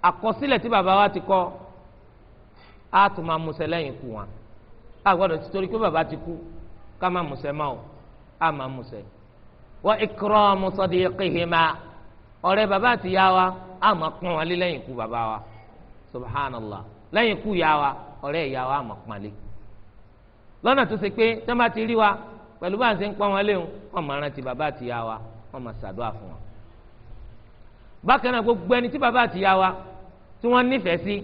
àkọsílẹ̀ tí baba wa ti kọ á tún máa musẹ̀ lẹ́yìn kú wọn á gbọ́dọ̀ torí pé bàbá ti kú ká máa musẹ̀ máa o á máa musẹ̀ wa ikramu sadiqihima ọ̀rẹ́ wa á máa wọn lé lẹ́yìn wa subhanallah lẹ́yìn ikú wa ọ̀rẹ́ wa á máa lé lọ́nà tó ṣe pé tí wọ́n bá ti rí wa pẹ̀lú bá ń ṣe ń pọ́n wọn léwu wọ́n máa rántí wa wọ́n máa gbogbo ẹni tí wa tí wọ́n nífẹ̀ẹ́ sí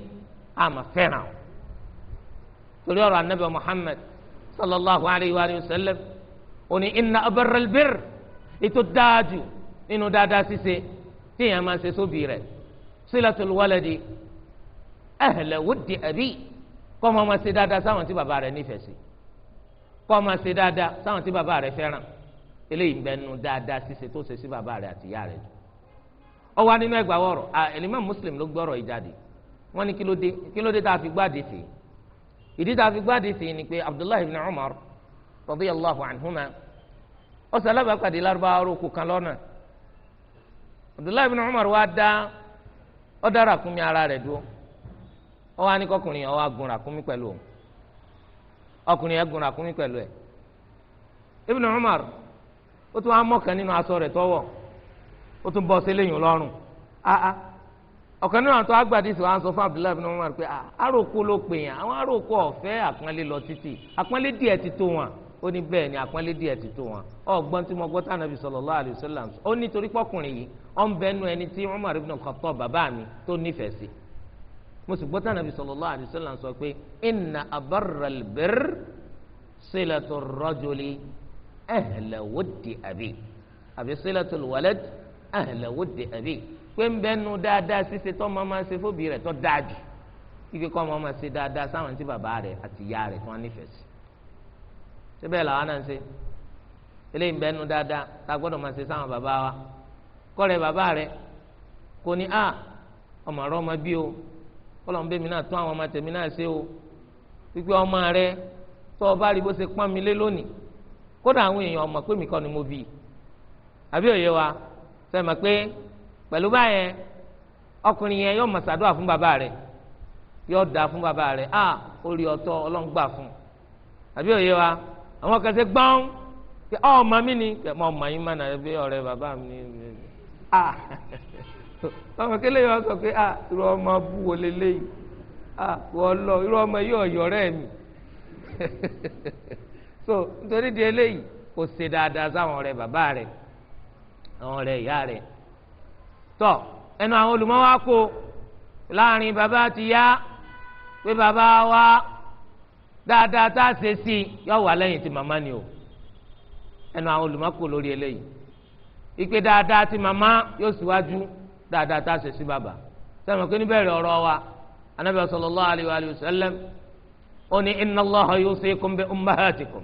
àmọ́ fẹ́ràn torí ọ̀rọ̀ anabi muhammad sallallahu alayhi wa sallam ó ní inna abarral bir ètò dáadu nínú dáadáa ṣíṣe tí èèyàn máa ṣe sóbì rẹ̀ silatul waladi ahla wuddi abi kọ́ ọ máa ṣe dáadáa sáwọn tí bàbá rẹ̀ nífẹ̀ẹ́ sí kọ́ ọ máa ṣe dáadáa sáwọn tí bàbá rẹ̀ fẹ́ràn eléyìí ń bẹ́ẹ̀ nu dáadáa ṣíṣe tó ṣe sí bàbá rẹ̀ àti ìyá rẹ̀ jù ọwa wà nínú a ọ̀rọ̀ Imam Muslim ló gbọ́rọ̀ ìjáde wọ́n ní kílódé tá a fi gbáàdì sí ìdí tá a fi gbáàdì sí ni pé Abdullahi ibn Umar radiyallahu anhuma ó sálábà pàdé lárúbáwá roko kan lọ́nà Abdullahi ibn Umar wá dá ó dá ràkúnmí ara rẹ̀ dúró ó ní kọkùnrin pẹ̀lú òun ọkùnrin pẹ̀lú ẹ̀ Ibn Umar ó tún wá ó tún bọ́ sí lẹ́yìn ọlọ́run áá ah, ah. ọ̀kan nínú àtọ́ agbàdìsí wa ń sọ fún Abdullahi bin Umar pé àròkó ah, ló pè yàn àwọn àròkó ọ̀fẹ́ àpọ́nlé lọ títì àpọ́nlé díẹ̀ ti tó wọn ó ní bẹ́ẹ̀ ni àpọ́nlé díẹ̀ ti tó wọn ọ̀gbọ́n tí mo gbọ́ tánà bí sallallahu alaihi wasallam ó ní torí pọ́kùnrin yìí ó ń bẹnu ẹni tí Umar ibn Khattab bàbá mi tó nífẹ̀ẹ́ sí mo sì gbọ́ tánà bí sallallahu alaihi wasallam sọ pé inna abarral birr silatur rajuli àhẹlẹwò de àbí pé ń dada nu dáadáa ṣíṣe tó máa máa ṣe fóbi rẹ̀ tó dáa jù kíkẹ́ kọ́ máa máa ṣe dáadáa sáwọn tí bàbá rẹ̀ àti ìyá rẹ̀ tó wá nífẹ̀ẹ́ sí síbẹ̀ làwọn náà ń ṣe wa kọ́rẹ́ bàbá rẹ̀ kò ní a ọmọ ọmọ o kọ́lọ̀ mi náà tún àwọn ọmọ o wípé ọmọ tó o bá rí bó ṣe pọ́n mi lé lónìí kódà àwọn ni mo àbí sẹ́mi pé pẹ̀lú báyẹn ọkùnrin yẹn yóò mọ̀sádùá fún bàbá rẹ̀ yóò dà fún bàbá rẹ̀ a orí ọ̀tọ̀ ọlọ́ngbà fún àbí òye wa àwọn kẹsẹ̀ gbọ́n pé ọmọ mi ni kẹmọ ọmọ yín mọ̀nà ẹbí ọ̀rẹ́ bàbá mi ni a ọmọ kẹlẹ yọ sọ pé a irú ọmọ bú wo leléyìí a wọ́n lọ irú ọmọ yìí ọ̀yọ́ rẹ̀ mi so nítorí di eléyìí kò ṣe dáadáa sáwọn ọ̀rẹ́ bàbá rẹ̀ àwọn ọ̀rẹ́ ìyá rẹ̀ tọ́ ẹnu àwọn olùmọ́wá kó láàrin bàbá ti yá pé bàbá wa dáadáa tá a ṣe sí yọ wà lẹ́yìn tí màmá ni o ẹnu àwọn olùmọ́kò lórí eléyìí ìpè dáadáa tí màmá yóò síwájú dáadáa tá a ṣe sí bàbá sẹ́wọ̀n kí níbẹ̀rẹ̀ ọ̀rọ̀ wa anabi sallallahu alayhi wa sallam ó ní inna allaha yusikum bi ummahatikum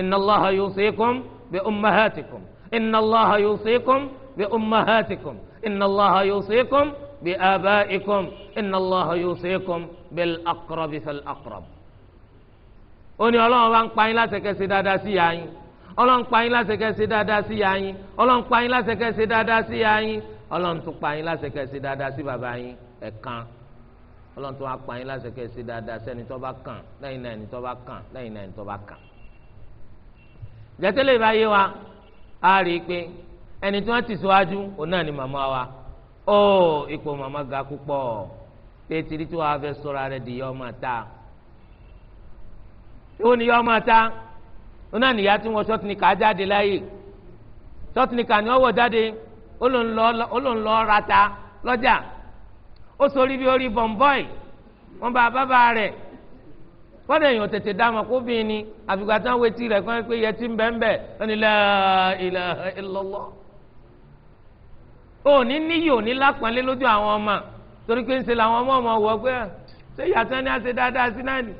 inna allaha yusikum bi ummahatikum inna الله يوصيكم bi ummahatikum الله يوصيكم yusikum bi الله يوصيكم allah yusikum bil aqrabi fal aqrab. ó ní ọlọ́run bá ń pa yín láti kẹ́sì dáadáa sí yá yín ọlọ́run pa yín láti kẹ́sì dáadáa sí yá yín ọlọ́run pa yín láti kẹ́sì dáadáa sí yá yín ọlọ́run tún pa yín láti kẹ́sì dáadáa sí bàbá yín ẹ̀kan ọlọ́run tún wá pa yín láti kẹ́sì dáadáa sẹ́ni tó bá kàn lẹ́yìn náà ẹni tó bá kàn lẹ́yìn náà ẹni tó bá kàn. jẹ́tẹ́lẹ̀ ìbáyé wa a rí i pé ẹni tí wọ́n ti síwájú òun náà ni màmá wa ó ipò màmá ga púpọ̀ pé tìrí tí di yọọ máa ta ni yọọ máa ta òun náà nìyá tí wọ́n ṣọ́tìníkà jáde láyè ni wọ́n wọ̀ jáde ó ló lọ rata lọ́jà ó sorí bí orí bọ̀m̀bọ́ì wọ́n bá bàbá rẹ. kọ́dà èèyàn tètè dá ọmọ kóbìnrin ni àfìgbà tí wọ́n wetí rẹ̀ pé yẹtí ń bẹ́ ń bẹ́ ẹni la ilaha illallah. òní lápọ́nlé lójú àwọn ọmọ torí pé ń se làwọn ọmọ ọmọ wọ pé ah, ṣé ìyàtọ̀ ni a ṣe dáadáa sí náà ni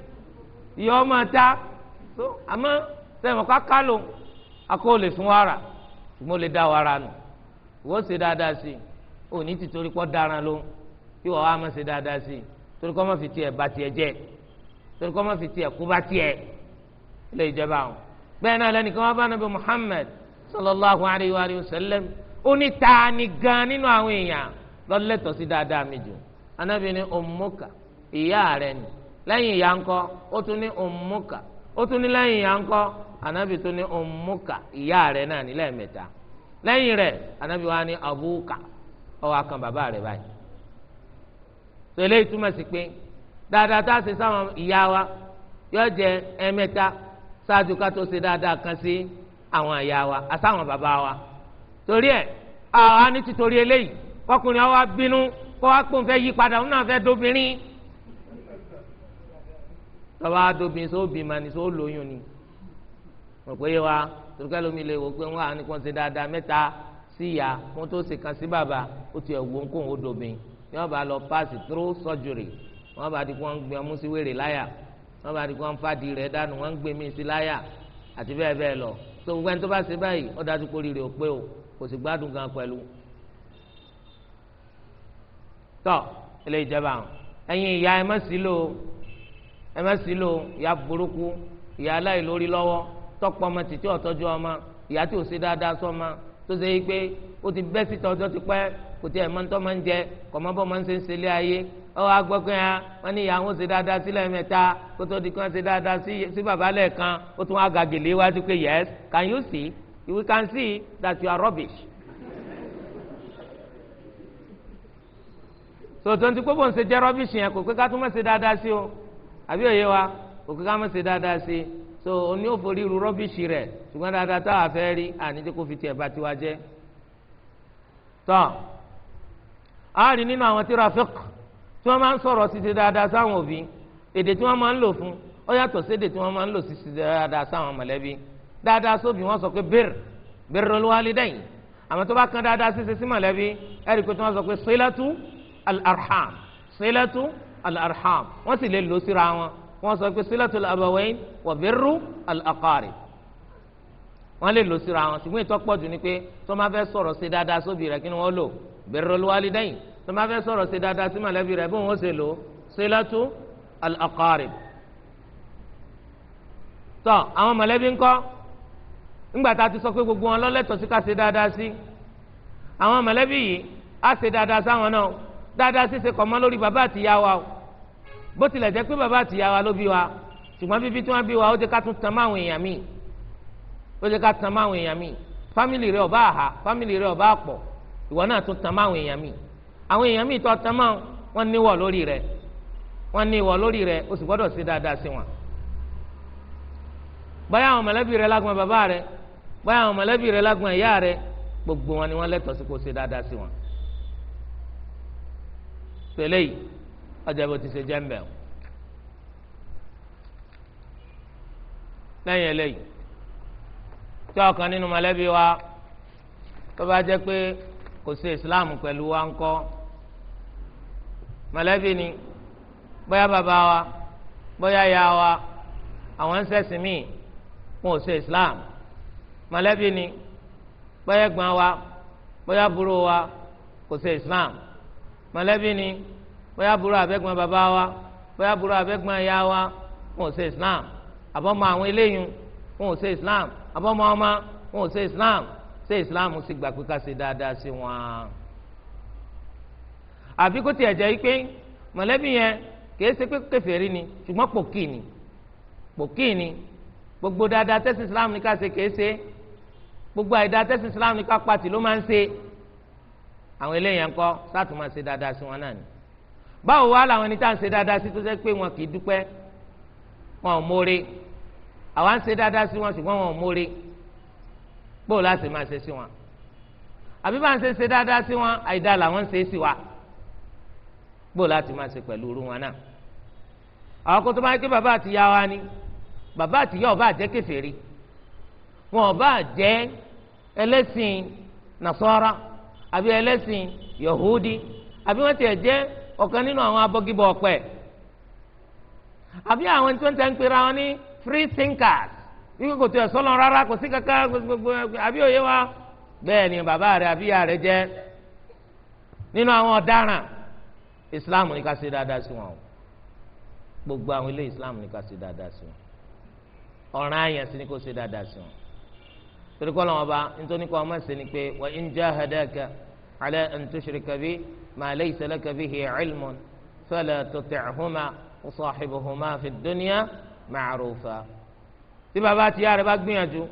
ìyá ọmọ ta tó àmọ́ sẹ́wọ̀n ló akó lè fún wàrà fi tiẹ̀ tiẹ̀ jẹ́ torí kọ́ mọ́ fi tiẹ̀ kú bá tiẹ̀ ilé ìjọba àwọn bẹ́ẹ̀ náà lẹ́nìkan wá bá nàbẹ Muhammad sallallahu alayhi wa sallam ó taani gan nínú àwọn èèyàn lọ́lẹ́tọ̀ sí dáadáa mi jù anábì ni ummuka ìyá rẹ ni lẹ́yìn ìyá ńkọ́ ó tún ní ummuka ó tún ní lẹ́yìn ìyá ńkọ́ tún ní ìyá rẹ náà ní lẹ́yìn rẹ wa ni abuka ó kan bàbá rẹ báyìí tẹ̀lé ìtumọ̀ sí dáadáa tá a ṣe sáwọn ìyá wa yọ jẹ ẹ̀mẹ́ta ṣáájú ká tó ṣe dáadáa kan sí àwọn ìyá wa àtàwọn bàbá wa torí ẹ àwa ní títorí eléyìí ọkùnrin àwa bínú kó wa pòun fẹ́ yí padà òun náà fẹ́ dóbìnrin tọ́ba dóbìnrin só bímọ ni só lóyún ni mo pé yé wa torúkẹ́ lómi lè wò pé wọ́n á ní kó ṣe dáadáa mẹ́ta sí ìyá wọ́n tó ṣe kan sí bàbá ó ti ẹ̀ wọ́n kó òun dóbìnrin yọ́n bá lọ pass through surgery wọ́n bá di kí wọ́n ń gbé ọmú sí wèrè láyà wọ́n bá di kí wọ́n ń fàdí rẹ̀ dànù wọ́n ń gbé mi sí láyà àti bẹ́ẹ̀ bẹ́ẹ̀ lọ tó gbogbo ẹni tó bá ṣe báyìí ó dájú kó rírì ó pé o kò sì gbádùn gan pẹ̀lú. tọ́ ilé ìjọba ẹ̀yin ìyá ẹ má sí lò ẹ má sí lò ìyá burúkú ìyá aláìlórí lọ́wọ́ tọ́pọ̀ ọmọ títí ọ̀tọ́jú ọmọ ìyá tí ò sí dáadáa sọ́mọ tó ṣe yí pé ó ti bẹ́ síta ọjọ́ ti pẹ́ kò tí ẹ̀ máa ń tọ́ máa ń jẹ kọ̀ máa bọ́ ń ṣe ń ṣe ilé ayé ọwọ́ agbọ́gbẹ́ yẹn wọ́n ní ìyàwó ṣe dáadáa sílẹ̀ mẹ́ta kó tó di kan ṣe dáadáa sí bàbá lẹ́ẹ̀kan ó tún wá gàgèlè pé yes can you see we can see that you are rubbish. sọ̀tún ti gbogbo ń ṣe jẹ́ rubbish yẹn kò pé ká tún mọ̀ ṣe dáadáa sí o àbí òye wa kò pé ká mọ̀ ṣe dáadáa sí so oní òfòrí irú rubbish rẹ̀ ṣùgbọ́n dáadáa táwa fẹ́ rí àníjẹ́ kó fi tiẹ̀ bá tiwa jẹ́ tán a rí nínú àwọn tíra fẹ́kù tí wọ́n máa ń sọ̀rọ̀ sí ti dáadáa sáwọn òbí èdè tí wọ́n máa ń lò fún ó yàtọ̀ sí èdè tí wọ́n máa ń lò sí ti dáadáa sáwọn mọ̀lẹ́bí dáadáa sóbì wọ́n sọ pé bẹ́ẹ̀rẹ̀ bẹ́ẹ̀rẹ̀ olúwalé dẹ́yìn àmọ́ tó bá kan dáadáa sí sí mọ̀lẹ́bí ẹ̀rí pé tí wọ́n sọ pé sílẹ̀tù al-arham sílẹ̀tù al sì lè lò síra wọn wọ́n sọ pé sílẹ̀tù al-abawayn wa birru al-aqarib wọ́n lè lò síra wọn ṣùgbọ́n ìtọ́pọ̀ jù ni pé tó máa fẹ́ sọ̀rọ̀ sí dáadáa sóbì rẹ̀ tó máa fẹ́ sọ̀rọ̀ ṣe dáadáa sí mọ̀lẹ́bí rẹ̀ bóun ó ṣe lò ó silatu al-aqarib tọ àwọn mọ̀lẹ́bí ńkọ́ ńgbà tá a ti sọ pé gbogbo wọn lọ́lẹ́tọ̀ sí ká ṣe dáadáa sí àwọn mọ̀lẹ́bí yìí á ṣe dáadáa sáwọn náà dáadáa sí ṣe kọ̀mọ́ lórí bàbá àtìyá wa o bó tilẹ̀ jẹ́ pé bàbá àtìyá wa ló bí wa ṣùgbọ́n bíbí tí wọ́n bí wa ó jẹ́ ká tún tan máwọn èèyàn míì ó jẹ́ ká tan máwọn èèyàn míì fámìlì rẹ̀ ọba àhà fámìlì rẹ̀ ọba àpọ̀ ìwọ náà tún tan máwọn èèyàn míì àwọn èèyàn míì tó ọtán máa wọn níwọ̀ lórí rẹ̀ wọn níwọ̀ lórí rẹ̀ o sì gbọ́dọ̀ ṣe dáadáa sí wọn. báyà àwọn mọ̀lẹ́bí rẹ lágbọn bàbá rẹ báyà àwọn mọ̀lẹ́bí rẹ lágbọn ìyá rẹ gbogbo wọn ni wọn lẹ́tọ̀ọ́ sí kó ṣe dáadáa sí wọn. pẹ̀lẹ́ yìí ọjà bó ti ṣe jẹ́ mbẹ́ o. lẹ́yìn eléyìí tí ọ̀kan nínú mọ̀lẹ́bí wa tó bá jẹ́ pé kò sí Islam pẹ̀lú wa ńkọ́ mọ̀lẹ́bí ni bóyá bàbá wa bóyá ya wa àwọn ń ṣẹ̀sìn wọn ò ṣe islam mọ̀lẹ́bí ni bóyá ẹ̀gbọ́n wa bóyá àbúrò wa kò ṣe islam mọ̀lẹ́bí ni bóyá àbúrò abẹ́gbọ́n bàbá wa bóyá àbúrò abẹ́gbọ́n ya wa wọn ò ṣe islam àbọ̀mọ àwọn eléyìí wọn ò ṣe islam àbọ̀mọ ọmọ wọn ò ṣe islam ṣe islam sì gbà pé ká ṣe dáadáa sí wọn àfi kó tiẹ̀ jẹ́ pé mọ̀lẹ́bí yẹn kìí ṣe pé kèfèrí ni ṣùgbọ́n pòkì ni pòkì ni gbogbo dáadáa tẹ́sí islam ní ká ṣe kìí ṣe gbogbo àìdáa tẹ́sí islam ní ká pàtì ló máa ń ṣe àwọn eléyìí ń kọ́ sátúmọ̀ ṣe dáadáa sí wọn náà ni báwo wá làwọn ẹni tá à ń ṣe dáadáa sí tó ṣe pé wọn kì í dúpẹ́ wọn ò mórè àwa ń ṣe dáadáa sí wọn ṣùgbọ́n wọn ò mórè bóòlù àti máa ṣe sí wọn àbí bá ń ṣe ṣe dáadáa sí wọn àìdáa làwọn ń ṣe sí wa. bó láti máa ṣe pẹ̀lú irú wọn náà àwọn kó tó máa bàbá àti ìyá wa bàbá àti ìyá ọba àjẹ́ wọn ọba yahudi àbí jẹ́ ọ̀kan nínú àwọn abọ́gibọ̀ àbí àwọn tí wọ́n ti ń wọn ní free thinkers kò tó ẹ̀sọ́ ni bàbá àbí ìyá jẹ́ nínú àwọn ọ̀daràn islam ní ká ṣe dáadáa sí wọn o gbogbo àwọn ilé islam ní ká ṣe dáadáa sí wọn ọ̀ràn àyàn sí ni kò ṣe dáadáa sí wọn torí kọ́ lọ́wọ́ bá nítorí kọ́ ọmọ ṣe ni pé wa in jahadaka ala an tushrika bi ma laysa laka bihi ilmun fala tuti'huma wa sahibuhuma fi dunya ma'rufa tí bàbá àti ìyá bá gbìyànjú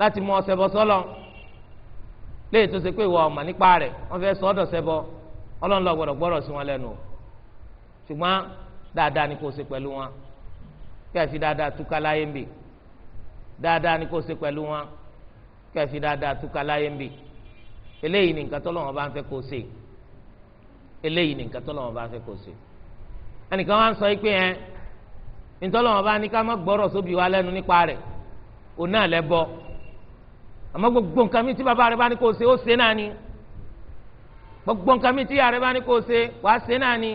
láti mú ọsẹ bọ sọlọ léyìí tó ṣe pé ìwọ ọmọ nípa rẹ wọn fẹẹ sọ ọdọ sẹbọ ọlọ́run lọ gbọ́dọ̀ gbọ́dọ̀ sí wọn lẹ́nu o ṣùgbọ́n dáadáa ni kò ṣe pẹ̀lú wọn kẹ́ẹ̀fì dáadáa túká láyé ń bì dáadáa ni kò ṣe pẹ̀lú wọn kẹ́ẹ̀fì dáadáa túká láyé ń bì eléyìí ni nǹkan tọ́lọ́run bá ń fẹ́ kó ṣe eléyìí ni nǹkan tọ́lọ́run bá ń fẹ́ kó ṣe ẹnìkan wá ń sọ pé ẹ ntọ́lọ́run bá ní ká má gbọ́rọ̀ sóbi wa lẹ́nu nípa rẹ̀ òun náà lẹ́ bọ́ àmọ́ gbogbo nǹkan mi tí bàbá rẹ̀ bá ní kó ṣe ó ṣe náà ni gbogbo nǹkan mi tí yàrá bá ní kó o ṣe wàá ṣe náà ni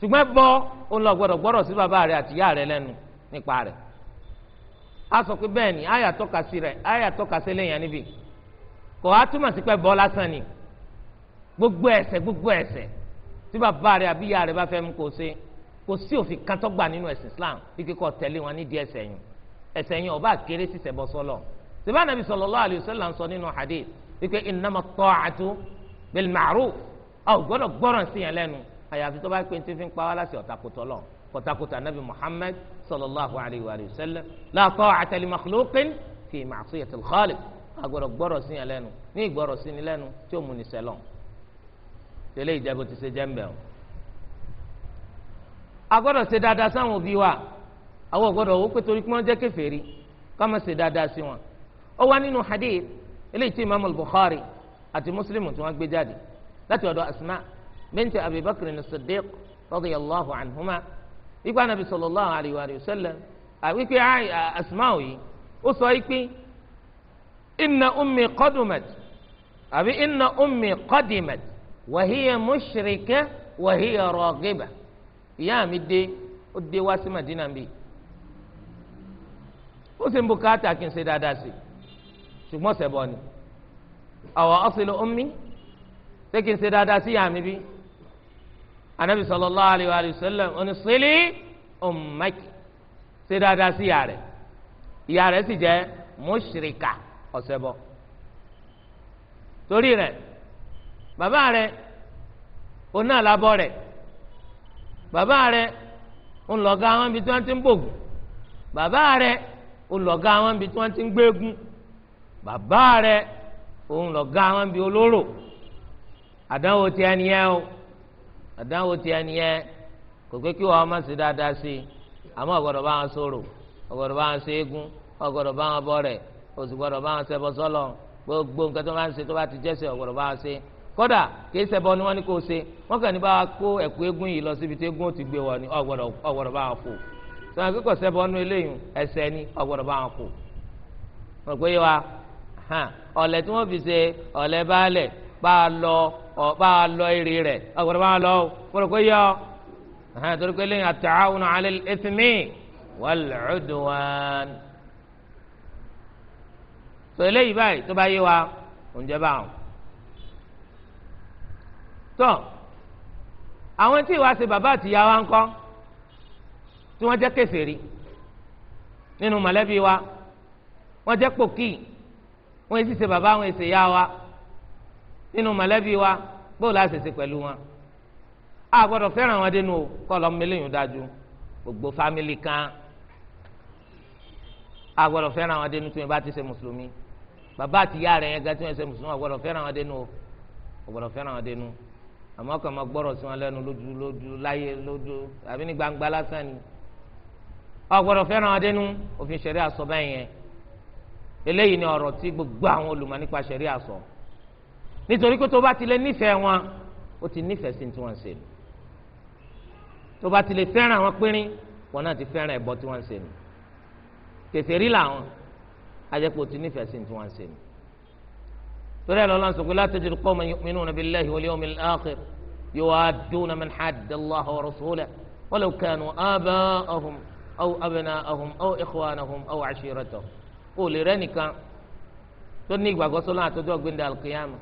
ṣùgbọ́n bọ́ ó lọ gbọ́dọ̀ gbọ́dọ̀ sí bàbá rẹ àti yàrá rẹ lẹ́nu nípa rẹ̀ a sọ pé bẹ́ẹ̀ ni àyà tọ́ka sí rẹ̀ àyà tọ́ka sí lẹ́yìn níbí kò á túmọ̀ sí pé bọ́ lásán ni gbogbo ẹ̀ṣẹ̀ gbogbo ẹ̀ṣẹ̀ tí bàbá rẹ àbí yàrá rẹ bá fẹ́ mú kó ṣe kò sí òfin kan tó gbà nínú ẹ̀sìn Islam bí kíkọ́ tẹ̀lé wọn nídìí ẹ̀ṣẹ̀ yẹn ẹ̀ṣẹ̀ yẹn ọba kéré sí sẹ̀bọ̀ sọlọ sèbá nàbí sallallahu alaihi sọ nínú hadith wípé innama ta'atu bil ma'ruf a ò gbọ́dọ̀ gbọ́ràn sí yẹn lẹ́nu àyàfi tó bá pé tí fi ń pa wá láti ọ̀takùtọ̀ lọ ọ̀takùtọ̀ anabi muhammad sallallahu alayhi wa sallam la ta'ata li makhluqin fi ma'siyati al-khaliq a gbọ́dọ̀ gbọ́rọ̀ sí yẹn lẹ́nu ní ìgbọ́rọ̀ sí ni lẹ́nu tí ó mú ni sẹ́lọ̀ tẹ́lẹ̀ ìjẹ́bù ti ṣe jẹ́ńbẹ̀ o. a ṣe dáadáa sáwọn òbí wa àwọn gbọ́dọ̀ owó pé torí wọ́n jẹ́ kèfèrí ká má ṣe dáadáa sí wọn. ó wá nínú hadith àti muslim tí wọ́n gbé jáde láti ọ̀dọ̀ asma binti abi bakr ní siddiq radiyallahu anhuma ikú anabi sallallahu alayhi wa sallam àwíkí asma òyì ó sọ ikú inna ummi qadumat àbí inna ummi qadimat wa hiya mushrika wa hiya ragiba ìyá mi dé ó dé wá sí madina bíi ó sì ń bùkátà kí n ṣe dáadáa sí ṣùgbọ́n ṣẹ̀bọ ni àwọn ọ̀sìn omi ṣé kí n ṣe dáadáa sí ìyá mi bí anabi sallallahu alayhi wa sallam ọ̀nà sílí ọ̀mọ́kì ṣe dáadáa sí ìyá rẹ̀ ìyá rẹ̀ sì jẹ́ mọ́ṣíríkà ọ̀sẹ̀ bọ̀ torí rẹ̀ bàbá rẹ̀ oná àlábọ̀ rẹ̀ bàbá rẹ̀ ńlọ̀gá àwọn ibi tí wọ́n ti ń bògùn bàbá rẹ̀ ńlọ̀gá àwọn ibi tí wọ́n ti ń gbégun bàbá rẹ̀ òun lọ̀gá wọn bí olóró àdánwò tí ẹni yẹn o àdánwò tí ẹni yẹn kò pé kí wọn má ṣe dáadáa sí i àmọ́ ọ̀gbọ́dọ̀ bá wọn sọ̀rọ̀ ọ̀gbọ́dọ̀ bá wọn ṣe égún ọ̀gbọ́dọ̀ bá wọn bọ̀rẹ̀ oṣù gbọ́dọ̀ bá wọn ṣẹbọ sọlọ gbogbo nǹkan tó bá ń ṣe tó bá ti jẹ́sẹ̀ ọ̀gbọ́dọ̀ bá wọn ṣe kódà kì í ṣẹbọ ni wọ́n ní kó ṣe wọ́n kàn ní bá kó ẹ̀kú égún yìí lọ síbi tí égún ti gbé wọn ni ọ̀gbọ́dọ̀ bá wọn kó ọ̀lẹ̀ tí wọ́n fi ṣe ọ̀lẹ̀ baálẹ̀ bá a lọ bá a lọ èrè rẹ̀ ọ̀gbọ̀dọ̀ bá a lọ kúrò kó yọ torí pé lẹ́yìn at-ta'awun 'ala al-ithmi wal-'udwan. tó eléyìí báyìí tó bá yé wa oúnjẹ bá wọn. tó àwọn tí ìwà ṣe bàbá àtìyá wa ń kọ́ tí wọ́n jẹ́ kèfèrí nínú mọ̀lẹ́bí wa wọ́n jẹ́ pòkì wọn èsì ṣe bàbá wọn èsì yá wa nínú mọ̀lẹ́bí wa bó la ṣèṣe pẹ̀lú wọn a gbọ́dọ̀ fẹ́ràn wọn dénú o kọ́ lọ́mọ eléyìí dájú gbogbo fámìlì kan a gbọ́dọ̀ fẹ́ràn wọn dénú tí wọn bá ti ṣe mùsùlùmí bàbá àti ìyá rẹ̀ yẹn gan tí wọn ṣe mùsùlùmí a gbọ́dọ̀ fẹ́ràn wọn dénú o a gbọ́dọ̀ fẹ́ràn wọn dénú àmọ́ kàn máa gbọ́rọ̀ sí wọn lẹ́nu lójú lójú láyé lójú àbí ní gbangba lásán ni a gbọ́dọ̀ fẹ́ràn wọn dénú òfin ṣẹ̀rí àsọ báyìí yẹn eléyìí ni ọ̀rọ̀ tí gbogbo àwọn olùmọ̀ nípa ṣẹ̀ríà sọ nítorí pé tó bá ti lè nífẹ̀ẹ́ wọn ó ti nífẹ̀ẹ́ sí tí wọ́n ń ṣe nù tó bá ti lè fẹ́ràn àwọn pínrín wọn náà ti fẹ́ràn ẹ̀bọ tí wọ́n ń ṣe nù kèfèrí làwọn ajẹ́pọ̀ ti nífẹ̀ẹ́ sí tí wọ́n ń ṣe nù torí ẹ̀ lọ́la sọ̀kú la tajidu qawman yu'minuna billahi wal yawmil akhir yuwadduna man hadda Allaha wa rasulahu walau kó o lè rẹ nìkan tó ní ìgbàgbọ́ sọ́lọ́ àtọ́jọ́ gbẹ̀ndé alùkìyàmù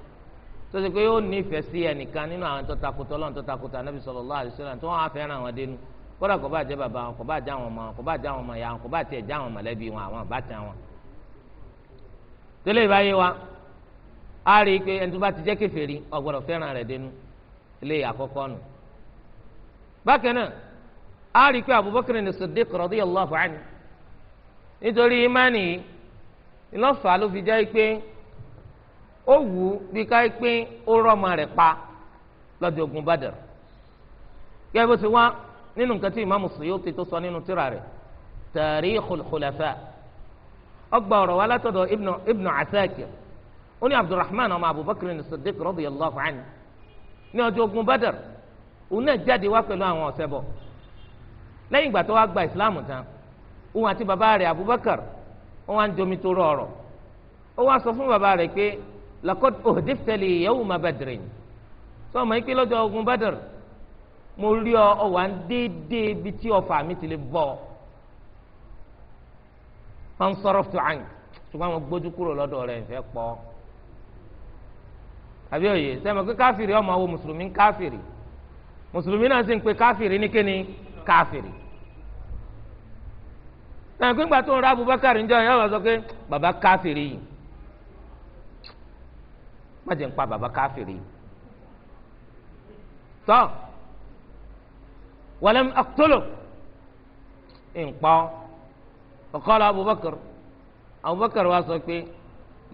tó ṣe pé yóò nífẹ̀ẹ́ sí ẹnìkan nínú àwọn tó takùtọ̀ lọ́n tó takùtọ̀ anábì sallallahu alaihi wasallam tó wọ́n á fẹ́ràn àwọn dénú kódà kò bá jẹ́ bàbá wọn kò bá wọn kò bá ìyá wọn kò bá tiẹ̀ mọ̀lẹ́bí wọn àwọn wọn. tẹ́lẹ̀ wa a rí i pé ẹni bá ti jẹ́ kèfèrí ó fẹ́ràn rẹ̀ dénú ilé àkọ́kọ́ nù. Abubakar ìlọ́fà ló fi jẹ́ pé ó wù ú bí ká pé ó rọ́mọ rẹ̀ pa lọ́jọ́ ogun Badr gẹ́gẹ́ bó ti wá nínú nǹkan tí ìmáàmù Suyuti tó sọ nínú tírà rẹ̀ Tarikhul Khulafa ọgbà ọ̀rọ̀ wa látọ̀dọ̀ Ibn Asakir ó ní Abdulrahman ọmọ Abubakar ní Siddiq radiyallahu anhu ní ọjọ́ ogun Badr òun náà jáde wá pẹ̀lú àwọn ọ̀sẹ̀ bọ̀ lẹ́yìn ìgbà tó wá gba ìsìláàmù tán òun àti bàbá rẹ̀ Abubakar wọn wá ń jomi tó rọrọ ó wá sọ fún bàbá rẹ̀ pé lakot ohdifitali yawma badrin sọ ma ikpe lọ́jọ́ ogun badr mo rí ọ ọ wà ń déédéé ibi tí ọfà mi ti lè bọ wọn sọ̀rọ̀ tó àn ṣùgbọ́n mo gbójú kúrò lọ́dọ̀ rẹ̀ nfẹ́ pọ̀ àbí òye sẹ́mi pé káfìrí ọmọ wo mùsùlùmí káfìrí mùsùlùmí náà sì ń pe káfìrí ní kíni káfìrí náà pé ńgbà tó ń ra Abubakar ń jọ yẹn wọ́n sọ pé bàbá káfìrí yìí má jẹ́ ń pa bàbá káfìrí yìí tọ́ walam aqtulu ń pa ọ́ qala Abubakar Abubakar wa sọ pé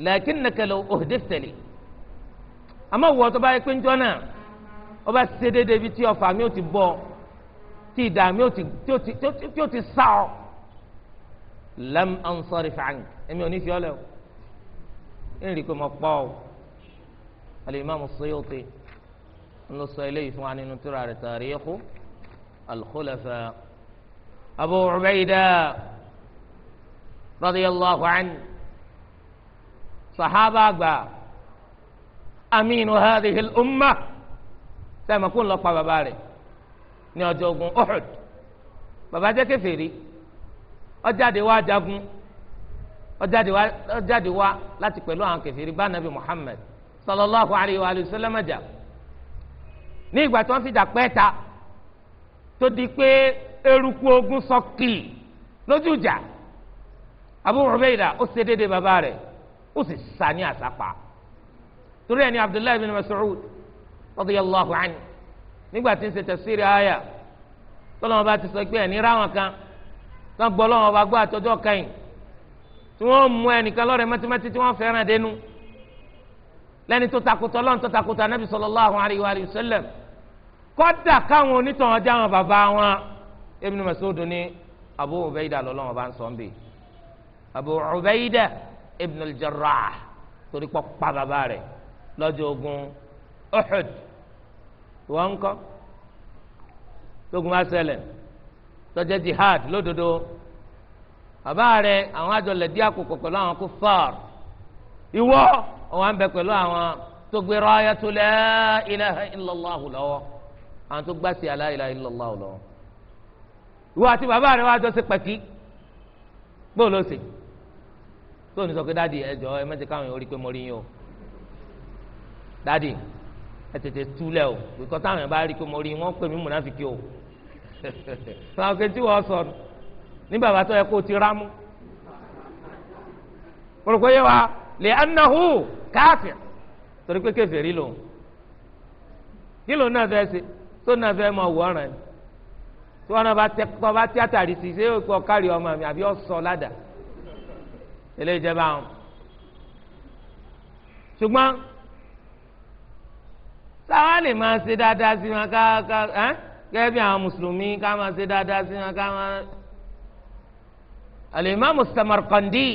lakinnaka law uhdithtali àmọ́ wọ́ tó bá yẹ pé ń jọ náà ó bá ṣe déédéé bí tí ọ̀fà mi ò ti bọ̀ tí ìdààmú tí ó ti sá ọ. lam ansarif ank èmi ò ní fi ọ́ lẹ̀ oni fi ɔlɛ o eri ko ma kpɔ o alimami Suyuti ló sọ eléyìí fún wa nínú tírà rẹ̀ tàríkù alkhulafa abu ubaida radiyallahu anhu sahaba gba aminu hadhihi hil umma sẹ́mi kún lɔ kpa bàbá rẹ̀ ní ɔjɔgun ogun Uhud bàbá jẹ́ kèfèrí. ọjáde wá jagun ọjáde wá ọjáde wá láti pẹ̀lú àwọn kèfèrí bá nàbì Muhammad sallallahu alayhi wa sallam jà ní ìgbà tí wọ́n fi dàpẹ́ ta tó di pé eruku ogun lójú ìjà Abu Ubaida ó ṣe déédéé bàbá rẹ̀ ó sì torí ẹni Abdullahi bin Mas'ud nígbà tí ń ṣe tọ́lọ́mọba ti sọ pé wọ́n gbọ́ lọ́wọ́ bá gbọ́ àtọ́jọ́ kẹ́yìn tí wọ́n mú ẹnìkan lọ́rẹ̀ mẹ́tímẹ́tí tí wọ́n fẹ́ràn dénú lẹ́ni tó takùtọ̀ lọ́n tó takùtọ̀ anábì sallallahu alayhi wa sallam kọ́dà káwọn onítàn ọjà wọn bàbá wọn Ibn Mas'ud ní Abu Ubaida lọ́lọ́wọ́ bá ń sọ ń bì Abu Ubaida Ibn al-Jarrah torí pọ́ pa bàbá rẹ̀ lọ́jọ́ ogun Uhud wọ́n ń kọ́ tógun wá ṣẹlẹ̀ tọ́jẹ́ jihad lódodo bàbá rẹ àwọn àjọlẹ̀dí àkókò pẹ̀lú àwọn kuffar ìwọ ọ̀wá ń bẹ pẹ̀lú àwọn tó gbé ráyàtú la ilaha illallahu lọ́wọ́ àwọn tó gbá sí la ilaha illallahu lọ́wọ́ ìwọ àti bàbá rẹ wá jọ sí pẹ̀kí gbọ́dọ̀ lọ́sẹ̀ tó ní sọ pé dáàdi ẹ jọ ẹ mẹ́tẹ̀ káwọn yẹn ó rí pé mo rí yín o dáàdi ẹ tètè túlẹ̀ o bìkọ́ táwọn yẹn bá rí pé mo rí yín wọ́n pè mí múnáfíkì o sọ̀rọ̀ kejì wọ́n sọ̀rọ̀ ní bàbá tó yẹ kó ti rámú kórókó yẹ wa lè anahu káfíà torí pé kèfèrí lòun kí lòun náà fẹ́ ṣe tó náà fẹ́ mọ òwò ọ̀ràn yìí tí wọn bá tẹ kọ bá tíátà rí sí ṣé kọ kárí ọmọ mi àbí ọsọ ládà ilé ìjẹba àwọn. ṣùgbọ́n sáwọn lè máa ṣe dáadáa sí wọn ká ká ẹ́ gẹ́gẹ́ bí àwọn mùsùlùmí ká máa ṣe dáadáa sí wọn ká máa. alimami samarkandi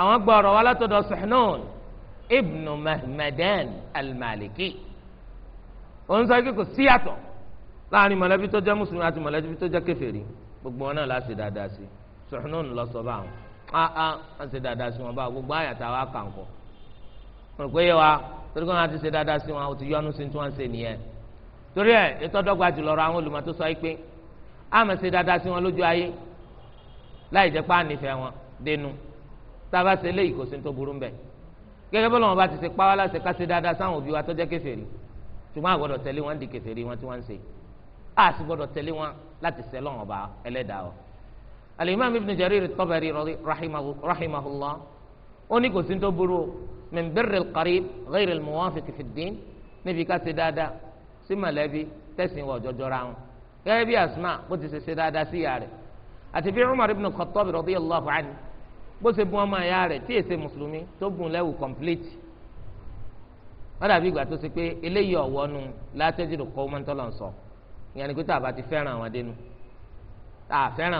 àwọn gba ọ̀rọ̀ wa látọ̀dọ̀ Suhnun ibnu mahmadan almaliki òun sọ pé kò síyàtọ̀ láàrin mọ̀lẹ́bí tó jẹ́ mùsùlùmí àti mọ̀lẹ́bí tó jẹ́ kèfèrí gbogbo wọn náà láti dáadáa sí Suhnun lọ sọ báwọn aa wọn ṣe dáadáa sí wọn báwọn gbogbo àyàtà wa kàn kọ. mo rò pé wa torí kí wọn ti ṣe dáadáa sí wọn o ti yọnu sí tí wọn ṣe nìyẹn torí ẹ ìtọ́dọ́gba jùlọ rọ àwọn olùmọ̀ tó sọ pé àmọ̀ ṣe dáadáa sí wọn lójú ayé láì jẹ́ pa nífẹ̀ẹ́ wọn dénú tába ṣe léyìí kò sí tó burú ń bẹ̀ gẹ́gẹ́ bọ́lá wọn bá ti ṣe pa wá láṣẹ ká ṣe dáadáa sáwọn òbí wa tó jẹ́ kèfèrí ṣùgbọ́n a gbọ́dọ̀ tẹ̀lé wọn di kèfèrí wọn tí wọ́n ń ṣe a sì gbọ́dọ̀ tẹ̀lé wọn láti ṣẹ lọ́wọ́n ọba ẹlẹ́dàá o. alimam ibn jarir at rahimahullah ó ní kò sí tó burú min birril qarib ghayril muwafiq fi ddin níbi ká ṣe dáadáa sí mọ̀lẹ́bí tẹ̀sìn wọ̀ jọjọra wọn gẹ́gẹ́ bí asma bó ti ṣe ṣe dáadáa sí ìyá rẹ̀ àti bí umar ibn khattab radiyallahu anhu bó ṣe bùn ọmọ ìyá rẹ̀ tí èsè mùsùlùmí tó bùn lẹ́wù complete wọ́n dàbí ìgbà tó ṣe pé eléyìí ọ̀wọ́ nu látẹ́jú kọ́ ọmọ ntọ́lọ̀ ń sọ ìyẹn ni pé tàbá ti fẹ́ràn àwọn dénú tá a fẹ́ràn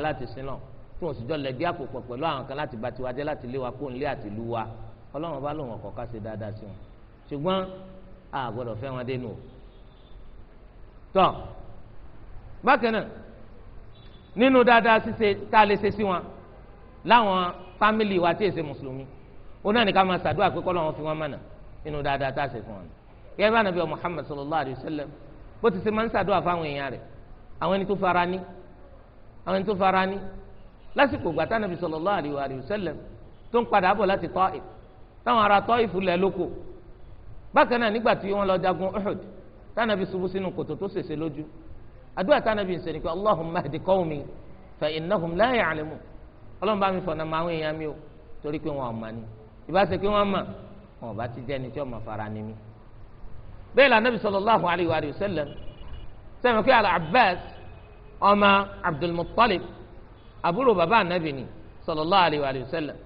àwọn tí wọn sì jọ lẹbi àpòpọ̀ pẹ̀lú àwọn kan láti bá tiwa jẹ́ láti lé wa kó nílé àti lu wa ọlọ́run bá lòun ọ̀kọ̀ọ̀ká ṣe dáadáa sí wọn ṣùgbọ́n a gbọ́dọ̀ fẹ́ wọn dénú o. tọ́ bákan náà nínú dáadáa ṣíṣe tá a lè ṣe sí wọn láwọn fámìlì wa tí èsè mùsùlùmí ó náà ní ká máa ṣàdúrà pé kọ́lọ́run fi wọn mọ̀nà nínú dáadáa tá a ṣe fún wọn. gẹ́gẹ́ bá nàbẹ́ Muhammad sallallahu alayhi wa sallam bó ti ṣe máa ń ṣàdúrà fáwọn èèyàn rẹ̀ àwọn ẹni tó fara ní àwọn ẹni tó fara ní lásìkò gbàtà nàbì sallallahu alaihi wa sallam tó ń padà bọ̀ láti Taif táwọn ará Taif lẹ̀ lóko bákan náà nígbà tí wọ́n lọ jagun Uhud tánàbì ṣubú sínú kòtò tó ṣèṣe lójú àdúrà tánàbì ń sẹ́ni pé Allahumma hdi qawmi fa innahum la ya'lamun ọlọ́run bá mi fọ̀nà máa ń èèyàn mi o torí pé wọn ò mà ní ìbá ṣe pé wọ́n mà wọn ò bá ti jẹ́ni tí wọ́n fara ni mi. bẹ́ẹ̀ la nabi sallallahu alayhi wa sẹ́mi pé al-Abbas ọmọ Abdul àbúrò bàbá ànábì ni sallallahu alayhi wa sallam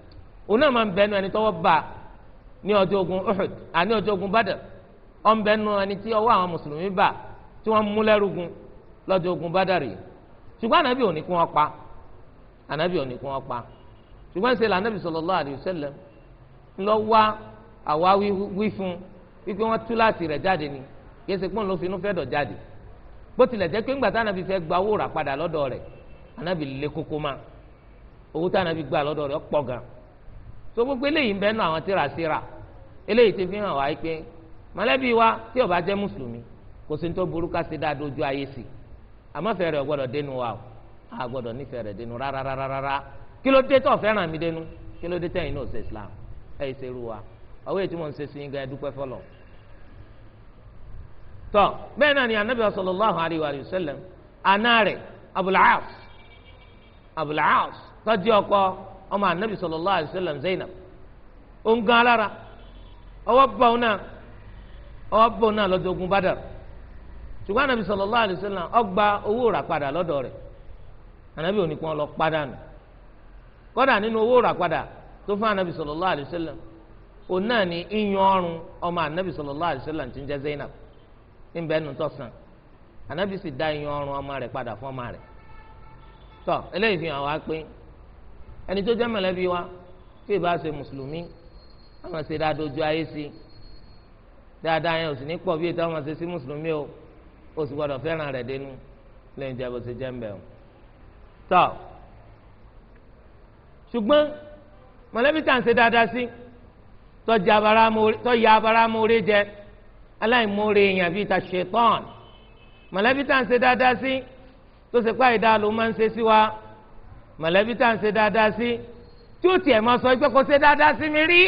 òun náà máa ń bẹnu ẹni tọ́wọ́ bá ní ọjọ́ ogun Uhud àní ọjọ́ ogun Badr ọ̀n bẹnu ẹni tí ọwọ́ àwọn mùsùlùmí bá tí wọ́n mú lẹ́rùgùn lọ́jọ́ ogun Badr yìí ṣùgbọ́n ànábì ò ní kí pa ànábì ò ní kí pa ṣùgbọ́n ṣe lànàbì sallallahu alayhi wa sallam ńlọ wá àwa wí fún wípé wọ́n tú láti rẹ̀ jáde ni kí ẹsẹ̀ pọ́n ló fi inú fẹ́ dọ̀ jáde bó tilẹ̀ jẹ́ pé ńgbà tánàbì fẹ́ gba owó rà padà lọ́dọ̀ rẹ̀ anabi lé kókó ma owó tí anabi gbà lọ́dọ̀ rẹ̀ pọ̀ gan so gbogbo eléyìí ń bẹ́ẹ̀ nù àwọn tíra síra eléyìí ti fi hàn wá pé mọ̀lẹ́bí wa tí ó bá jẹ́ mùsùlùmí kò sí ní tó burú ká ṣe dáa dojú ayé sí àmọ́fẹ́ rẹ̀ gbọ́dọ̀ dénú wa o a gbọ́dọ̀ nífẹ̀ẹ́ rẹ̀ dénú rárárárá kí ló dé tó fẹ́ràn mi dénú kí ló dé tẹ̀yìn náà ṣe Islam ẹ̀ ṣe rú wa ọwọ́ èyí tí mo ń ṣe sí yín gan ẹdúpẹ́ fọlọ́ tọ́ bẹ́ẹ̀ náà ni anabi sallallahu alayhi wa sallam anáà rẹ̀ Abul Abul Aas tọ́jú ọkọ ọmọ anabi sallallahu ala wa Zainab ó ń gan alára ọwọ́ bá òun náà ọwọ́ bá náà ogun ṣùgbọ́n anabi sallallahu ala wa gba owó rà padà lọ́dọ̀ rẹ̀ anabi ò ní kí wọ́n lọ padà nù kọ́dà nínú owó rà padà tó fún anabi sallallahu alayhi wa náà ní iyan ọrùn ọmọ anabi ń jẹ́ Zainab ń bẹ́ẹ̀ nù anabi sì dá iyan ọrùn ọmọ rẹ̀ padà tọ eléyìí fi hàn wá pé ẹni tó jẹ́ mọ̀lẹ́bí wa tí ìbá ṣe mùsùlùmí àwọn ṣe dáadọ́ ojú ayé sí dáadáa yẹn ò sì ní pọ̀ bí ètò àwọn ṣe sí mùsùlùmí o ó sì gbọ́dọ̀ fẹ́ràn rẹ̀ dénú lẹ́yìn jẹ́ ṣe jẹ́ ń o tọ ṣùgbọ́n mọ̀lẹ́bí tá à ń ṣe dáadáa sí tọ́jà abara moore jẹ aláìmoore èèyàn bíi ta ṣetán mọ̀lẹ́bí tá à ń ṣe dáadáa sí tó ṣe pé àìdáa ló máa ń ṣe sí wa mọ̀lẹ́bí tá à ń ṣe dáadáa sí tí ó tiẹ̀ máa sọ pé kò ṣe dáadáa sí mi rí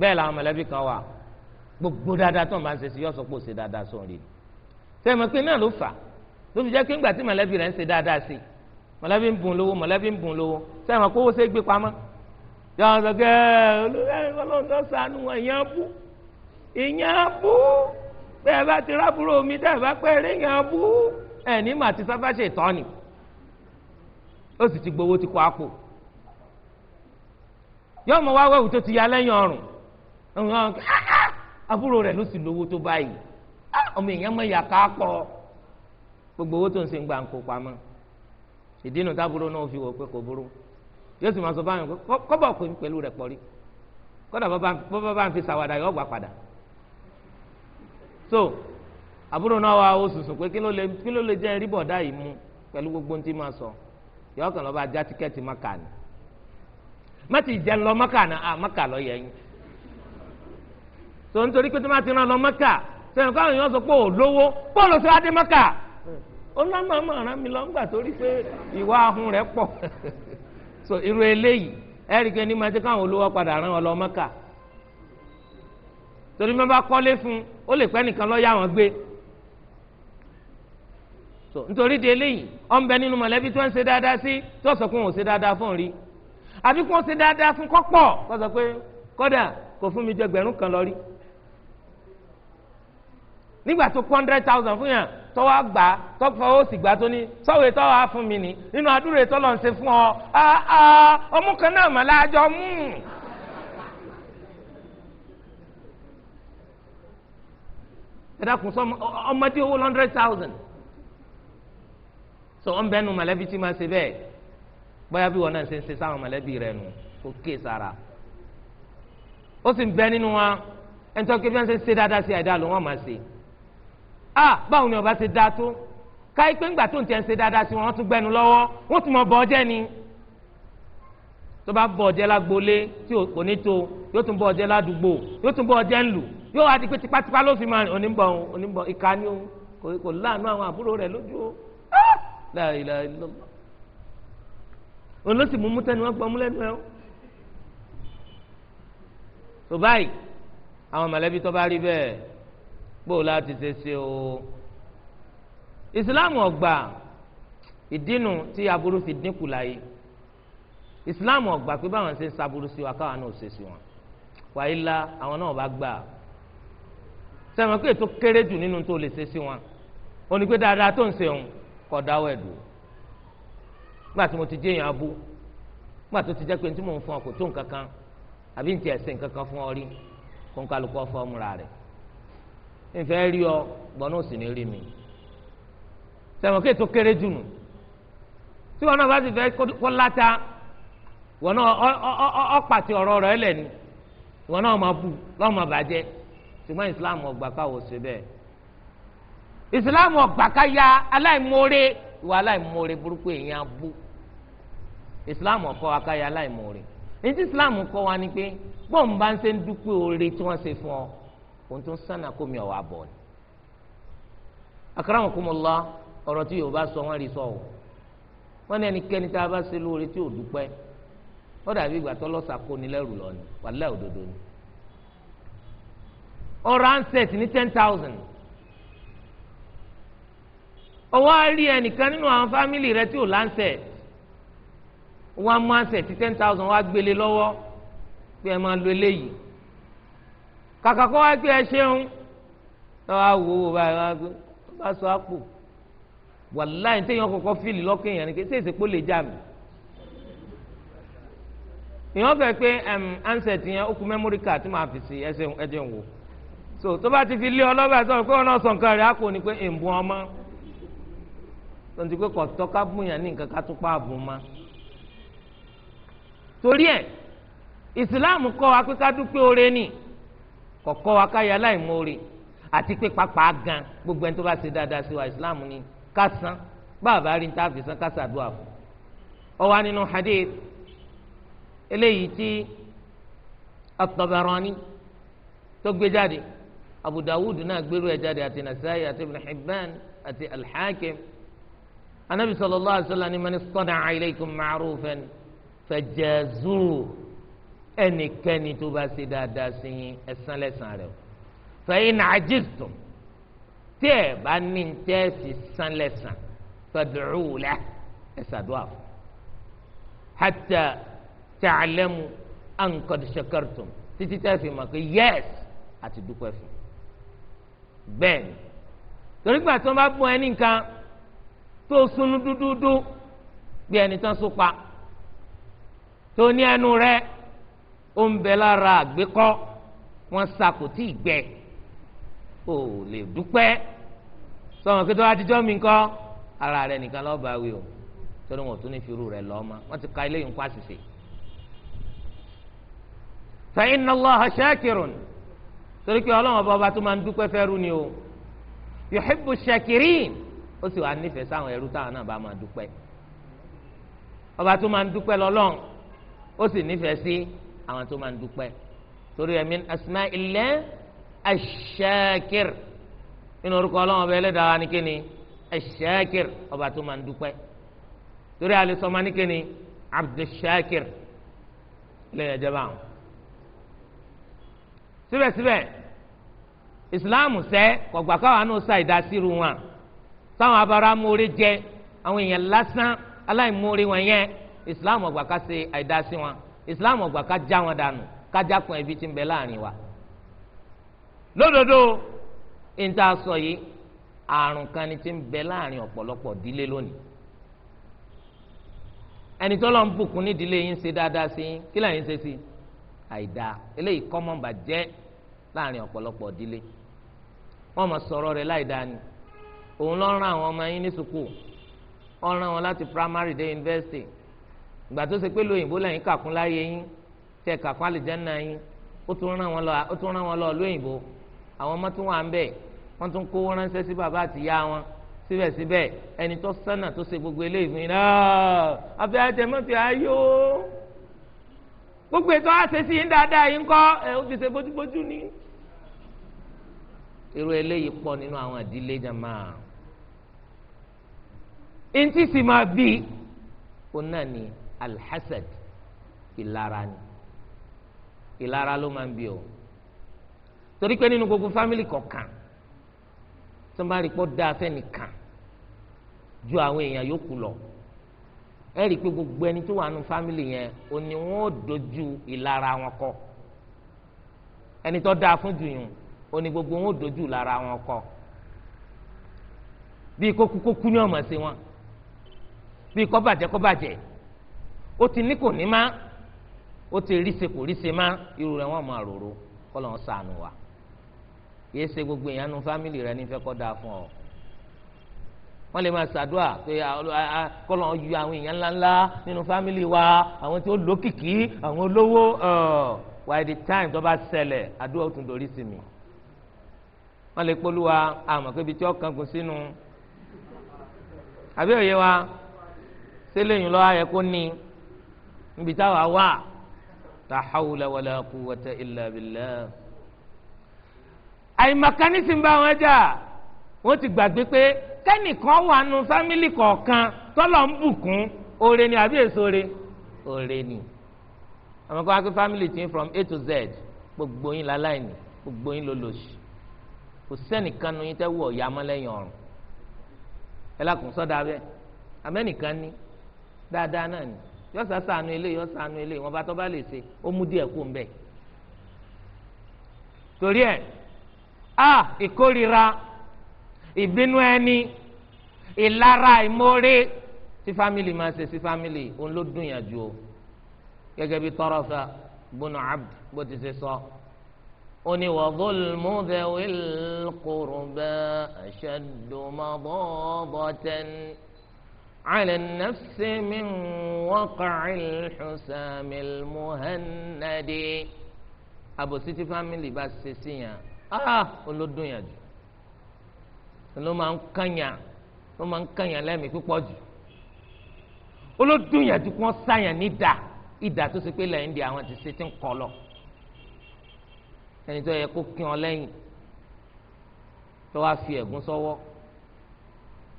bẹ́ẹ̀ làwọn mọ̀lẹ́bí kan wà gbogbo dáadáa tó ń bá ń ṣe sí yọ sọ pé ó ṣe dáadáa sóun rí sẹ́mi pé náà ló fà á ló fi jẹ́ pé ńgbà tí mọ̀lẹ́bí rẹ̀ ń ṣe dáadáa sí mọ̀lẹ́bí ń bùn lówó mọ̀lẹ́bí ń bùn lówó sẹ́mi kó wọ́n ṣe gbé pamọ́ yọ ẹ ní mà ti sábà ṣe ni ó sì ti gbowó ti kó àpò yóò mọ ti ya lẹ́yìn ọrùn ọ̀hún ọ̀hún ah, ah, àbúrò rẹ̀ ló sì lówó tó báyìí ah, ọmọ èèyàn mọ̀ ìyá ká gbogbo owó tó ń ṣe ń gbà ń pamọ́ ìdínú tábúrò náà fi wọ̀ pé kò burú yóò sì máa sọ báyìí kọ́bọ̀ pé pẹ̀lú rẹ̀ pọ̀ rí kọ́dà bọ́ fi gbà àbúrò náà wà ó sùsù pé kí ló lè jẹ́ rìbọ̀dá yìí mú pẹ̀lú gbogbo ohun tí máa sọ yọ kàn lọ́ọ́ bá já tíkẹ́ẹ̀tì maka ni mẹ́tì jẹ́ lọ maka ni à ah, maka lọ yẹ yín tó nítorí pé tó máa ti lọ maka káwọn èèyàn sọ pé ò lówó bọ́ọ̀lù mi lọ torí pé ìwà ahun so irú eléyìí ẹ̀rí kan ní máa jẹ́ káwọn olówó padà rán ọ lọ maka fún ó lè pẹ́ nìkan yá so nítorí de eléyìí ọ̀n bẹ nínú mọ̀lẹ́bí tó ń ṣe dáadáa sí tó sọ pé òun ò ṣe dáadáa fún rí àbí kó ṣe dáadáa fún kọ́pọ̀ kó sọ pé kódà kò fún mi jẹ gbẹ̀rún kan lọ rí nígbà tó kó hundred thousand fún yàn tọ́wọ́ gbà tọ́fọ́ ó sì gbà tó ní sọ́wọ́ tọ́wọ́ á fún mi nì nínú àdúrà ètò ọlọ́run ṣe fún ọ ọmú kan náà mà láàjọ mú. ẹ dákun sọ ọmọdé owó hundred thousand so wọn bẹnu mọ̀lẹ́bí tí máa ṣe bẹ́ẹ̀ bóyá bí wọn náà ṣe ń ṣe sáwọn mọ̀lẹ́bí rẹ nù kó ké sára ó sì ń bẹ nínú wa ẹni tó kébí wọn ṣe ń ṣe dáadáa sí àìdáa ló wọn máa ṣe a báwo ni ọba ṣe dá tó káyí pé ńgbà tó ń tẹ ń ṣe dáadáa sí wọn wọn tún gbẹnu lọ́wọ́ wọn tún mọ bọ ọjẹ ni tó bá bọ ọjẹ lágbolé tí kò ní tó yóò tún bọ ọjẹ ládùúgbò yóò tún bọ ọjẹ ńlù yóò wá di pé tipátipá ló fi máa oníbọn oníbọn ìkànnì o kò láàánú àwọn àbúrò rẹ lójú o la ilaha illallah olóṣì mímú tẹni wọn gbọmú lẹ́nu ẹ o tó báyìí àwọn mọ̀lẹ́bí tó bá rí bẹ́ẹ̀ gbòò láti ṣe ṣe o ìsìláàmù ọgbà ìdínú tí aburú fi dínkù láyé ìsìláàmù ọgbà pé báwọn ṣe ń saburú sí wa káwọn náà ṣe sí wọn wàyí la àwọn náà bá gbà sẹ́wọ̀n pé ètò kéré jù nínú tó lè ṣe sí wọn onígbé dáadáa tó ń ṣe òun kọ́ dáwọ́ ẹ̀ tí mo ti jẹ́ èèyàn abú nígbà tó ti jẹ́ pé tí mò ń fún ọ kò tó nǹkan kan àbí ntí nǹkan kan fún ọ rí kó rí ọ ní rí mi kí ètò kéré jù nù tí wọn náà bá ti ọ pàtẹ wọn náà ìsìláàmù ọ̀gbàkáyà aláìmoore ìwà aláìmoore burúkú èèyàn abú ìsìláàmù ọ̀kọ́ akáyà aláìmoore ní ti ìsìláàmù kọ́ wa ni pé bọ́ọ̀n bá ń ṣe ń dúpẹ́ oore tí wọ́n ṣe fún ọ òun tó ń sànà kó mi ọ̀wà bọ̀ ni. akramakumullah ọ̀rọ̀ tí yorùbá sọ wọ́n rí sọ o wọ́n ní ẹnikẹ́ni tá a bá ṣe lóore tí ò dúpẹ́ ó dàbí ìgbà tó lọ́sà kó ni lẹ́rù lọ wàlẹ́ òdodo ni. ọ̀rọ̀ ansẹ̀t ní ten thousand ọwọ́ á rí ẹnìkan nínú àwọn fámìlì rẹ tí ò láǹsẹ̀ wọ́n á mú àǹsẹ̀ tí ten thousand wá gbélé lọ́wọ́ pé ẹ máa lo eléyìí kàkà kó wá pé ẹ ṣeun ẹ wá wò ó báyìí wá gbé ó bá sọ àpò wàláyé téèyàn kọ́kọ́ fìlì lọ́kàn èèyàn ni kí sèse kó lè já mi èèyàn fẹ́ pé ansẹ̀tì yẹn ó kú mẹ́mórì kà tí màá fi sí ẹsẹ̀ ẹ̀jẹ̀ wò so tó bá ti fi lé ọ lọ́bàá sọ̀rọ̀ pé ọ̀nà ọ̀sán rẹ̀ á kò ní pé èèmù ọmọ tonti pé kọ̀tọ́ ká bùn yàn ní nǹkan ká tún pa àbùn ma. torí ẹ̀ ìsìláàmù kọ́ wa pé ká dúpẹ́ oore ni kọ̀kọ́ wa ká yà láìmoore àti pé pàápàá gan gbogbo ẹni tó bá ṣe dáadáa sí wa ìsìláàmù ni ká san báàbá rí níta fi san ká ṣàdúrà fún. ó nínú hadith eléyìí tí at tó gbé jáde Abu Dawud náà gbérú ẹ̀ jáde àti Nasa'i àti Ibn Hibban àti al anabi sallallahu alaihi wasallam ni man istana'a ilaykum ma'rufan fajazuhu ẹnikẹ́ni tó bá ṣe dáadáa sí yín ẹ̀san lẹ́san rẹ̀ o fa in ajiztum tí ẹ bá ní tẹ́ẹ̀sì san lẹ́san fad'u lahu ẹ̀sàdúrà fún hatta an qad shakartum títí tẹ́ẹ̀sì mọ̀ pé yẹ́s àti dúpẹ́ fún bẹ́ẹ̀ ni torí gbà tí wọ́n tó sunu dúdúdú bí ẹni tán so pa tó ní ẹnu rẹ ó ń bẹ lára àgbékọ́ wọn sa kò tí ì gbẹ ò lè dúpẹ́ sọ̀rọ̀ kí tó bá tijọ́ mi kọ́ ara rẹ nìkan lọ́ọ́ bá wí o torí wọn ò tún ní fi rẹ lọ́ọ́ ma wọ́n ti ka ilé yìí ń kó àṣìṣe. fa inna Allaha shakirun torí pé ọlọ́wọ́n bá ọba tó máa ń dúpẹ́ fẹ́ rú ni o yuhibbu shakirin ó sì wá nífẹ̀ẹ́ sáwọn ẹrú táwọn náà bá máa dúpẹ́ ọba tó máa ń dúpẹ́ lọ́lọ́run ó sì nífẹ̀ẹ́ sí àwọn tó máa ń dúpẹ́ torí ẹ̀mí asúná ilẹ̀ aṣáàkìr nínú orúkọ ọlọ́run ọba ẹlẹ́dàá wa ní kíni aṣáàkìr ọba tó máa ń dúpẹ́ torí àlùsọ́mọ ní kíni abdulshakir lẹ́yìn ẹ̀jẹ̀bá àwọn. síbẹ̀síbẹ̀ ìsìláàmù sẹ́ kọ̀gbà káwọn náà ṣàìdásírù wọn táwọn abara mórí jẹ àwọn èèyàn lásán aláìmórí wọn yẹn islam ọgbà ká ṣe àìdásí wọn islam ọgbà ká já wọn dànù ká jákun ẹbí tí ń bẹ láàrin wa. lódodo níta sọ yìí àrùn kan ni ti ń bẹ láàrin ọ̀pọ̀lọpọ̀ dílé lónìí ẹni tó lọ ń bùkún nídìílé yín ṣe dáadáa sí yín kí lẹ́yìn ṣe sí àìdá eléyìí kọ́mọ́n bàjẹ́ láàrin ọ̀pọ̀lọpọ̀ dílé wọ́n mọ̀ sọ̀rọ̀ rẹ̀ láìdáa ni òun ló rán àwọn ọmọ yín ní sukù ó rán wọn láti primary dé university ìgbà tó ṣe pé lóyìnbó lẹ́yìn kàkún láyé yín tẹ kàkún àlìjẹ́nà yín ó tún rán wọn lọ wọn lóyìnbó àwọn ọmọ tún wà ń bẹ̀ wọ́n tún kówó ránṣẹ́ sí bàbá àti ìyá wọn ẹni tó sánà tó gbogbo eléyìí fún yín náà ayó gbogbo ètò yín dáadáa yín ó fi ṣe bójúbójú ni irú eléyìí ntí sì máa bí òun náà ní alhassad ìlara ni ìlara ló máa ń bí o torí pé nínú gbogbo fámìlì kọ̀ọ̀kan tó bá rí pọ́ dáa fẹ́nìkan ju àwọn èèyàn yòókù lọ ẹ rí i pé gbogbo ẹni tó wà nínú fámìlì yẹn òun ni wọn dojú ìlara wọn kọ ẹni tó dáa fún jùyùn òun ni gbogbo wọn dojú ìlara wọn kọ bí kókú kókú ni ọmọ sí wọn bíi kọ́ bàjẹ́ kọ́ bàjẹ́ ó ti ní kò ní má ó ti ríṣe kò ríṣe má irú rẹ̀ wọ́n máa rorò kọ́ lọ́n sànù wa yéé ṣe gbogbo èèyàn nu fámìlì rẹ nífẹ̀ẹ́ kọ́ dáa fún ọ wọ́n lè máa ṣàdúrà pé kọ́ lọ́n yọ àwọn èèyàn ńláńlá nínú fámìlì wa àwọn tí ó lókìkí àwọn olówó by the time tó bá ṣẹlẹ̀ àdúrà ó tún dorí sí mi wọ́n lè polúwa àmọ̀ pé ibi tí ọkàn gùn sínú àbí òye wa sẹ́lẹ̀yìn lọ́wọ́ ayẹ kó ní níbi táwa wà ta hawla wala quwwata illa billah. àìmọ̀kánísì ń bá wọn jà wọ́n ti gbàgbé pé kẹ́nìkan wà nù fámìlì kọ̀ọ̀kan tọ́lọ̀ ń bùkún oore ni àbí èso oore oore ni àwọn kan wá pé family ti from a to z gbogbo yín láláìní gbogbo yín lólòsì kò sẹ́nìkan nu yín tẹ́ wọ̀ ọ̀yà mọ́lẹ́yìn ọ̀run ẹ lákùn sọ́dà bẹ́ẹ̀ amẹ́nìkan ní dáadáa náà ni yọ sàánú eléyìí yọ sàánú eléyìí wọn bá tọ́ bá lè ṣe ó mú díẹ̀ kó ń bẹ̀. torí ẹ̀ a ìkórira ìbínú ẹni ìlara ìmoore tí fámìlì máa ṣe sí fámìlì òun ló dùn yàn jù o gẹ́gẹ́ bí tọrọfà bùnà abd bó ti ṣe sọ. ó ní wa zulmu dhawil qurba ashaddu madadatan. على النفس من وقع الحسام المهند àbòsí tí fámìlì bá ṣe sí yàn á ah, olódùn yàn jù ló máa ń kànyàn ló máa ń kànyàn lẹ́mìí púpọ̀ jù olódùn yàn jù kí wọ́n sàyàn nídà ìdà tó ṣe pé lẹ́yìn di àwọn ti ṣe ti ń kọ́ lọ ẹni tó yẹ kó kí wọn lẹ́yìn tó wá fi ẹ̀gún sọ́wọ́. So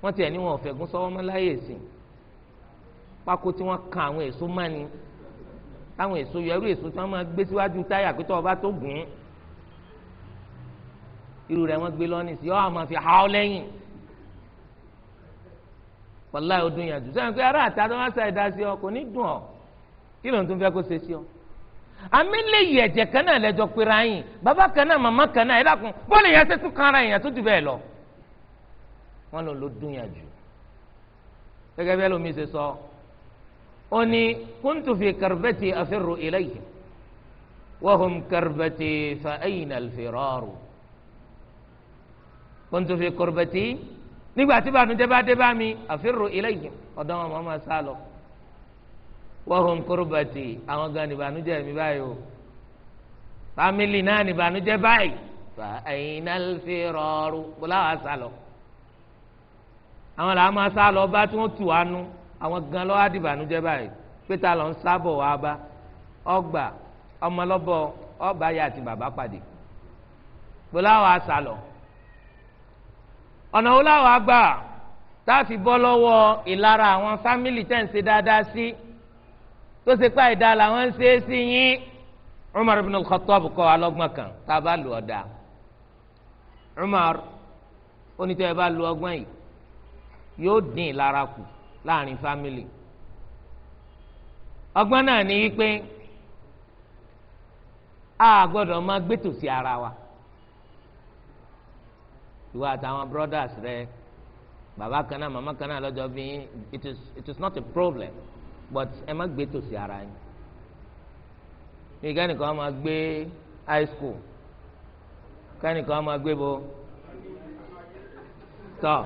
wọ́n tiẹ̀ ní wọn ò fẹ̀gún sọ́wọ́ mọ́ láyé ìsìn pákó tí wọ́n kan àwọn èso mọ́ni táwọn èso yọ irú èso tí wọ́n máa gbé síwájú táyà pé tó ọba tó gùn ún irú rẹ̀ wọ́n gbé lọ́nìí sí ọ́ àmọ́ fi ha ọ́ lẹ́yìn wàlá ọdún yàtú sẹ́yìn pé ará àtàdé wọn sá ẹ̀dá sí ọ kò ní dùn ọ kí ló ń tún fẹ́ kó ṣe sí ọ. àmì lè yí ẹ̀jẹ̀ kan náà lẹ́jọ́ pera yín bàbá kan náà màmá kan náà ẹ̀dá kun bọ́ọ̀lù yẹn ṣe tún kan ara yẹn tó jù bẹ́ẹ̀ lọ wọn lọ ló dùn yàn jù gẹ́gẹ́ bí ẹlòmíín ṣe sọ ó ní kúntù fi kàrbẹ́tì àfẹ́rù ilayhi wa hum kàrbẹ́tì fa ayna al-firaru kúntù fi kàrbẹ́tì nígbà tí bànújẹ́ bá dé bá mi àfẹ́rù ilayhi ọ̀dọ́ wọn máa sá lọ wa hum àwọn gan ni bànújẹ́ mi báyìí o fámìlì náà ni bànújẹ́ báyìí fa ayna al-firaru sá lọ àwọn làá máa sá lọ bá tí wọ́n tù wá nu àwọn gan lọ́wọ́ àdìbànújẹ́ báyìí pété àlọ́ ń sábọ̀ wá bá ọgbà ọmọlọ́bọ ọba ya àti bàbá pàdé gbọ́láwọ̀ àṣàlọ̀ ọ̀nà wo láwọ̀ àgbà tá a fi bọ́ lọ́wọ́ ìlara àwọn fámìlì tẹ̀ ń ṣe dáadáa sí tó ṣe pa ìdá làwọn ń ṣe é sí yín Umar ibn al-Khattab kọ́ alọ́gbọ́n kan tá a bá lù ọ́ dáa Umar onítọ̀ ẹ bá lu ọgbọ́n yìí yóò dín ìlara kù láàrin fámìlì ọgbọ́n náà ni wípé a gbọ́dọ̀ máa gbẹ́tòsí ara wa ìwọ àtàwọn brothers rẹ bàbá kan náà màmá kan náà lọ́jọ́ bí it is it is not a problem but ẹ má gbẹ́tòsí ara yín bí kẹ́nìkan máa gbé high school kẹ́nìkan máa gbé bo tọ́. So,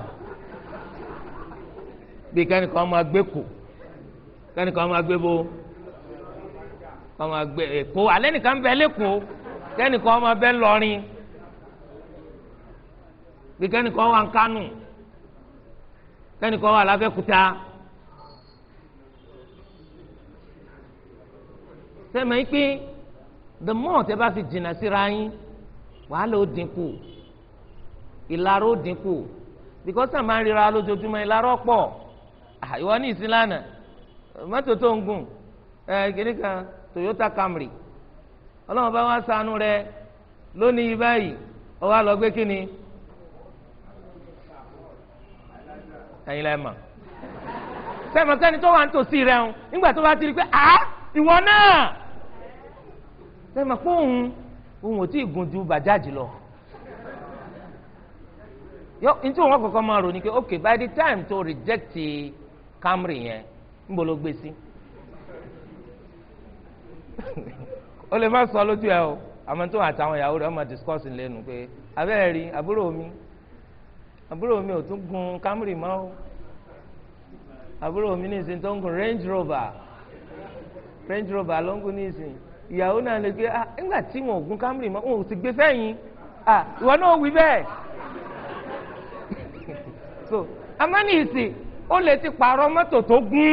bí kẹ́nìkan máa gbé kù kẹ́nìkan máa gbé bó máa gbé èkó alẹ́ nìkan bẹ lẹ́kọ̀ọ́ kẹ́nìkan máa bẹ lọ́rin bí kẹ́nìkan wà ń kánù kẹ́nìkan wà lábẹ́kúta sẹ́mi pé the more tẹ́ bá fi jìnnà síra yín wàhálà ó dínkù ìlara ó dínkù because àmà ń ríra lójoojúmọ́ ìlara ọ̀pọ̀. ìwọ ní ìsìn lánàá mọ́tò tó ń ẹ̀ kan Toyota Camry ọlọ́run bá wá ṣàánú rẹ lónìí báyìí ọwọ́ àlọ́ gbé kínni ẹ̀yin mọ̀ sẹ́mi kẹ́ni tó wà ń tòsí rẹ̀ ń nígbà tó bá ti pé a ìwọ náà sẹ́mi òun òun ò tí ì bàjáàjì lọ yọ by the time to Kamri yẹn níbo ló gbé sí o lè má sọ lójú ẹ o àmọ́ tó àtàwọn ìyàwó rẹ̀ ọmọ discourse lẹ́nu pé abẹ́rẹ́ rí àbúrò mi àbúrò mi ò tún gun mọ́ o àbúrò mi ní ìsìn tó ń gun Range Rover Range Rover ló ń gun ní ìsìn ìyàwó náà lè gbé ah nígbà tí wọn ò gun Camry mọ́ wọn ó lè ti pààrọ̀ mọ́tò tó gún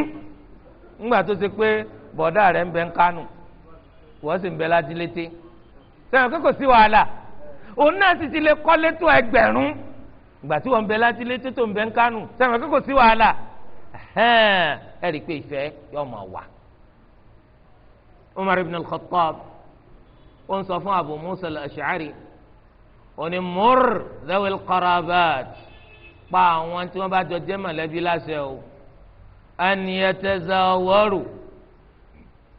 ńgbà tó ṣe pé bọ̀dá rẹ̀ ń bẹ ń kánú wọ́n sì ń bẹ láti létí sẹ́yìn kókò sí wàhálà òun náà sì ti lè kọ́lé tó ẹgbẹ̀rún ìgbà tí wọ́n ń bẹ láti létí tó ń bẹ ń kánú sẹ́yìn kókò sí wàhálà ẹ rí i pé ìfẹ́ yóò máa wà. Umar ibn al-Khattab ó ń sọ fún Abu Musa al-Ash'ari ó ní qarabat pa àwọn tí wọ́n bá jọ jẹ́ mọ̀lẹ́bí láṣẹ o àníyẹtẹ̀zàwọ́rù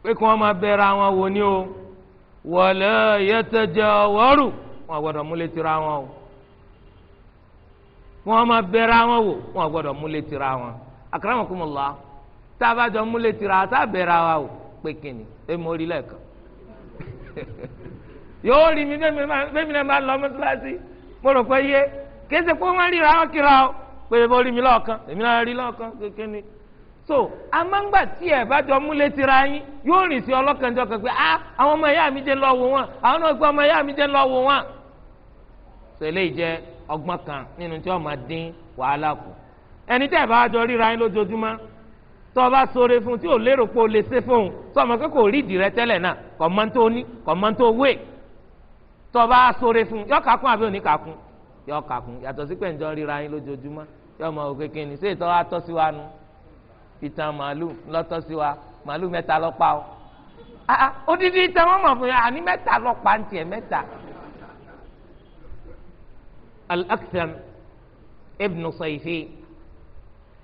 pé kí wọ́n máa bẹ̀rẹ̀ àwọn wò ní o wọlé yẹtẹ̀jẹ̀wọ́rù wọn gbọ́dọ̀ múlẹ̀ tira wọn o kí wọ́n máa bẹ̀rẹ̀ àwọn wò wọn gbọ́dọ̀ múlẹ̀ tira wọn akramakumullah tá a bá jọ múlẹ̀ tira tá a bẹ̀rẹ̀ wa o pé kìnnì pé mo rí lẹ́ẹ̀kan yóò rí mi bẹ́ẹ̀ mi náà bá lọ mọ́tíláṣí mo rò pé yé kése pé wọ́n ríra wọn kíra ọ pé bó rí mi lọ́ọ̀kan èmi náà rí lọ́ọ̀kan kékeré ni so amáǹgbà tí ẹ bá jọ múlẹ̀ tira yín yóò rìn sí ọlọ́kànjọ kan pé ah àwọn ọmọ ìyá mi jẹ́ lọ wò wọ́n àwọn náà gbọ́ ọmọ ìyá mi jẹ́ lọ wò wọ́n. sọ eléyìí jẹ́ ọgbọ́n kan nínú tí wọ́n máa dín wàhálà kù ẹni tẹ́ ẹ bá jọ ríra yín lójoojúmọ́ tó o bá fún tí o lérò pé o lè ṣe fún un tó ọmọ kẹ́kọ̀ọ́ rí ìdí rẹ náà kọ̀ tó ní kọ̀ tó wé tó o bá fún yọ kàkún àbí òní kàkún yọ kàkún yàtọ̀ sí pẹ̀ǹjọ́ ríra yín lójoojúmọ́ yọ ọmọ òkè kínní ṣé ìtọ́ wa tọ́ sí wa nu ìtàn màálù lọ́tọ́ sí wa màálù mẹ́ta lọ́ pa ọ́ ah, ah, odidi ìtàn wọn mọ̀ fún yà àní mẹ́ta lọ́ pa ń tiẹ̀ mẹ́ta. al-Aktham ibn Sayfi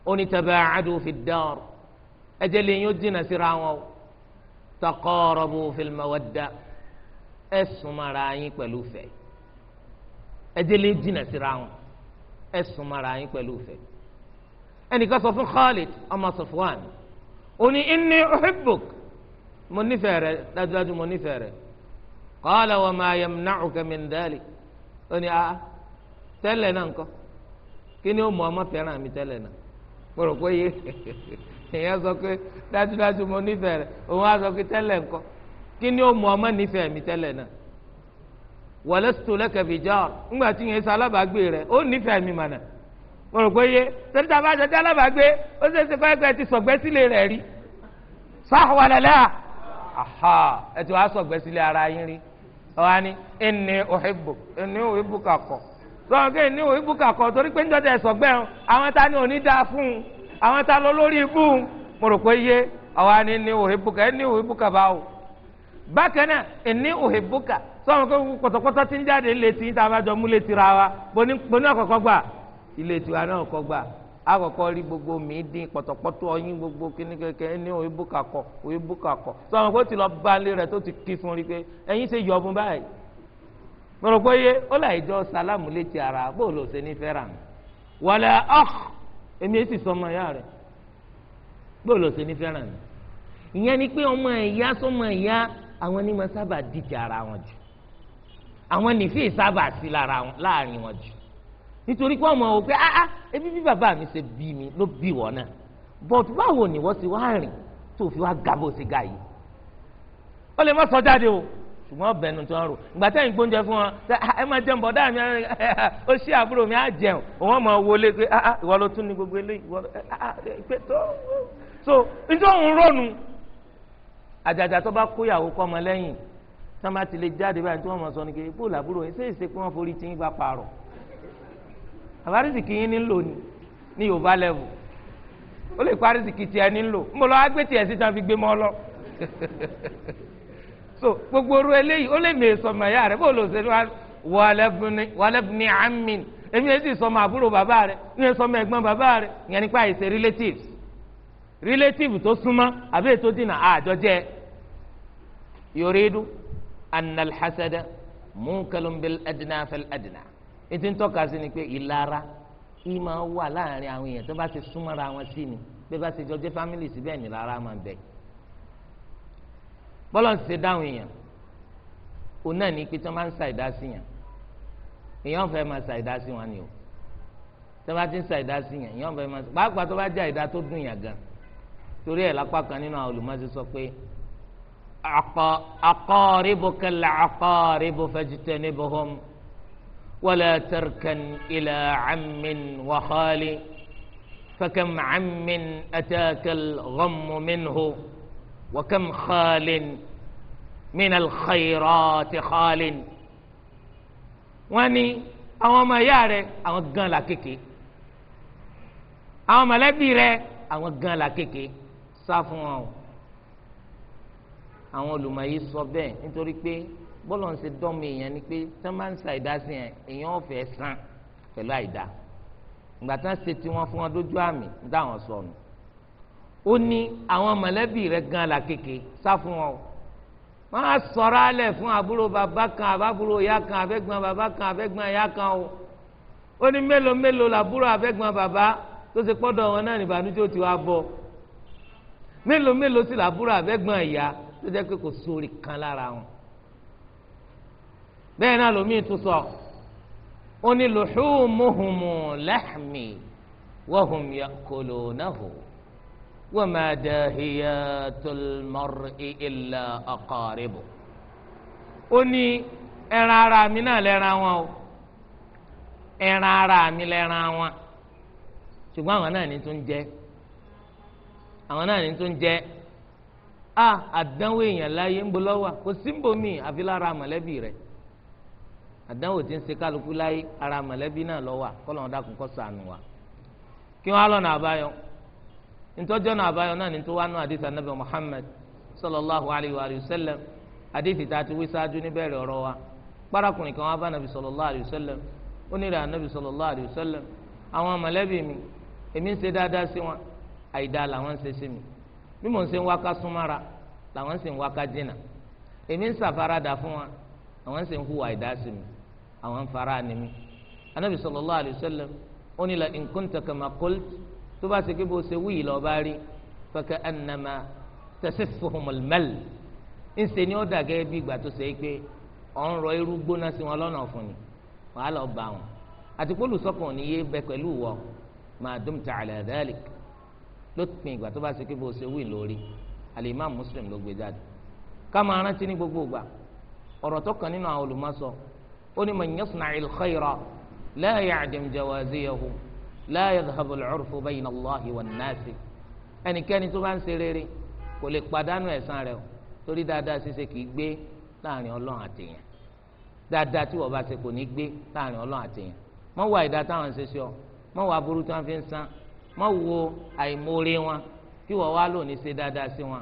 onítàbàcàdù fi dar ẹjẹ lẹ́yìn ó jìnnà síra wọn taqarabu fil mawadda ẹ̀sùn mara yín pẹ̀lú fẹ́ẹ́ ẹdẹlẹ jìnnà síra wọn ẹ sùn mara yín pẹ̀lú ìfẹ́ ẹnìkan sọ fún Khalid ọmọ Safwan ó ní inni uhibbuk mo nífẹ̀ẹ́ rẹ dájúdájú mo nífẹ̀ẹ́ rẹ qala wa ma yamna'uka min dhalik ó ní a tẹ́lẹ̀ náà ńkọ́ kí ni ó mọ ọmọ fẹ́ràn mi tẹ́lẹ̀ náà mo rò pé yé èèyàn sọ pé dájúdájú mo nífẹ̀ẹ́ rẹ òun á sọ pé tẹ́lẹ̀ ńkọ́ kí ni ó mọ ọmọ nífẹ̀ẹ́ mi tẹ́lẹ̀ náà walastu laka bi jar ńgbà tí yẹn sọ alábàágbé rẹ ó nífẹ̀ẹ́ mi mànà mo rò pé yé torí tá a bá jọjọ alábàágbé ó ṣe é ṣe pẹ́ẹ́pẹ́ ti sọ̀gbẹ́ sílé rẹ̀ rí sáhùwàlẹ́lẹ́ àhà ẹ ti wàá sọ̀gbẹ́ sílé ara yín rí ọ̀hán ni inni uhibbu inni uhibbuka kọ̀ lọ́wọ́n kí inni uhibbuka kọ̀ torí pé níjọ́ tẹ̀ sọ̀gbẹ́ o àwọn ta ni òní dáa fún un àwọn ta lọ lórí ibú bákan náà ẹni òhèbókà sọ̀rọ̀ pé pọ̀tọ̀pọ̀tọ̀ ti ń jáde ilé tí tá a bá jọ mú ilé tira wa bóní àkọ́kọ́ gbà ilé tiwa náà kọ́ gbà àkọ́kọ́ rí gbogbo mi dín pọ̀tọ̀pọ̀tọ̀ ọyìn gbogbo kíní kẹkẹ ẹni òhèbókà kọ òhèbókà kọ sọ̀rọ̀ pé ó ti lọ bá ilé rẹ̀ tó ti kí fún rí pé ẹ̀yin ṣe yọ ọbùn báyìí mọ̀rọ̀ pé yé ó láì jọ sálámù létí ara bóòlù ṣe ní fẹ́ràn ìyẹn ni pé ọmọ ìyá sọmọ ìyá àwọn ni máa sábà dìtẹ̀ ara wọn jù àwọn nìfẹ́ sábà sí láàrin wọn jù nítorí pé ọmọ òkè áá ebi bí bàbá mi ṣe bí mi ló bí wọ náà but báwo ni wọ́n ti wá rìn tó fi wá gàbó sí ga yìí ó lè má sọ jáde o ṣùgbọ́n ọbẹ̀nu tó ń rò ìgbà tẹ́yìn gbóúnjẹ fún wọn ah, ah, ẹ máa jẹun bọ̀dá mi ó ṣí àbúrò mi á jẹun òun ọmọ wọlé pé ah, ìwọ ló tún ní gbogbo eléyìí ìwọ pé tó so nítorí òun rónú àjàjà tó bá kó ìyàwó kọ́ ọmọ lẹ́yìn tí wọ́n bá ti lè jáde báyìí tí wọ́n mọ̀ sọ ni kéèké bóòlù àbúrò ẹ̀ ṣèṣe pé wọ́n forí tiyín gba pààrọ̀ àbáríṣìkì yín nílò ni ní yorùbá level ó lè paríṣìkì tiẹ̀ nílò ń bọ̀ lọ́wọ́ agbé tiẹ̀ sí tán fi gbé mọ́ lọ so gbogbo oru eléyìí ó lè mèé sọmọ ẹ̀yà rẹ̀ bóòlù òṣèlú wàlẹ́bùnì àmì èmi èsì sọmọ àbúrò bàbá rẹ̀ relatives relative tó súnmọ́ àbí ètò dínà àjọ jẹ́ yuridu anal hasada munkalun bil adna fil adna ètò ń tọ́ka sí ni pé ìlara ìmọ̀ wà láàrin àwọn èèyàn tó bá ti súnmọ́ra wọn sí ni bí bá ti jọ jẹ́ family sí bẹ́ẹ̀ ni lára máa bẹ̀. bọ́lá ti ṣe dáhùn èèyàn òun náà ní pé tí wọ́n máa ń ṣàìdá sí yàn èèyàn fẹ́ máa ṣàìdá sí wọn ni o tí wọ́n bá ti ń ṣàìdá sí yàn èèyàn fẹ́ máa pàápàá tó bá jẹ́ àìdá tó dùn yàn gan-an torí ẹ̀ lápá kan nínú àwọn olùmọ̀ọ́sí sọ pé akọ aqaribuka al-aqaribu fajtanibhum wala tarkan ila ammin wa khali fakam ammin ataka al-ghammu minhu wa kam khalin min al ti khalin wọ́n ní àwọn ọmọ ìyá rẹ̀ àwọn gan la kéke àwọn mọ̀lẹ́bí rẹ̀ àwọn gan la kéke sá fún wọn o àwọn olùmọ̀yé sọ bẹ́ẹ̀ nítorí pé bọ́lọ̀ ń ṣe dọ́mọ èèyàn ni pé tí wọ́n bá ń sa ìdá sí yẹn èèyàn ọ̀fẹ́ san pẹ̀lú àìdá ìgbà tí wọ́n ṣe tiwọn fún wọn dójú àmì ń dáwọn sọnù ó ní àwọn mọ̀lẹ́bí rẹ̀ gan la kéke sá fún wọn o máa sọ̀rọ̀ alẹ̀ fún àbúrò bàbá kan àbábúrò ìyá kan abẹ́gbọ́n bàbá kan abẹ́gbọ́n ìyá kan o ó ní mélòó mélòó làbúrò abẹ́gbọ́n bàbá tó ṣe pọ́dọ̀ wọn náà níbànújẹ́ ó ti wá bọ̀ mélòó mélòó sì làbúrò àbẹ́gbọ́n ìyá tó jẹ́ pé kò sórí kan lára wọn. bẹ́ẹ̀ náà lómii tún sọ ó ní luhumuhumu lahmi wahum yakulunahu wa ma dahiyatul mar'i illa aqaribu. ó ní ẹran ara mi náà lẹ́ran wọn o ẹran ara mi lẹ́ran wọn ṣùgbọ́n àwọn náà ní tún jẹ́ àwọn náà ní tó ń jẹ a àdánwò èèyàn láyé ń lọ́wọ́ kò símbò míì àfi lára mọ̀lẹ́bí rẹ̀ àdánwò ti ń kálukú ara mọ̀lẹ́bí náà lọ́wọ́ kọ́lọ́n dákun kó ṣàánú wa kí wọ́n á lọ́nà àbáyọ ntọ́jọ́ náà àbáyọ náà ní tó wá nú àdìsí anábẹ́ Muhammad sallallahu alayhi wa sallam àdìsí ti wí sáájú wa kparakùnrin kan wá bá nàbì sallallahu alayhi wa sallam ó àìdá làwọn ń ṣe sí mi bí mò ń ṣe ń wá ká súnmọ́ra làwọn ń ṣe ń wá ká jìnnà èmi ń ṣàfaradà fún wa àwọn ń ṣe ń hùwà àìdá sí mi àwọn ń fara ni mi anabi sallallahu alayhi wa sallam ó ní la in kunta kama qult tó bá ṣe kí bó ṣe wíyì lọ bá rí faka annama tasifuhumul mal ń ṣe ni ó dà gẹ́gẹ́ bí ìgbà tó ṣe é pé ọ̀ ń rọ irú gbóná sí wọn lọ́nà ọ̀fun ni wàhálà ọba wọn àti olùsọ́kàn ò ní yé bẹ pẹ̀lú wọ màdùm tààlà dálíkì lópin ìgbà tó bá ṣe pé bó ṣe wí lórí alimami muslim ló gbé jáde káma arántí ní gbogbo ìgbà ọ̀rọ̀ tó kàn nínú àwọn olùmọ̀sọ ó ní man yasna'il khayra la ya'dam jawaziyahu la yadhhabu al-'urfu bayna Allahi wan-nasi ẹnikẹ́ni tó bá ń ṣe rere kò lè padànù ẹ̀san rẹ̀ o torí dáadáa ṣíṣe kì í gbé láàrin ọlọ́run àtẹ̀yàn dáadáa tí wọ́n bá ṣe kò ní gbé láàrin ọlọ́run àtẹ̀yàn mọ́wàá ìdá táwọn ń ṣe sí ọ mọ́wàá burú tí wọ́n fi ń san má wo àìmoore wọn kí wọ́n wá lónìí ṣe dáadáa sí wọn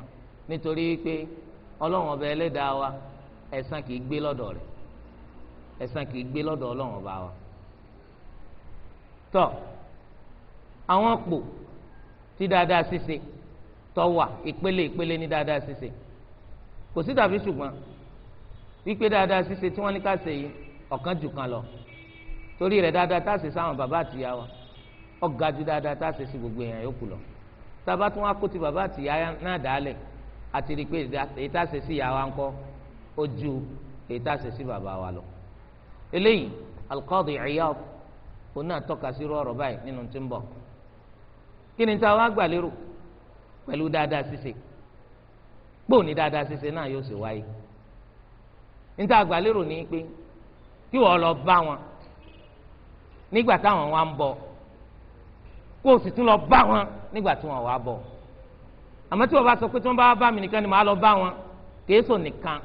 nítorí pé ọlọ́run ọba ẹlẹ́dàá wa ẹ̀san kìí gbé lọ́dọ̀ rẹ̀ ẹ̀san kìí gbé lọ́dọ̀ ọlọ́run ọba wa. tọ́ àwọn pò tí dáadáa ṣíṣe tọ́wà ìpele ìpele ní dáadáa ṣíṣe kò sí tàbí ṣùgbọ́n wípé dáadáa ṣíṣe tí wọ́n ní ká ṣe yìí ọ̀kan jù kan lọ torí rẹ̀ dáadáa tá a ṣe sáwọn bàbá àtìyá wa ọ̀gá ju dáadáa tá a ṣe sí gbogbo èèyàn yòókù lọ tába tún wá kó ti bàbá àti ìyá náà dálẹ̀ àti rí i pé èyí tá a ṣe sí ìyá wa ńkọ́ ó ju èyí tá a ṣe sí bàbá wa lọ. eléyìí alqadi Iyad òun náà tọ́ka sí rọ̀rọ̀ báyìí nínú tí ń bọ̀ kí ni táwa gbà lérò pẹ̀lú dáadáa ṣíṣe gbóò ní dáadáa ṣíṣe náà yóò ṣe wáyé níta àgbà lérò ní pé kí wọ́n lọ bá wọn nígbà táwọn wa ń bọ̀ kó o sì tún lọ bá wọn nígbà tí wọn wà bọ̀ àmọ́ tí wọ́n bá sọ pé tí wọ́n bá bá mi nìkan ni màá lọ bá wọn kèésò nìkan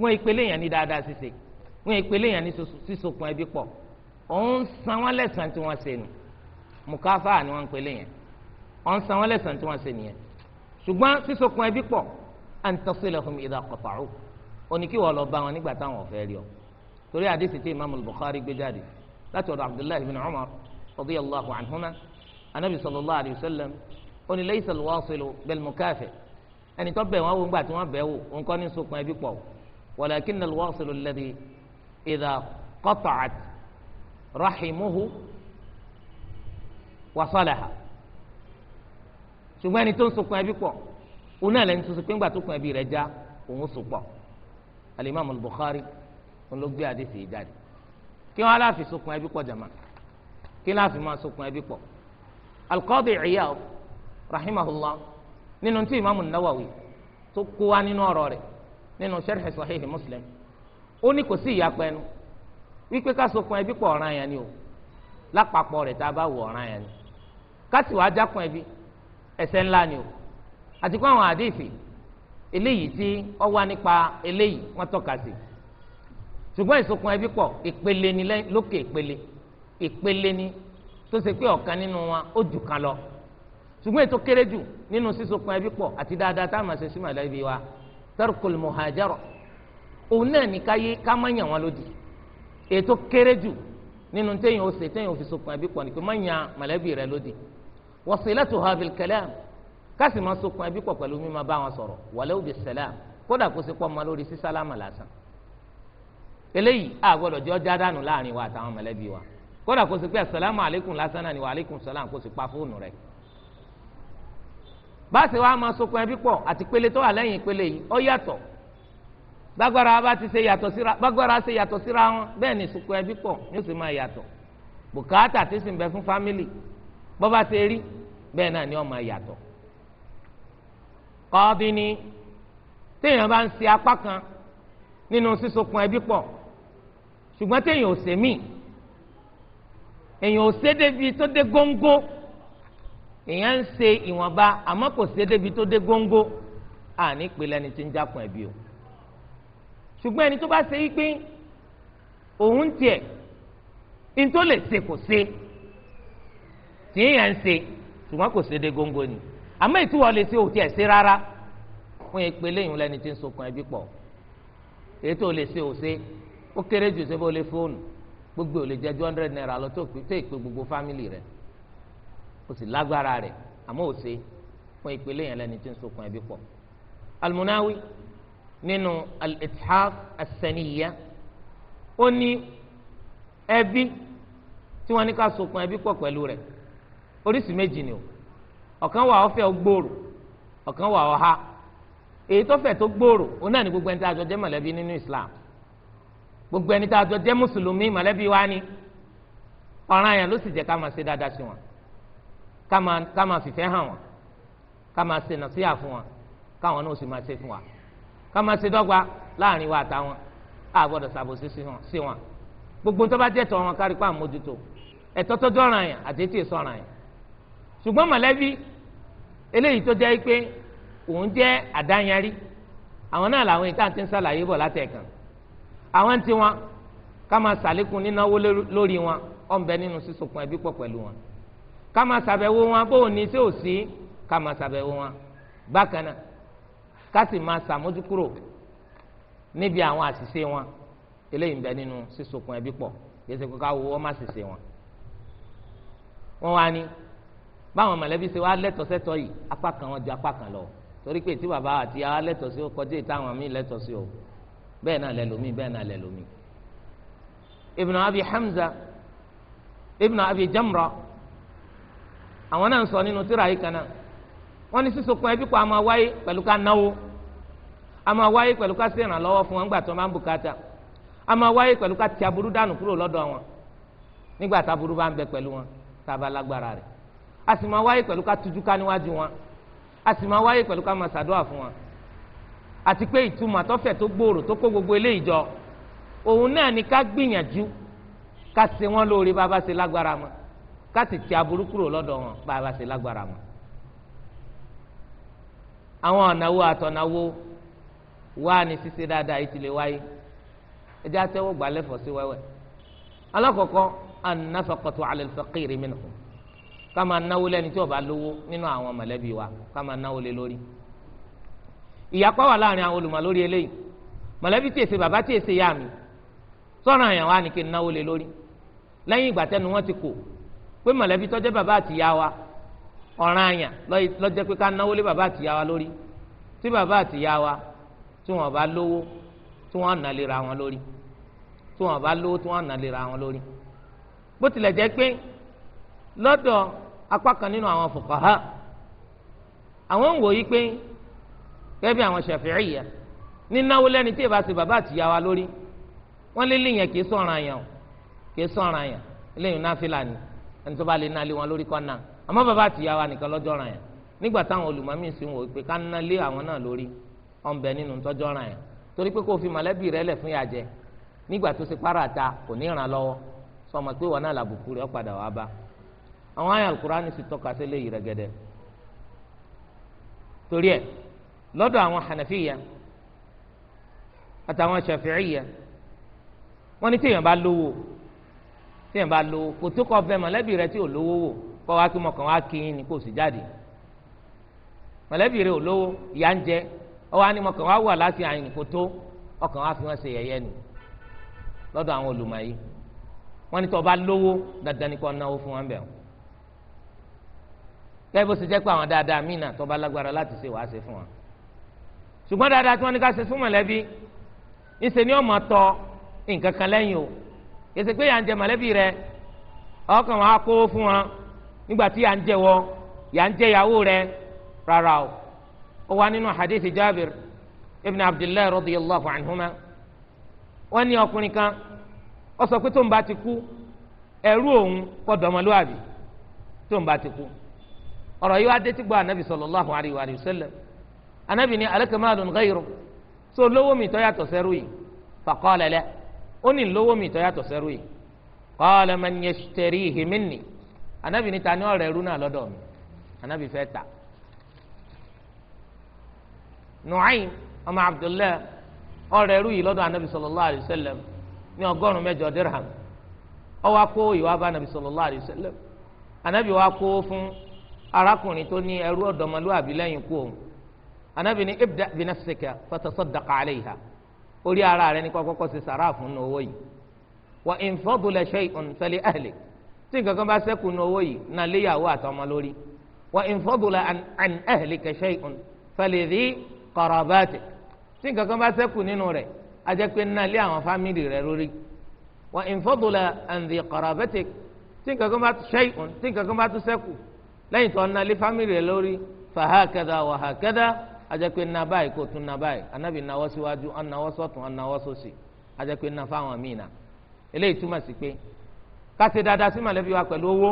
wọ́n ìpele yẹn ní dáadáa ṣiṣe wọ́n ìpele yẹn ní sísokùn ẹbí pọ̀ òun san wọ́n lẹ́sàn tí wọ́n ṣe nù mùkáfà ni wọ́n ń yẹn òun san wọ́n lẹ́sàn tí wọ́n ṣe nìyẹn ṣùgbọ́n sísokùn ẹbí pọ̀ an tasilahum idha qata'u òní kí wọ́n lọ bá wọn nígbà táwọn ọ̀fẹ́ rí ọ torí àdìsí tí imaamu Bukhari gbé jáde láti ọ̀dọ̀ Abdullahi bin Umar radiyallahu anhuma anabi sallallahu alayhi wa sallam ó ní laysa al-wasilu bil-mukafi ẹni tó bẹ̀ wọ́n wò ńgbà tí wọ́n bẹ̀ wò nǹkan ní sokùn ẹbí pọ̀ walakinna al-wasilu alladhi idha qata'at rahimuhu wasalaha ṣùgbọ́n ẹni tó ń sokùn ẹbí pọ̀ òun náà lẹ́ni tó sọ pé ńgbà tó kùn ẹbí rẹ̀ já òun so pọ̀ alimami Bukhari òun ló gbé adé sí i jáde kí wọ́n aláàfin sokùn ẹbí pọ̀ jàmá kí wọ́n aláàfin máa sokùn ẹbí pọ̀ alqadi Iyad rahimahullah nínú tí imaamu nawawi tó kó wa nínú ọ̀rọ̀ rẹ̀ nínú sharh sahihi muslim ó ní kò sí ìyapa ẹnu wípé ká so kun ẹbí pọ̀ ọ̀ràn yẹn ni o lápapọ̀ rẹ̀ tá a bá wò ọ̀ràn yẹn ni ká sì wá já kun ẹbí ẹ̀ṣẹ̀ ni o àti kó àwọn àdéhìfì eléyìí tí ó wá nípa eléyìí wọ́n tọ́ka sí ṣùgbọ́n ìsokùn ẹbí pọ̀ ìpele ni lókè ìpele ìpele ni tó ṣe pé ọ̀kan nínú wọn ó jù kan lọ ṣùgbọ́n ètò kéré jù nínú sísokun ẹbí pọ̀ àti dáadáa tá a máa ṣe sí mọ̀lẹ́bí wa tarkul muhajara òun náà ní ká yé ká má yàn wọn lódì ètò kéré jù nínú téèyàn ó ṣe téèyàn ó fi sokun ẹbí pọ̀ ní má yàn mọ̀lẹ́bí rẹ lódì wasilatuha bil kalam ká sì máa sokun ẹbí pọ̀ pẹ̀lú mímá bá wọn sọ̀rọ̀ walau bis salam kódà kó ṣe pọ̀ mọ́ lórí sísálámà lásán eléyìí àgbọ̀dọ̀ jẹ́ ọjà dànù láàrin kódà kó sì pé asalaamu aleykum lásán náà ni wa aleykum salaam kó sì pa fóònù rẹ̀ báàsì wa máa sokun ẹbí pọ̀ àti pele tó wà lẹ́yìn pele yìí ó yàtọ̀ bágbára bá ti ṣe yàtọ̀ síra bágbára ṣe yàtọ̀ síra wọn bẹ́ẹ̀ ni sokun ẹbí pọ̀ ni ó sì máa yàtọ̀ bùkátà ti sì ń bẹ fún fámìlì bọ́ba ṣe rí bẹ́ẹ̀ náà ni ó máa yàtọ̀ kọ́ọ́bí ni téèyàn bá ń ṣe apá kan nínú sísokun ẹbí pọ̀ ṣùgbọ́n téèyàn ò ṣèmíì èèyàn ò ṣe débi tó dé góńgó èèyàn ń se ìwọ̀nba àmọ́ kò ṣe débi tó dé góńgó àní ìpele ẹni tí ń jápọn ẹbí o ṣùgbọ́n ẹni tó bá ṣe wípé òun tiẹ̀ ní lè ṣe kò ṣe tí èèyàn ń ṣe ṣùgbọ́n kò ṣe góńgó ni àmọ́ ìtúwọ́ lè ṣe òun tiẹ̀ ṣe rárá fún ìpele ìhun lẹni tí ń sokùn ẹbí pọ̀ èyí lè ṣe òṣe ó kéré jù ṣe bó lè fóònù gbogbo ò lè jẹ two hundred naira lọ tó pé pé gbogbo fámìlì rẹ kò sì lágbára rẹ àmọ́ ò ṣe fún ìpele yẹn lẹni tí ń sokùn ẹbí pọ̀ almunawi nínú al-ithaf as ó ní ẹbí tí wọ́n ní ká sokùn ẹbí pọ̀ pẹ̀lú rẹ̀ oríṣìí méjì ni o ọ̀kan wà ọ̀fẹ́ ọgbòòrò ọ̀kan wà ọ̀ha èyí tó fẹ̀ tó gbòòrò òun náà ní gbogbo ẹni tí a jọ jẹ́ mọ̀lẹ́bí nínú islam gbogbo ẹni tá a jọ jẹ́ mùsùlùmí mọ̀lẹ́bí wa ni ọ̀ràn yẹn ló sì jẹ́ ká máa ṣe dáadáa sí wọn ká máa ká fìfẹ́ hàn wọn ká máa ṣe nàṣíyà fún wọn káwọn náà sì máa ṣe fún wa ká máa ṣe dọ́gba láàrin wa àtàwọn a gbọ́dọ̀ ṣàbòsí sí wọn gbogbo tó bá jẹ́ tọ̀ wọn kárí pa àmójútó ẹ̀tọ́ tó jọ̀ràn yẹn àti ètò ìsọ̀ràn yẹn ṣùgbọ́n mọ̀lẹ́bí eléyìí tó jẹ́ pé òun jẹ́ àdáyanrí àwọn náà làwọn ìtàn àwọn tí wọn ká máa ṣàlékún nínáwó lórí wọn ọ̀nbẹ nínú sísokùn ẹbí pọ̀ pẹ̀lú wọn ká máa ṣàbẹ̀wò wọn bó o ní sí òsì ká máa ṣàbẹ̀wò wọn bákan náà ká sì máa ṣàmójúkúrò níbi àwọn àṣìṣe wọn eléyìí ń bẹ nínú sísokùn ẹbí pọ̀ yẹsẹ̀ kó ká wo wọn má ṣìṣe wọn. wọn wá ní báwọn mọ̀lẹ́bí ṣe wá lẹ́tọ̀ọ́sẹ́tọ̀ yìí apá kan wọn ju apá kan lọ torí pé tí bàbá àti alẹ́tọ̀ọ́sí ó kọjá ìtàwọn míì lẹ́tọ̀ọ́sí o bẹ́ẹ̀ náà lẹ́lòmíì bẹ́ẹ̀ náà lẹ́lòmíì ibn abi hamza ibn abi jamra àwọn náà ń sọ nínú tírà yìí kan náà wọ́n ní sísokun ẹbí kọ́ a máa wáyé pẹ̀lú ká náwó a máa wáyé pẹ̀lú ká sí ìrànlọ́wọ́ fún wọn nígbà tó máa ń bùkátà a máa wáyé pẹ̀lú ká ti aburú dànù kúrò lọ́dọ̀ wọn nígbà tá bá ń bẹ pẹ̀lú wọn tá lágbára rẹ̀ a wáyé pẹ̀lú ká tújú ká níwájú wọn a wáyé pẹ̀lú ká máa ṣàdúrà fún wọn àti pé ìtumọ̀ àtọ́fẹ̀ tó gbòòrò tó kó gbogbo eléyìí jọ òun náà ni ká gbìyànjú ká ṣe wọ́n lóore bá a bá ṣe lágbára mọ́ ká sì ti aburú kúrò lọ́dọ̀ wọn bá a bá ṣe lágbára mọ́. àwọn ọ̀nàwó àtọ̀nàwó wá ní ṣíṣe dáadáa yìí ti lè wáyé ẹjẹ́ àtẹ́wọ́ gbà lẹ́fọ̀ sí wẹ́wẹ́. alákọ̀ọ́kọ́ an-nafaqatu ala al-faqiri ká máa náwó lẹ́ni tí ò bá lówó nínú àwọn mọ̀lẹ́bí wa ká máa náwó lé lórí ìyapa wà láàrin àwọn olùmọ̀ lórí eléyìí mọ̀lẹ́bí tí èsè bàbá tí èsè yá mi sọ̀rọ̀ àyàn wa ni kí n náwó lé lórí lẹ́yìn ìgbà tẹnu wọn ti kò pé mọ̀lẹ́bí tó jẹ́ bàbá àti ìyá wa ọ̀ràn àyàn ló jẹ́ pé ká náwó lé bàbá àti ìyá wa lórí tí bàbá àti ìyá wa tí wọn bá lówó tí wọn nà lera wọn lórí tí wọn bá lówó tí wọn nà lera wọn lórí bó tilẹ̀ jẹ́ pé lọ́dọ̀ apá kan nínú àwọn fuqaha àwọn ń wòye pé kẹ́bí àwọn Ṣafi'iyya nínáwó lẹ́ni tí ìbá bàbá àtìyá wa lórí wọ́n lé lẹ́yìn kì í sọ̀ràn àyàn o kì í sọ̀ràn àyàn lẹ́yìn náfìlà ni ẹni tó bá lè ná lé wọn lórí kọ́ náà àmọ́ bàbá àtìyá wa nìkan lọ́jọ́ ràn yàn nígbà táwọn olùmọ̀mí sì ń wò pé ká ná lé àwọn náà lórí ọ̀n bẹ nínú tọ́jọ́ ràn yàn torí pé kó fi mọ̀lẹ́bí rẹ lẹ̀ fún yàjẹ́ nígbà tó ṣe para ta kò ní ràn lọ́wọ́ sọmọ pé wọn náà làbùkù rẹ padà wá lọ́dọ̀ àwọn hànàfíyà àtàwọn ṣàfíìyà wọ́n ní téèyàn bá lówó téèyàn bá lówó kò tó kọ́ fẹ́ mọ̀lẹ́bí rẹ tí ò lówó wò kọ́ wá kí mọ̀kàn wá kí yín ni kò sì jáde mọ̀lẹ́bí rẹ ò lówó ìyá ń jẹ ọwọ́ ní mọ̀kàn wá wà láti àyìn kò tó ọkàn wá fi ṣe lọ́dọ̀ àwọn wọ́n ní tó bá lówó dandan ni kò náwó fún wọn kẹ́ bó ṣe jẹ́ pé ṣùgbọ́n dáadáa tí wọ́n ní ká ṣe fún mọ̀lẹ́bí ni ọmọ tọ nǹkan kan lẹ́yìn o kèsì pé yà jẹ mọ̀lẹ́bí rẹ ọkàn wọn á kówó fún wọn nígbà tí jẹ wọ yà jẹ ìyàwó rẹ rárá o ó wà nínú hadith Jabir ibn Abdullahi radiyallahu anhuma wọ́n ní ọkùnrin kan ó sọ pé tó ń bá ti kú ẹrú òun kọ́ dọ̀mọlúwàbí tó ń bá ti kú ọ̀rọ̀ yìí wá dé tí gbọ́ anabi ni alaka malun ghayru so lówó mi tó yàtọ̀ sẹ́rù yìí faqala la ó ní lówó mi tó yàtọ̀ sẹ́rù yìí qala man yashtarihi minni anabi ni ta ni ọ̀rẹ́ ẹrú náà lọ́dọ̀ mi anabi fẹ́ ta nu'aym ọmọ abdullahi ọ̀rẹ́ ẹrú yìí lọ́dọ̀ anabi sallallahu alayhi wa sallam ní ọgọ́rùn mẹ́jọ dirham ó wá kó ìwà bá anabi sallallahu alayhi wa anabi wá kó fún arákùnrin tó ní ẹrú ọ̀dọ́mọlúwàbí lẹ́yìn kú òun anabi ni ibda binafsika fatasaddaqa alayha orí ara rẹ ní kọ́kọ́ ṣe sàrà fún owó yìí wa in fadula shay'un fali ahlik tí nǹkan kan bá ṣẹ́kù ní owó yìí náà léyàwó àtọmọ lórí wa in fadula an ahlika shay'un fali dhi qarabatik tí nǹkan bá ṣẹ́kù nínú rẹ̀ a pé náà lé àwọn fámìlì rẹ̀ lórí wa in an dhi qarabatik tí nǹkan kan bá shay'un tí nǹkan bá tún ṣẹ́kù lẹ́yìn tó náà lé fámìlì rẹ̀ lórí fa hakadha wa hakadha ajakpe na báyìí kò tún na báyìí anabi nawọ́ síwájú anawọ́ sọ́tún anawọ́ sósì ajakpe na fáwọn míì na eléyìí túmọ̀ sí pé kásẹ̀ dáadáa sí màlẹ́bí wa pẹ̀lú owó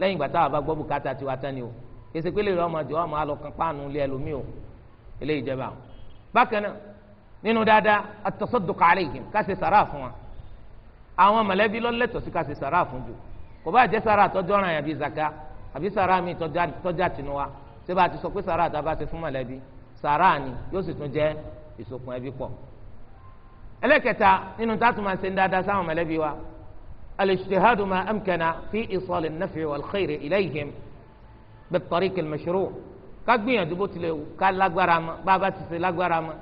lẹ́yìn ìgbà táwa bá gbọ́ bùkátà tiwa tán ni o kèsì pé lèrè ọmọ àjọ ọmọ alọ́kan páànù lé ẹlòmíì o eléyìí jẹba o bákan náà nínú dáadáa at-tasadduq alayhim kásẹ̀ sàrà fún wa àwọn mọ̀lẹ́bí lọ́lẹ́tọ̀ sí kásẹ̀ sàrà fún ju kò bá jẹ́ sàrà tọ́jú ọ̀ràn zaka àbí sàrà mi tọ́jà tìǹwá ṣé bá ti sọ pé sàrà tá a bá ṣe fún sàrà ni yóò sì tún jẹ́ ìsopọ̀ ẹbí pọ̀ ẹlẹ́kẹta nínú tààtù máa ń ṣe ń dáadáa sáwọn mọ̀lẹ́bí wa al-ijtihadu ma amkana fi isal an-naf'i wal-khayri ilayhim bit-tariq al bó tilẹ̀ ká lágbára mọ́ bá ti ṣe lágbára mọ́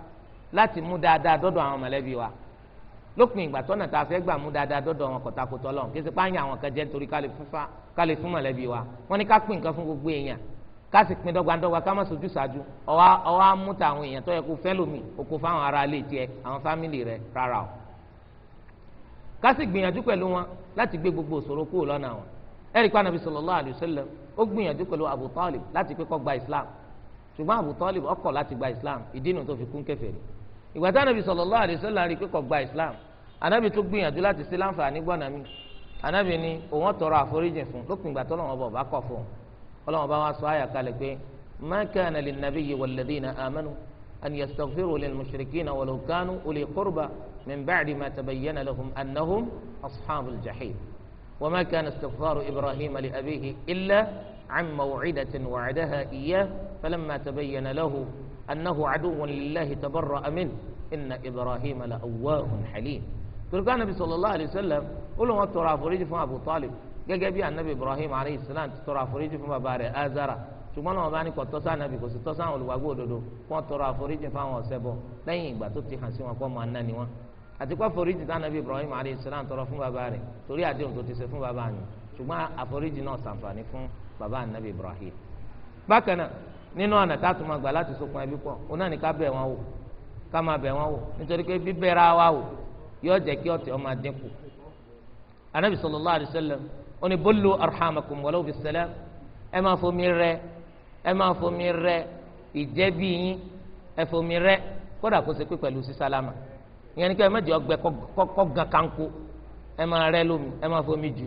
láti mú dáadáa dọ́dọ̀ àwọn mọ̀lẹ́bí wa lópin ìgbà tọ́nà tá fẹ́ gbà mú dáadáa dọ́dọ̀ àwọn kọ̀tàkùtọ̀ lọ́n kí ẹ ká sì pín dọ́gbandọ́gba ká saju, sojú ṣáájú ọwọ́ ọwọ́ amúta àwọn èèyàn tó yẹ kó fẹ́ lómi oko fáwọn ará ilé tiẹ̀ àwọn fámìlì rẹ rárá o ká sì gbìyànjú pẹ̀lú wọn láti gbé gbogbo òṣòro kúrò lọ́nà wọn ẹ̀rí pa nàbí sallallahu alayhi wa sallam ó gbìyànjú pẹ̀lú Abu Talib láti pé kó gba Islam ṣùgbọ́n Abu Talib ó kọ̀ láti gba Islam ìdí nu tó fi kún kèfèrí ìgbà tá nàbí sallallahu alayhi wa sallam rí Islam anabi tó gbìyànjú láti ṣe láǹfààní gbọ́nà mi anabi ni òun tọrọ àforíjì fún lópin ìgbà tó lọ́wọ́ bọ̀ ọlọ́run bá wá sọ àyà kalẹ̀ pé ma kana linnabiyyi walladhina amanu an yastaghfiru lilmushrikina walau kanu uli qurba min ba'di ma tabayyana lahum annahum ashabul jahim وما كان استغفار إبراهيم لأبيه إلا عن موعدة وعدها إياه فلما تبين له أنه عدو لله تبرأ منه إن إبراهيم لأواه حليم تلقى النبي صلى الله عليه وسلم قل ما ترى فريج abu talib. gẹ́gẹ́ bí anabi ibrahim alayhi salam ti tọrọ àforíjì fún bàbá rẹ̀ azara ṣùgbọ́n náà bá ní kò tọ́sán anabi kò sì tọ́sán olùwàgbọ́ òdodo wọ́n tọrọ àforíjì fáwọn ọ̀sẹ̀ bọ̀ lẹ́yìn ìgbà tó ti hàn sí wọn kọ́ máa ná wọn àti kó àforíjì tí anabi ibrahim alayhi salam tọrọ fún bàbá rẹ̀ torí àdéhùn tó ti ṣe fún bàbá mi ṣùgbọ́n àforíjì náà ṣàǹfààní fún bàbá anabi ibrahim bákan náà nínú ọ̀nà tá anabi sallallahu alayhi wa sallam ó ní bólú arhamakum wọlé òfin sẹlẹm ẹ máa fomi rẹ ẹ máa fomi rẹ ìjẹbi yín ẹ fomi rẹ kódà kó ṣe pé pẹ̀lú sísálámà ìyẹn ni pé ẹ má jẹ́ ọgbẹ kọ́ gan kanko ẹ máa rẹ lómi ẹ máa fomi jù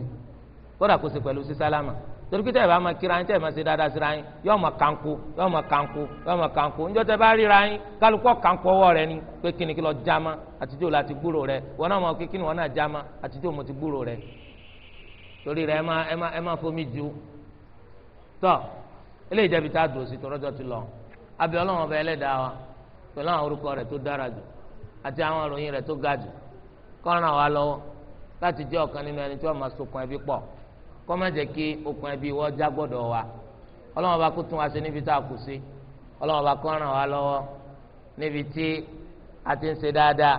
kódà kó ṣe pẹ̀lú sísálámà torí pé tẹ́ ẹ bá máa kíra yín tẹ́ ẹ máa ṣe dáadáa síra yín yóò máa kanko yóò máa kanko yóò máa kanko níjọ́ tẹ́ bá ríra yín kálukọ́ kanko ọwọ́ rẹ ni pé kíni kí lọ jáma àtijọ́ la ti gbúrò rẹ wọn náà máa kí kíni wọn náà jáma àtijọ́ mo ti gbúrò rẹ torí rẹ ẹ má ẹ má ẹ má fomi ju tọ eléyìí jẹbi tá a dùn sí tọrọjọ ti lọ abẹ Ọlọ́run ọba Ẹlẹ́dàá wa pẹ̀lú àwọn orúkọ rẹ tó dára jù àti àwọn re rẹ tó ga jù wa lọwọ láti jẹ́ ọkan nínú ẹni tí wọ́n máa sokun ẹbí pọ̀ kó má kí okun wa ọba kó tún wa níbi tá a kù sí ọba níbi tí a ti ń ṣe dáadáa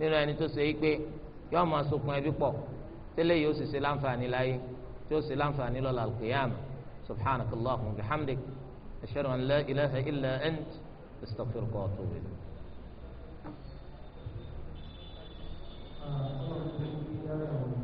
nínú ẹni tó ṣe é pé yóò máa sokun ẹbí pọ̀ tẹ́lẹ̀ yóò sì ṣe láǹfààní láyé tí ó ṣe láǹfààní lọ́la alqiyama subhanaka allahumma bihamdik ashhadu an la ilaha illa ant astaghfiruka wa atubu ilayk. Ah, thank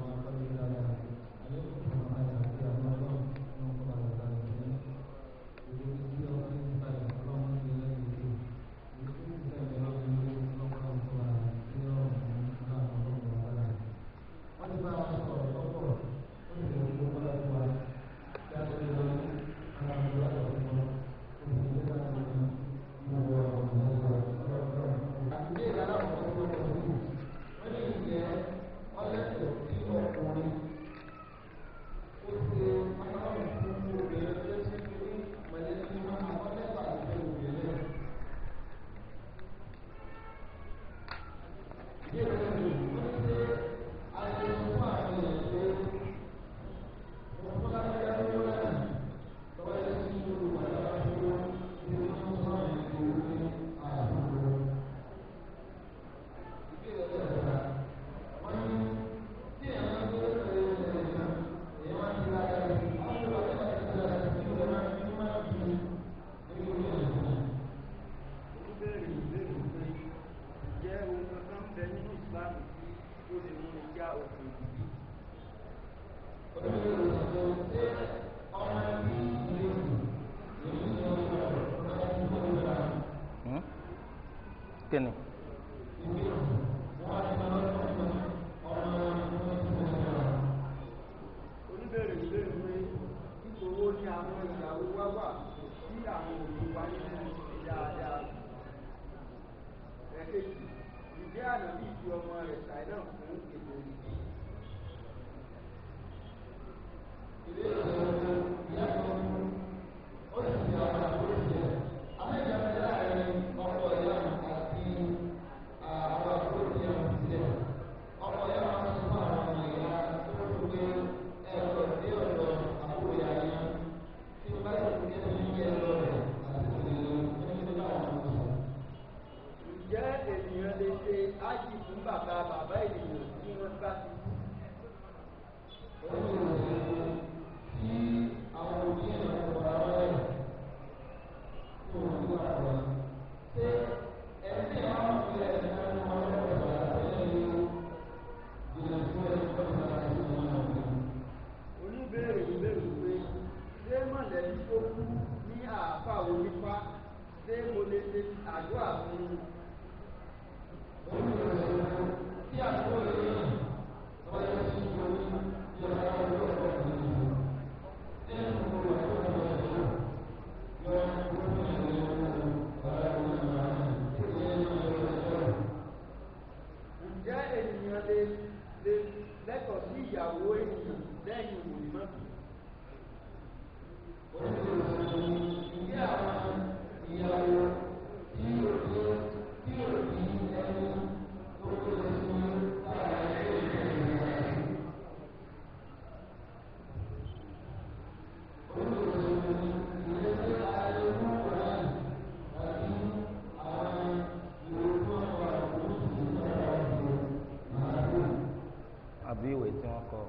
àbí ìwé tí wọ́n kọ.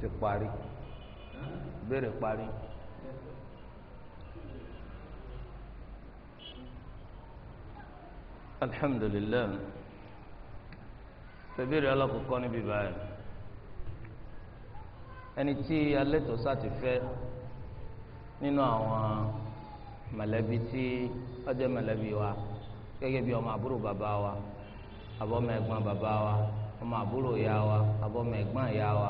ti parí ìbéèrè parí. alhamdulilayi fẹbíìrì alákòókò níbi báyìí ẹni tí alẹ́tọ̀ọ́ sáti fẹ́ nínú àwọn mọ̀lẹ́bí tí ọjọ́ mọ̀lẹ́bí wa gẹ́gẹ́ bí ọmọ àbúrò bàbá wa abọ́mọ ẹ̀gbọ́n bàbá wa ọmọ àbúrò ìyá wa abọ́mọ ẹ̀gbọ́n ìyá wa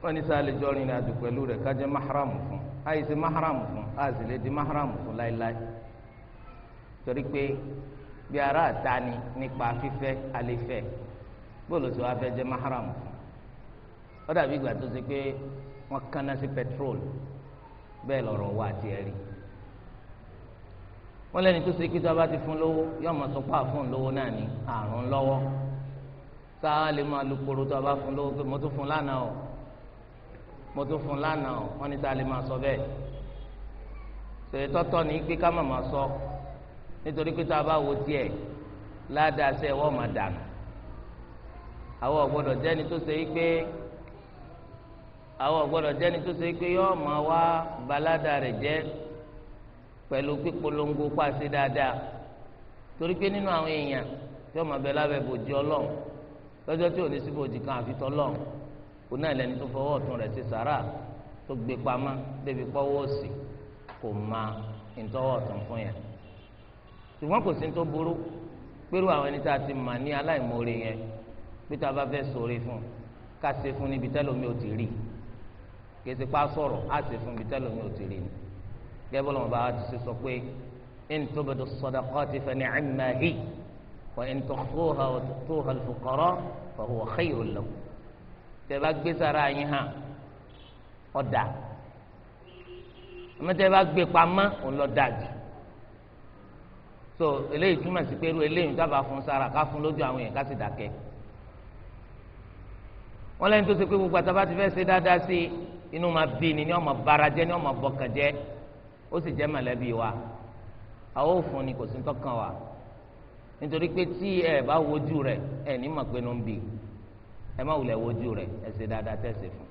wọ́n ní sáà lè jọ rìnrìn àjò pẹ̀lú rẹ̀ ká jẹ́ máhàrámù fún àìsí máhàrámù fún àìsí lè di máhàrámù fún láéláé torí pé bí ara àta ni nípa fífẹ́ àlefẹ́ bóòlù tí wàá fẹ́ jẹ́ maharam ó dàbí ìgbà tó ṣe pé wọ́n kánná sí pẹtrol bẹ́ẹ̀ lọ̀rọ̀ wà àti ẹ̀rí wọ́n lẹ́ni tó ṣe kí tó a bá ti fún lówó yóò máa sọ pé àfún lówó náà ní àrùn lọ́wọ́ sáà lè máa lu koro tó a bá fún lówó pé mo tún fún lánàá o mo tún fún lánàá o wọ́n ní sáà lè máa sọ bẹ́ẹ̀ ṣèyí tọ́tọ́ ní pé ká má máa sọ. So nítorí pé tá a bá wo tiẹ̀ ládàá sẹ́ wọ́n máa dànù àwọn ọ̀gbọ́dọ̀ jẹ́ni tó ṣe pé àwọn ọ̀gbọ́dọ̀ jẹ́ni tó ṣe pé yọ́ọ́ máa wá balada rẹ̀ jẹ́ pẹ̀lú pípolongo pàṣẹ dáadáa torí pé nínú àwọn èèyàn tí wọ́n máa bẹ lábẹ́ bòjì ọlọ́run lọ́jọ́ tí ò ní sí bòjì kan àfi tọ́lọ́run kò náà lẹ́ni tó fọwọ́ ọ̀tún rẹ̀ ṣe sàrà tó gbé pamọ́ débi pọ́wọ́ òsì kò máa ń tọ́wọ́ ọ̀tún fún yẹn ṣùgbọ́n kò sí tó burú pẹ̀lú àwọn ẹni tá a ti mà ní aláìmoore yẹn pé tá a bá fẹ́ sọ̀rọ̀ fún ká ṣe fún níbi tẹ́lómi ò ti rí kì í ṣe pa sọ̀rọ̀ á ṣe fún níbi tẹ́lómi ò ti rí ni gẹ́gẹ́ bọ́lá wọn bá wa ti ṣe sọ pé in tubdu sadaqati fa ni'ma hi wa in tukhfuha wa tu'tuha al-fuqara fa huwa khayrun lakum tẹ́ bá gbé sára yín hàn ọ̀dà àmọ́ bá gbé pamọ́ òun ló dájú so eléyìí túmọ̀ sí pé irú eléyìí dábàá fún sára ká fún lójú àwọn yẹn ká sì dákẹ́ wọ́n lẹ́yìn tó ṣe pé gbogbo àtàbà ti fẹ́ ṣe dáadáa sí inú ma bí ni ní ọmọ bara jẹ́ ní ọmọ bọkàn jẹ́ ó sì jẹ́ mọ̀lẹ́bí wa àwọn òfun ni kò sí tọ́kàn wa nítorí pé tí ẹ bá wojú rẹ ẹ ní mọ̀ pé ló ń bì ẹ má wulẹ̀ wojú rẹ ẹ ṣe dáadáa tẹ̀sí fún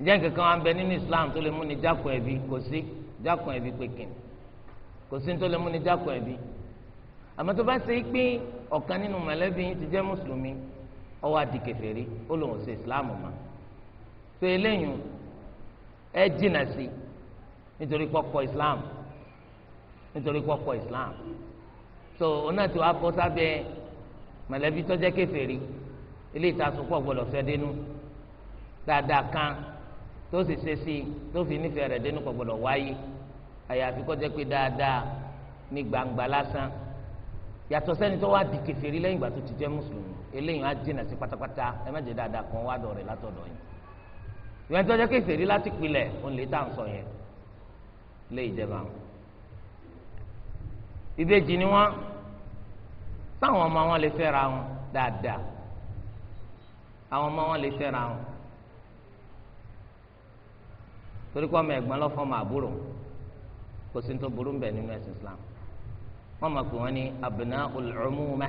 ǹjẹ́ nǹkan kan wà ń bẹ nínú Islam tó lè mú ni jákun ẹ̀bí kò sí jákun ẹ̀bí pé kìnnì kò sí nítorí mú ni jákọ̀ ẹ̀bí àmọ́ tó bá ṣe é pé ọ̀kan nínú mọ̀lẹ́bí ti jẹ́ mùsùlùmí ó wá di kèfèrí ó lòun ṣe ìsìláàmù mọ́ tó eléyìí ẹ jìnà sí nítorí pọ́pọ́ ìsìláàmù nítorí pọ́pọ́ ìsìláàmù tó oná tí wàá bọ́ sábẹ́ mọ̀lẹ́bí tó jẹ́ kèfèrí ilé ìtasùn pọ̀ gbọ́dọ̀ fẹ́ dénú dáadáa kan tó sì ṣe sí tó fi nífẹ̀ẹ́ rẹ̀ dénú kò gbọ́dọ̀ wáyé àyàfi kó jẹ́ pé dáadáa ní gbangba lásán yàtọ̀ sẹ́ni tó wá di kèfèrí lẹ́yìn ìgbà tó ti jẹ́ mùsùlùmí eléyìí á jìnà sí pátápátá ẹ má jẹ́ dáadáa kan wá dọ̀rẹ̀ látọ̀dọ̀ yìí ìwé tó jẹ́ kèfèrí láti pilẹ̀ òun lè tà ń sọ yẹn lé ìjẹba wọn. ìbejì ni wọn táwọn ọmọ wọn lè fẹ́ra wọn dáadáa àwọn ọmọ wọn lè fẹ́ra wọn torí kọ́ ọmọ ẹ̀gbọ́n lọ́fọ́ ọmọ àbúrò wọn kò sí ní tó burú bẹ̀ nínú ẹ̀sìn islam wọ́n mọ̀ pé wọ́n ní abna'ul umuma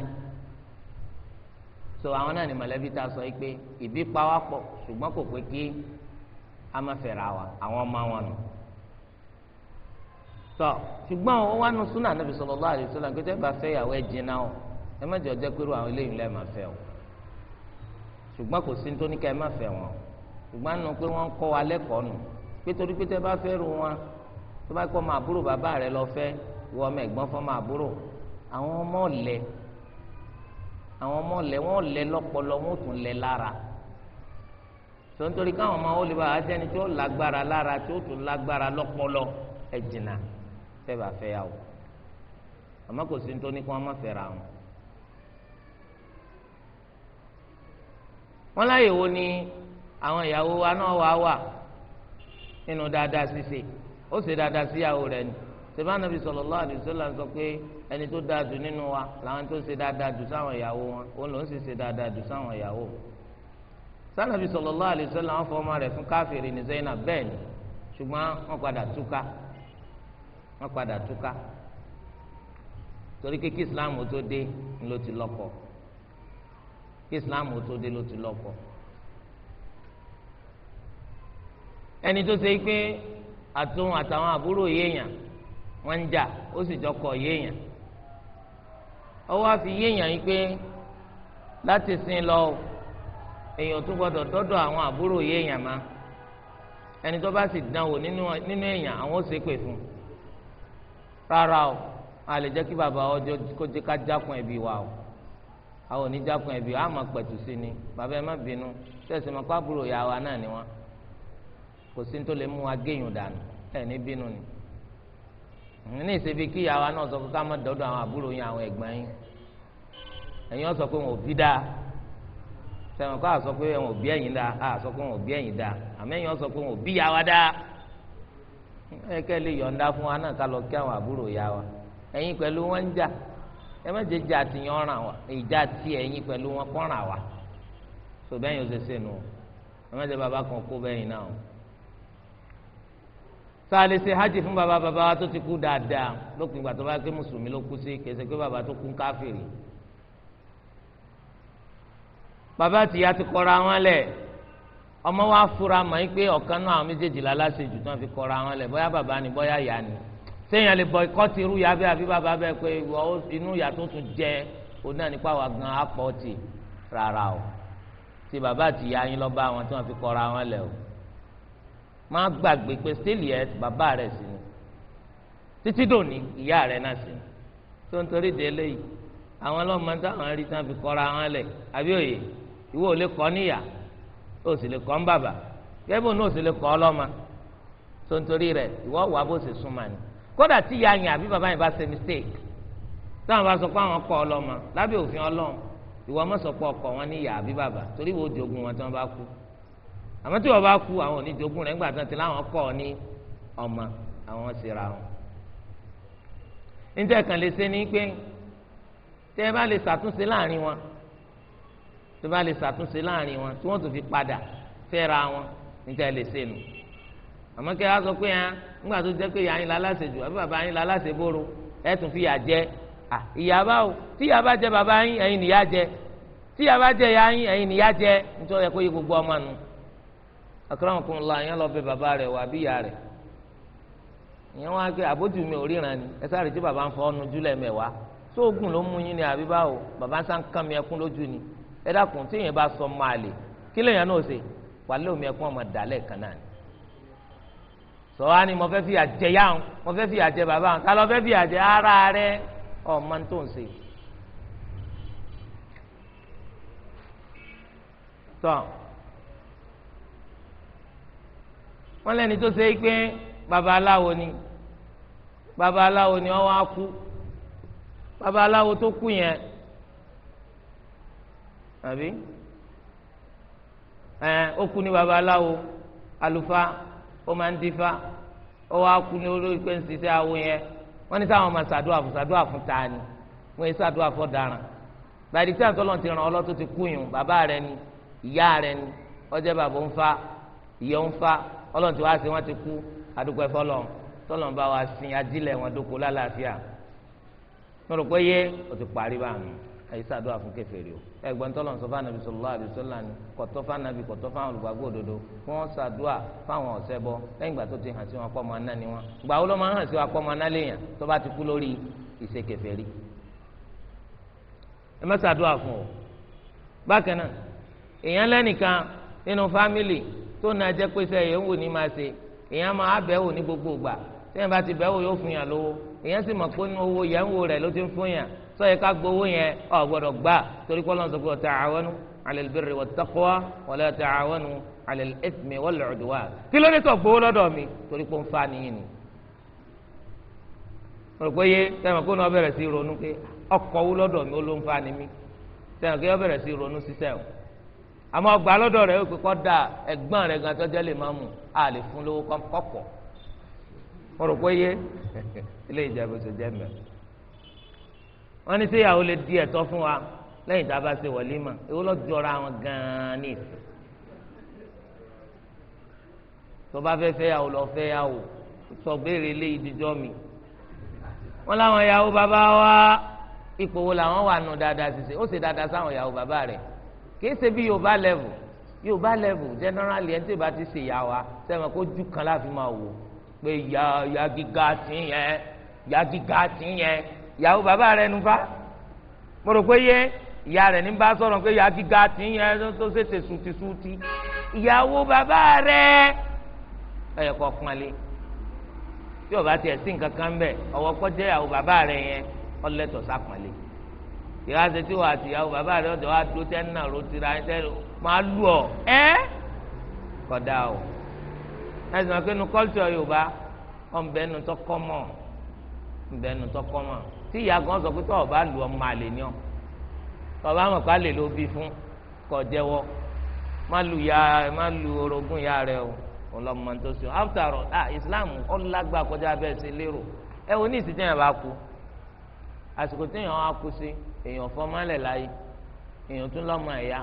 so àwọn náà ní mọ̀lẹ́bí tá a sọ yìí pé ìbí pa wá pọ̀ ṣùgbọ́n kò pé kí a má fẹ́ra wa àwọn ọmọ wọn nù tọ ṣùgbọ́n ó wá nu súnà nàbì sallallahu alaihi wasallam pé tẹ́ bá fẹ́ ìyàwó ẹ̀ jìnnà o ẹ má jọ jẹ́ pẹ̀lú àwọn eléyìí lẹ́ẹ̀ máa fẹ́ o ṣùgbọ́n kò sí nítorí ẹ má fẹ́ wọn ṣùgbọ́n nu pé wọ́n kọ́ wa lẹ́kọ̀ọ́ nù pé torí pé tẹ́ bá fẹ́ ru wọn tó bá kọ́ ọmọ àbúrò bàbá rẹ lọ fẹ́ ìwọ ọmọ ẹ̀gbọ́n fọmọ àbúrò àwọn ọmọ ọ̀lẹ́ àwọn ọmọ ọ̀lẹ́ wọn ọ̀lẹ́ lọ́pọlọ wọn ò tún lẹ́ lára tó ń torí káwọn ọmọ wọn lè bá wá jẹ́ni tó lágbára lára tó tún lágbára lọ́pọlọ ẹ̀ jìnnà fẹ́ bá fẹ́ yà wò àmọ́ kò sí ní tó ní kí wọ́n má fẹ́ra wọn. wọ́n láyè wo ni àwọn ìyàwó wa náà wà wà nínú dáadáa ṣíṣe. Si ó ṣe dáadáa síyàwó rẹ̀ ni sèbá nàbí sallallahu alaihi wasallam sọ pé ẹni tó dáa jù nínú wa làwọn tó ṣe dáadáa jù sáwọn ìyàwó wọn òun ló ń sì ṣe dáadáa jù sáwọn ìyàwó sanabi sallallahu alaihi wasallam wọn fọmọ rẹ̀ fún káfíìrì ní Zainab bẹ́ẹ̀ ni ṣùgbọ́n wọn padà túká wọn padà túká torí pé islam tó dé ló ti lọ́kọ islam tó dé ló ti lọ́kọ ẹni tó ṣe pé àtún àtàwọn àbúrò yéèyàn wọn ń jà ó sì jọkọ yéèyàn ọwọ́ àfi yéèyàn yìí pé láti sin lọ èèyàn tún gbọdọ̀ dọ́dọ̀ àwọn àbúrò yéèyàn má ẹni tó bá sì dánwò nínú èèyàn àwọn ó ṣépè fún rárá o a lè jẹ́ kí bàbá ọjọ́ kó jẹ́ ká jákun ẹbí wa o àwọn ò ní jákun ẹbí wa á pẹ̀tù sí ni bàbá ẹ má bínú tẹ̀sí ma kó ìyá wa náà ni wọn kò sí tó lè mú wa géèyàn dànù ẹ ní bínú ni ní ìsebí kí ìyàwó náà sọ pé ká má dọdọ àwọn àbúrò yín àwọn ẹ̀gbọ́n yín ẹ̀yin wọn sọ pé wọn ò bí dáa sẹwọn kọ àsọ pé wọn ò bí ẹ̀yin dáa àsọ pé wọn ò bí ẹ̀yin dáa àmọ́ ẹ̀yin wọn sọ pé wọn ò bí ìyàwó dáa ẹ lè yọ̀ǹda fún wa náà ká lọ kí àwọn àbúrò yá wa ẹ̀yin pẹ̀lú wọn ń jà ẹ má jẹ́ jà tìyàn ràn wá ìjà tí ẹ̀yin pẹ̀lú wọn kọ́ ràn wá tó bẹ́yìn tá a lè ṣe hajj fún bàbá bàbá wa tó ti kú dáadáa lópin ìgbà tó bá ké mùsùlùmí ló kú sí kèsè pé bàbá tó kú káfìrì bàbá tìyá ti kọra wọn lẹ̀ ọmọ wa fura mọ̀ yín pé ọ̀kan náà àwọn méjèèjì la láṣejù tí fi kọra wọn lẹ̀ bóyá bàbá ni bóyá ìyá ni séèyàn lè bọ ikọ́ ti irú yàbẹ́ àbí bàbá bẹ́ẹ̀ pé inú ìyá tó tún jẹ òun náà nípa wà gan apọ̀ tì rárá o ti bàbá àti yín lọ bá wọn tí wọ́n fi kọra wọn lẹ̀ o má gbàgbé pé sílì ẹ bàbá rẹ sí ni títí dòní ìyá rẹ náà sí ni tó ń torí de eléyìí àwọn ọlọ́mọ táwọn rí tán fi kọ́ra wọn lẹ̀ àbí òye ìwọ ò lè kọ́ níyà ó sì lè kọ́ ń bàbà kẹ́bù náà ó sì lè kọ́ ọlọ́mọ tó ń torí rẹ ìwọ wà bó ṣe súnmọ́ ni kódà tí ìyá yẹn àbí bàbá yẹn bá ṣe mistake táwọn bá sọ pé àwọn kọ́ ọlọ́mọ lábẹ́ òfin ọlọ́run ìwọ mọ̀ sọ pé ọkọ wọn níyà àbí bàbá torí wo jogun àmọ́ tí wọ́n bá kú àwọn oníjogún rẹ̀ ńgbà tán ti láwọn kọ́ ọ ní ọmọ àwọn síra wọn. níta kan lè ṣe ni pé tẹ́ ẹ bá lè ṣàtúnṣe láàrin wọn tẹ́ ẹ bá lè ṣàtúnṣe láàrin wọn tí wọ́n tún fi padà fẹ́ra wọn níta lè ṣe nù. àmọ́ kẹ́ ẹ á sọ pé ẹ ah, ńgbà tó jẹ́ pé ìyá yín la láṣejù àbí bàbá yín la láṣeboro ẹ tún fi yà jẹ o tí ìyá bá bàbá yín ẹ̀yin nìyá jẹ tí ìyá bá jẹ akramakumullah yẹn lọ bẹ bàbá rẹ̀ wà bí ìyá rẹ̀ ìyẹn wá pé àbójú mi ò ríran ni ẹ sáré tí bàbá ń fọ ọ́nu júlẹ̀ mẹ́wàá sóògùn ló mú yín ni àbí báwo bàbá ń sàn kàn mí ẹkún lójú ni ẹ dákun tí èèyàn bá sọ máa lè kí lèèyàn náà ṣe wàlẹ́ omi ẹkún ọmọ dàlẹ́ kan náà ni. sọ wá ni mo fẹ́ fi àjẹ yá wọn mo fẹ́ fi àjẹ bàbá wọn ta ló fẹ́ fi àjẹ ara rẹ ọmọ tó ń ṣe. wọ́n lẹ́ni tó ṣe é pé babaláwo ni babaláwo ni wọ́n wá kú babaláwo tó kú yẹn àbí ẹ ó kú ní babaláwo àlùfáà ó máa ń dífá ó wá kú ní olórí pé ń ṣiṣẹ́ awo yẹn wọ́n ní sáwọn máa ṣàdúrà fún ṣàdúrà fún ta ni wọ́n yẹ ṣàdúrà fún ọ̀daràn gbàdí tí àtọ́lọ́ ti ràn ọ́ lọ́tọ́ ti kú yùn bàbá rẹ ni ìyá rẹ ni ọjọ́ bàbá ń fa ìyẹ́ ń fa ọlọ́run ti wá sí wọn ti kú adúgbò ẹ̀fọ́ lọ tọ́lọ́n bá wa sin ajílẹ̀ wọn dóko lálàáfíà mo pé yé o ti parí báyìí ẹ̀yìn sàdúrà fún kèfèrí o ẹ̀gbọ́n tọ́lọ́n sọ fáwọn nàbì sallallahu alaihi wasallam kọ̀tọ́ fáwọn nàbì kọ̀tọ́ fáwọn olùgbàgbọ́ òdodo fún wọn sàdúrà fáwọn ọ̀sẹ̀ bọ lẹ́yìn ìgbà tó ti hàn sí wọn pọ̀ mọ́ aná ni wọn gbà wọ́n ló máa hàn sí wọn pọ̀ mọ́ aná léèyàn tó bá ti kú lórí ìṣe kèfèrí ẹ má sàdúrà fún o bákan náà èèyàn lẹ́nìkan nínú fámìlì tó na jẹ́ pé sẹ́yìn ń wò ní máa ṣe èèyàn máa bẹ̀wò ní gbogbo ìgbà sẹ́yìn bá ti bẹ̀wò yóò fún yàn lówó èèyàn sì mọ̀ pé ní owó yẹn ń wò rẹ̀ ló ti ń fún yàn sọ yẹ ká gbowó yẹn ò gbọ́dọ̀ gbà torí pé Ọlọ́run sọ pé ta'awanu 'alal birri wat taqwa wa la ta'awanu 'alal kí ló dé tó gbowó lọ́dọ̀ mi torí pé ń fa nìyí ni. olùkọ́ sẹ́yìn kó ní ọbẹ̀rẹ̀ sí ronú pé ọkọ̀ owó lọ́dọ̀ mi ó ló ń fa ni mí sẹ́yìn kó ọbẹ̀rẹ̀ sí ronú sísẹ́ o àmọ́ ọgbà lọ́dọ̀ rẹ̀ pé kọ́ da ẹ̀gbọ́n rẹ̀ gan tọ́jọ́ lè máa mú a lè fún lówó kọ́pọ̀ mo rò pé yé ilé ìjẹ̀bù tó jẹ́ mẹ́. wọ́n ní séyàwó lè di ẹ̀tọ́ fún wa lẹ́yìn tá a bá ṣe wọ̀límà èwo ló jọra wọn gan ní ìsìn. tó bá fẹ́ fẹ́yàwó lọ fẹ́yàwó sọ béèrè ilé ìdíjọ́ mi. wọ́n láwọn ìyàwó bàbá wa ipò wo làwọn wà nù dáadáa ṣiṣẹ́ ó ṣe dáadáa sáwọn ìyàwó bàbá rẹ̀ kìí ṣe bí yorùbá level yorùbá level generally ẹni tí ìbá ti ṣe ìyá wa sẹ́wọ̀n kó ju kan láfi máa wò pé ya ya gíga tì yẹn ya gíga tì yẹn ìyàwó bàbá rẹ nu fa mo rò pé yé ìyá rẹ ní bá sọ̀rọ̀ pé ya gíga tì yẹn tó ṣe tè sùtì sùtì ìyàwó bàbá rẹ ẹ yẹ kó pọ́nlé bí o bá tiẹ̀ sí nǹkan kan bẹ́ẹ̀ ọwọ́ kọjá ìyàwó bàbá rẹ yẹn ọlẹ́tọ̀ sá pọ́nlé ìyá ṣe wa wàá tìyàwó bàbá rẹ ọ̀dọ̀ wa dúró tẹ́ náà ló ti ra ẹ tẹ́lẹ̀ máa lù ọ́ ẹ́ kọ̀dà o ẹ̀sìn wọn kínú culture Yorùbá ọ̀nbẹ́nu tó kọ́ mọ̀ ọ̀nbẹ́nu tó kọ́ mọ̀ tí ìyá gan sọ pé tó ọba lù ọ́ máa lè ní ọ́ bàbá mọ̀ ká lè ló bí fún kọ̀ jẹ́wọ́ má lu ya má lu orogún ya rẹ o ọlọ́mọ tó sọ after all ah Islam ọ̀làgbà kọjá bẹ́ẹ̀ sí lérò ẹ wo ní ìsìtẹ́yìn bá kú àsìkò téèyàn èèyàn fọmọlẹ̀ láyé èèyàn tún lọ́mọ ẹ̀yà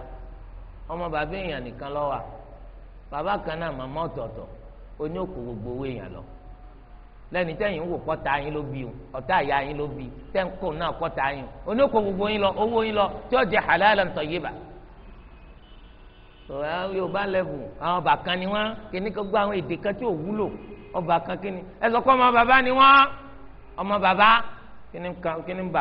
ọmọ bàbá èèyàn nìkan lọ wà bàbá kan náà màmá ọ̀tọ̀ọ̀tọ̀ oní gbogbo owó èèyàn lọ lẹni tẹ́yìn wò kọ́ta yín ló o yín ló náà kọ́ta yín o lọ owó yín lọ tí ó jẹ yorùbá lẹ́bù àwọn ọba kan ni kíní kó àwọn èdè kan tí ò ọba kan kíní ẹ sọ pé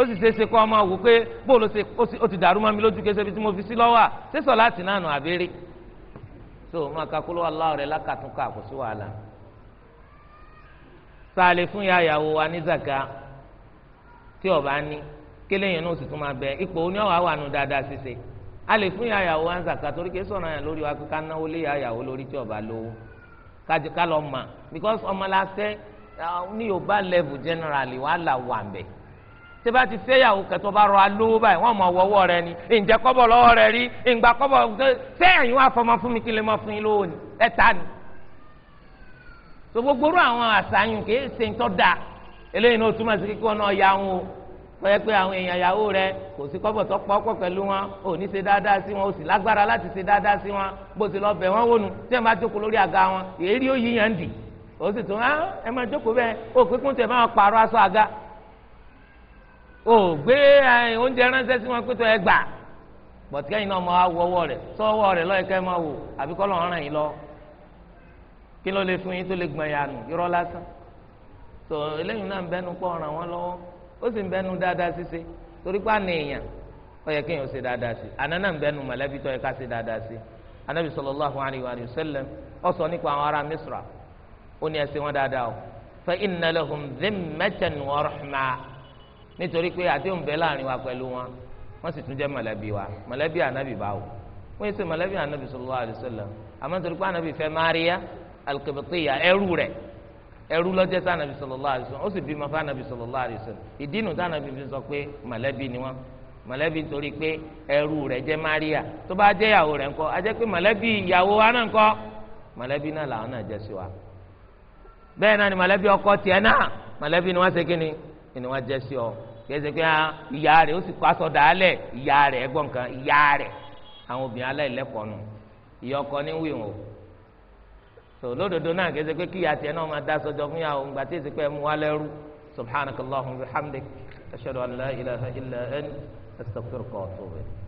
ó sì ṣeé ṣe kó ọmọ wò pé bóòlù ó ti dàrú mọ́ mi lójú kí ẹsẹ̀ tí mo fi sí lọ́wọ́ à ṣé láti náà nù àbẹ́rẹ́ so máa ka kó lọ́wọ́ aláwọ̀ rẹ̀ lákàtúnkà kò sí wàhálà sàlẹ̀ fún ya ìyàwó wa ní zaka tí ọba ní kélé yẹn náà sì tún máa bẹ ipò oní ọ̀wá wà nù dáadáa ṣiṣe a lè fún ya ìyàwó wa ní zaka torí kí sọ̀rọ̀ yẹn lórí wa kí ká náwó lé ya ìyàwó lórí tí because ọmọ la fẹ́ uh, generally wàhálà wà tí bá ti fẹ́yàwó kẹtọ́ bá rọ alówó báyìí wọ́n mọ̀ wọ́wọ́ rẹ ni ǹjẹ́ kọ́bọ̀ lọ́wọ́ rẹ rí ǹgbà kọ́bọ̀ sẹ́yìn wá fọmọ fún mi kí lè mọ fún yín lówó ni ẹ ta ni. tó gbogbo rú àwọn àṣàyàn kì í ṣe ń tọ́ da eléyìí náà túmọ̀ sí kí wọ́n náà ya wọn o pẹ́ pé àwọn èèyàn ìyàwó rẹ kò sí kọ́bọ̀ tó pọ̀ pọ̀ pẹ̀lú wọn ò ní ṣe dáadáa sí wọn ò sì lágbára láti ṣe dáadáa sí wọn bó ti lọ bẹ̀ wọ́n wò tí ẹ máa jókòó lórí àga wọn èérí ó yíyan dì ó sì tún ah, ẹ máa jókòó bẹ́ẹ̀ ó pínpín máa pààrọ̀ aṣọ àga o gbé oúnjẹ ránṣẹ́ sí wọn pé tó ẹ gbà bọ̀tí kẹ́yìn náà máa wọ ọwọ́ rẹ̀ sọ́wọ́ rẹ̀ lọ́yẹ̀ kẹ́ máa wò àbí kọ́ lọ́ọ́ ràn yín lọ kí ló lè fún yín tó lè nù irọ́ lásán tó eléyìí náà ń bẹnu ó sì ń torí pé àna èèyàn kéèyàn ṣe dáadáa ń bẹnu tó yẹ ká ṣe dáadáa sọ nípa nítorí pé àdéhùn bẹ láàrin wa pẹ̀lú wọn wọ́n sì tún jẹ́ mọ̀lẹ́bí wa mọ̀lẹ́bí ànábì báwo wọ́n yẹ sẹ́ mọ̀lẹ́bí ànábì sallallahu alaihi wasallam àmọ́ nítorí pé ànábì fẹ́ Máríyá al-Qibtiyya ẹrú rẹ̀ ẹrú lọ́jẹ́ sí ànábì sallallahu alaihi wasallam ó sì bímọ fún ànábì sallallahu alaihi wasallam ìdí nu tí ànábì fi sọ pé mọ̀lẹ́bí ni wọ́n mọ̀lẹ́bí nítorí pé ẹrú rẹ̀ jẹ́ Máríyá tó bá jẹ́ ìyàwó rẹ̀ ńkọ́ a jẹ́ pé mọ̀lẹ́bí ìyàwó wa náà ńkọ́ mọ̀lẹ́bí náà làwọn náà jẹ́ sí wa bẹ́ẹ̀ náà ni mọ̀lẹ́bí ọkọ tiẹ̀ náà mọ̀lẹ́bí ni wọ́n ṣe kí ni ni wọ́n jẹ́ sí ọ kẹsẹ̀ pé ah, ìyá rẹ̀ ó sì kọ́ aṣọ dàálẹ̀ ìyá rẹ̀ ẹgbọ́n kan ìyá rẹ̀ àwọn obìnrin aláìlẹ́kọ̀ọ́ nù ìyá ọkọ ní wí wọn so lódodo náà kẹsẹ̀ pé kíyà tiẹ̀ náà máa dá sọjọ́ fún yàwó ńgbà tí èsì pé ẹ mú wa lẹ́rú wa bihamdik ashhadu an ilaha illa ant astaghfiruka wa atubu ilayk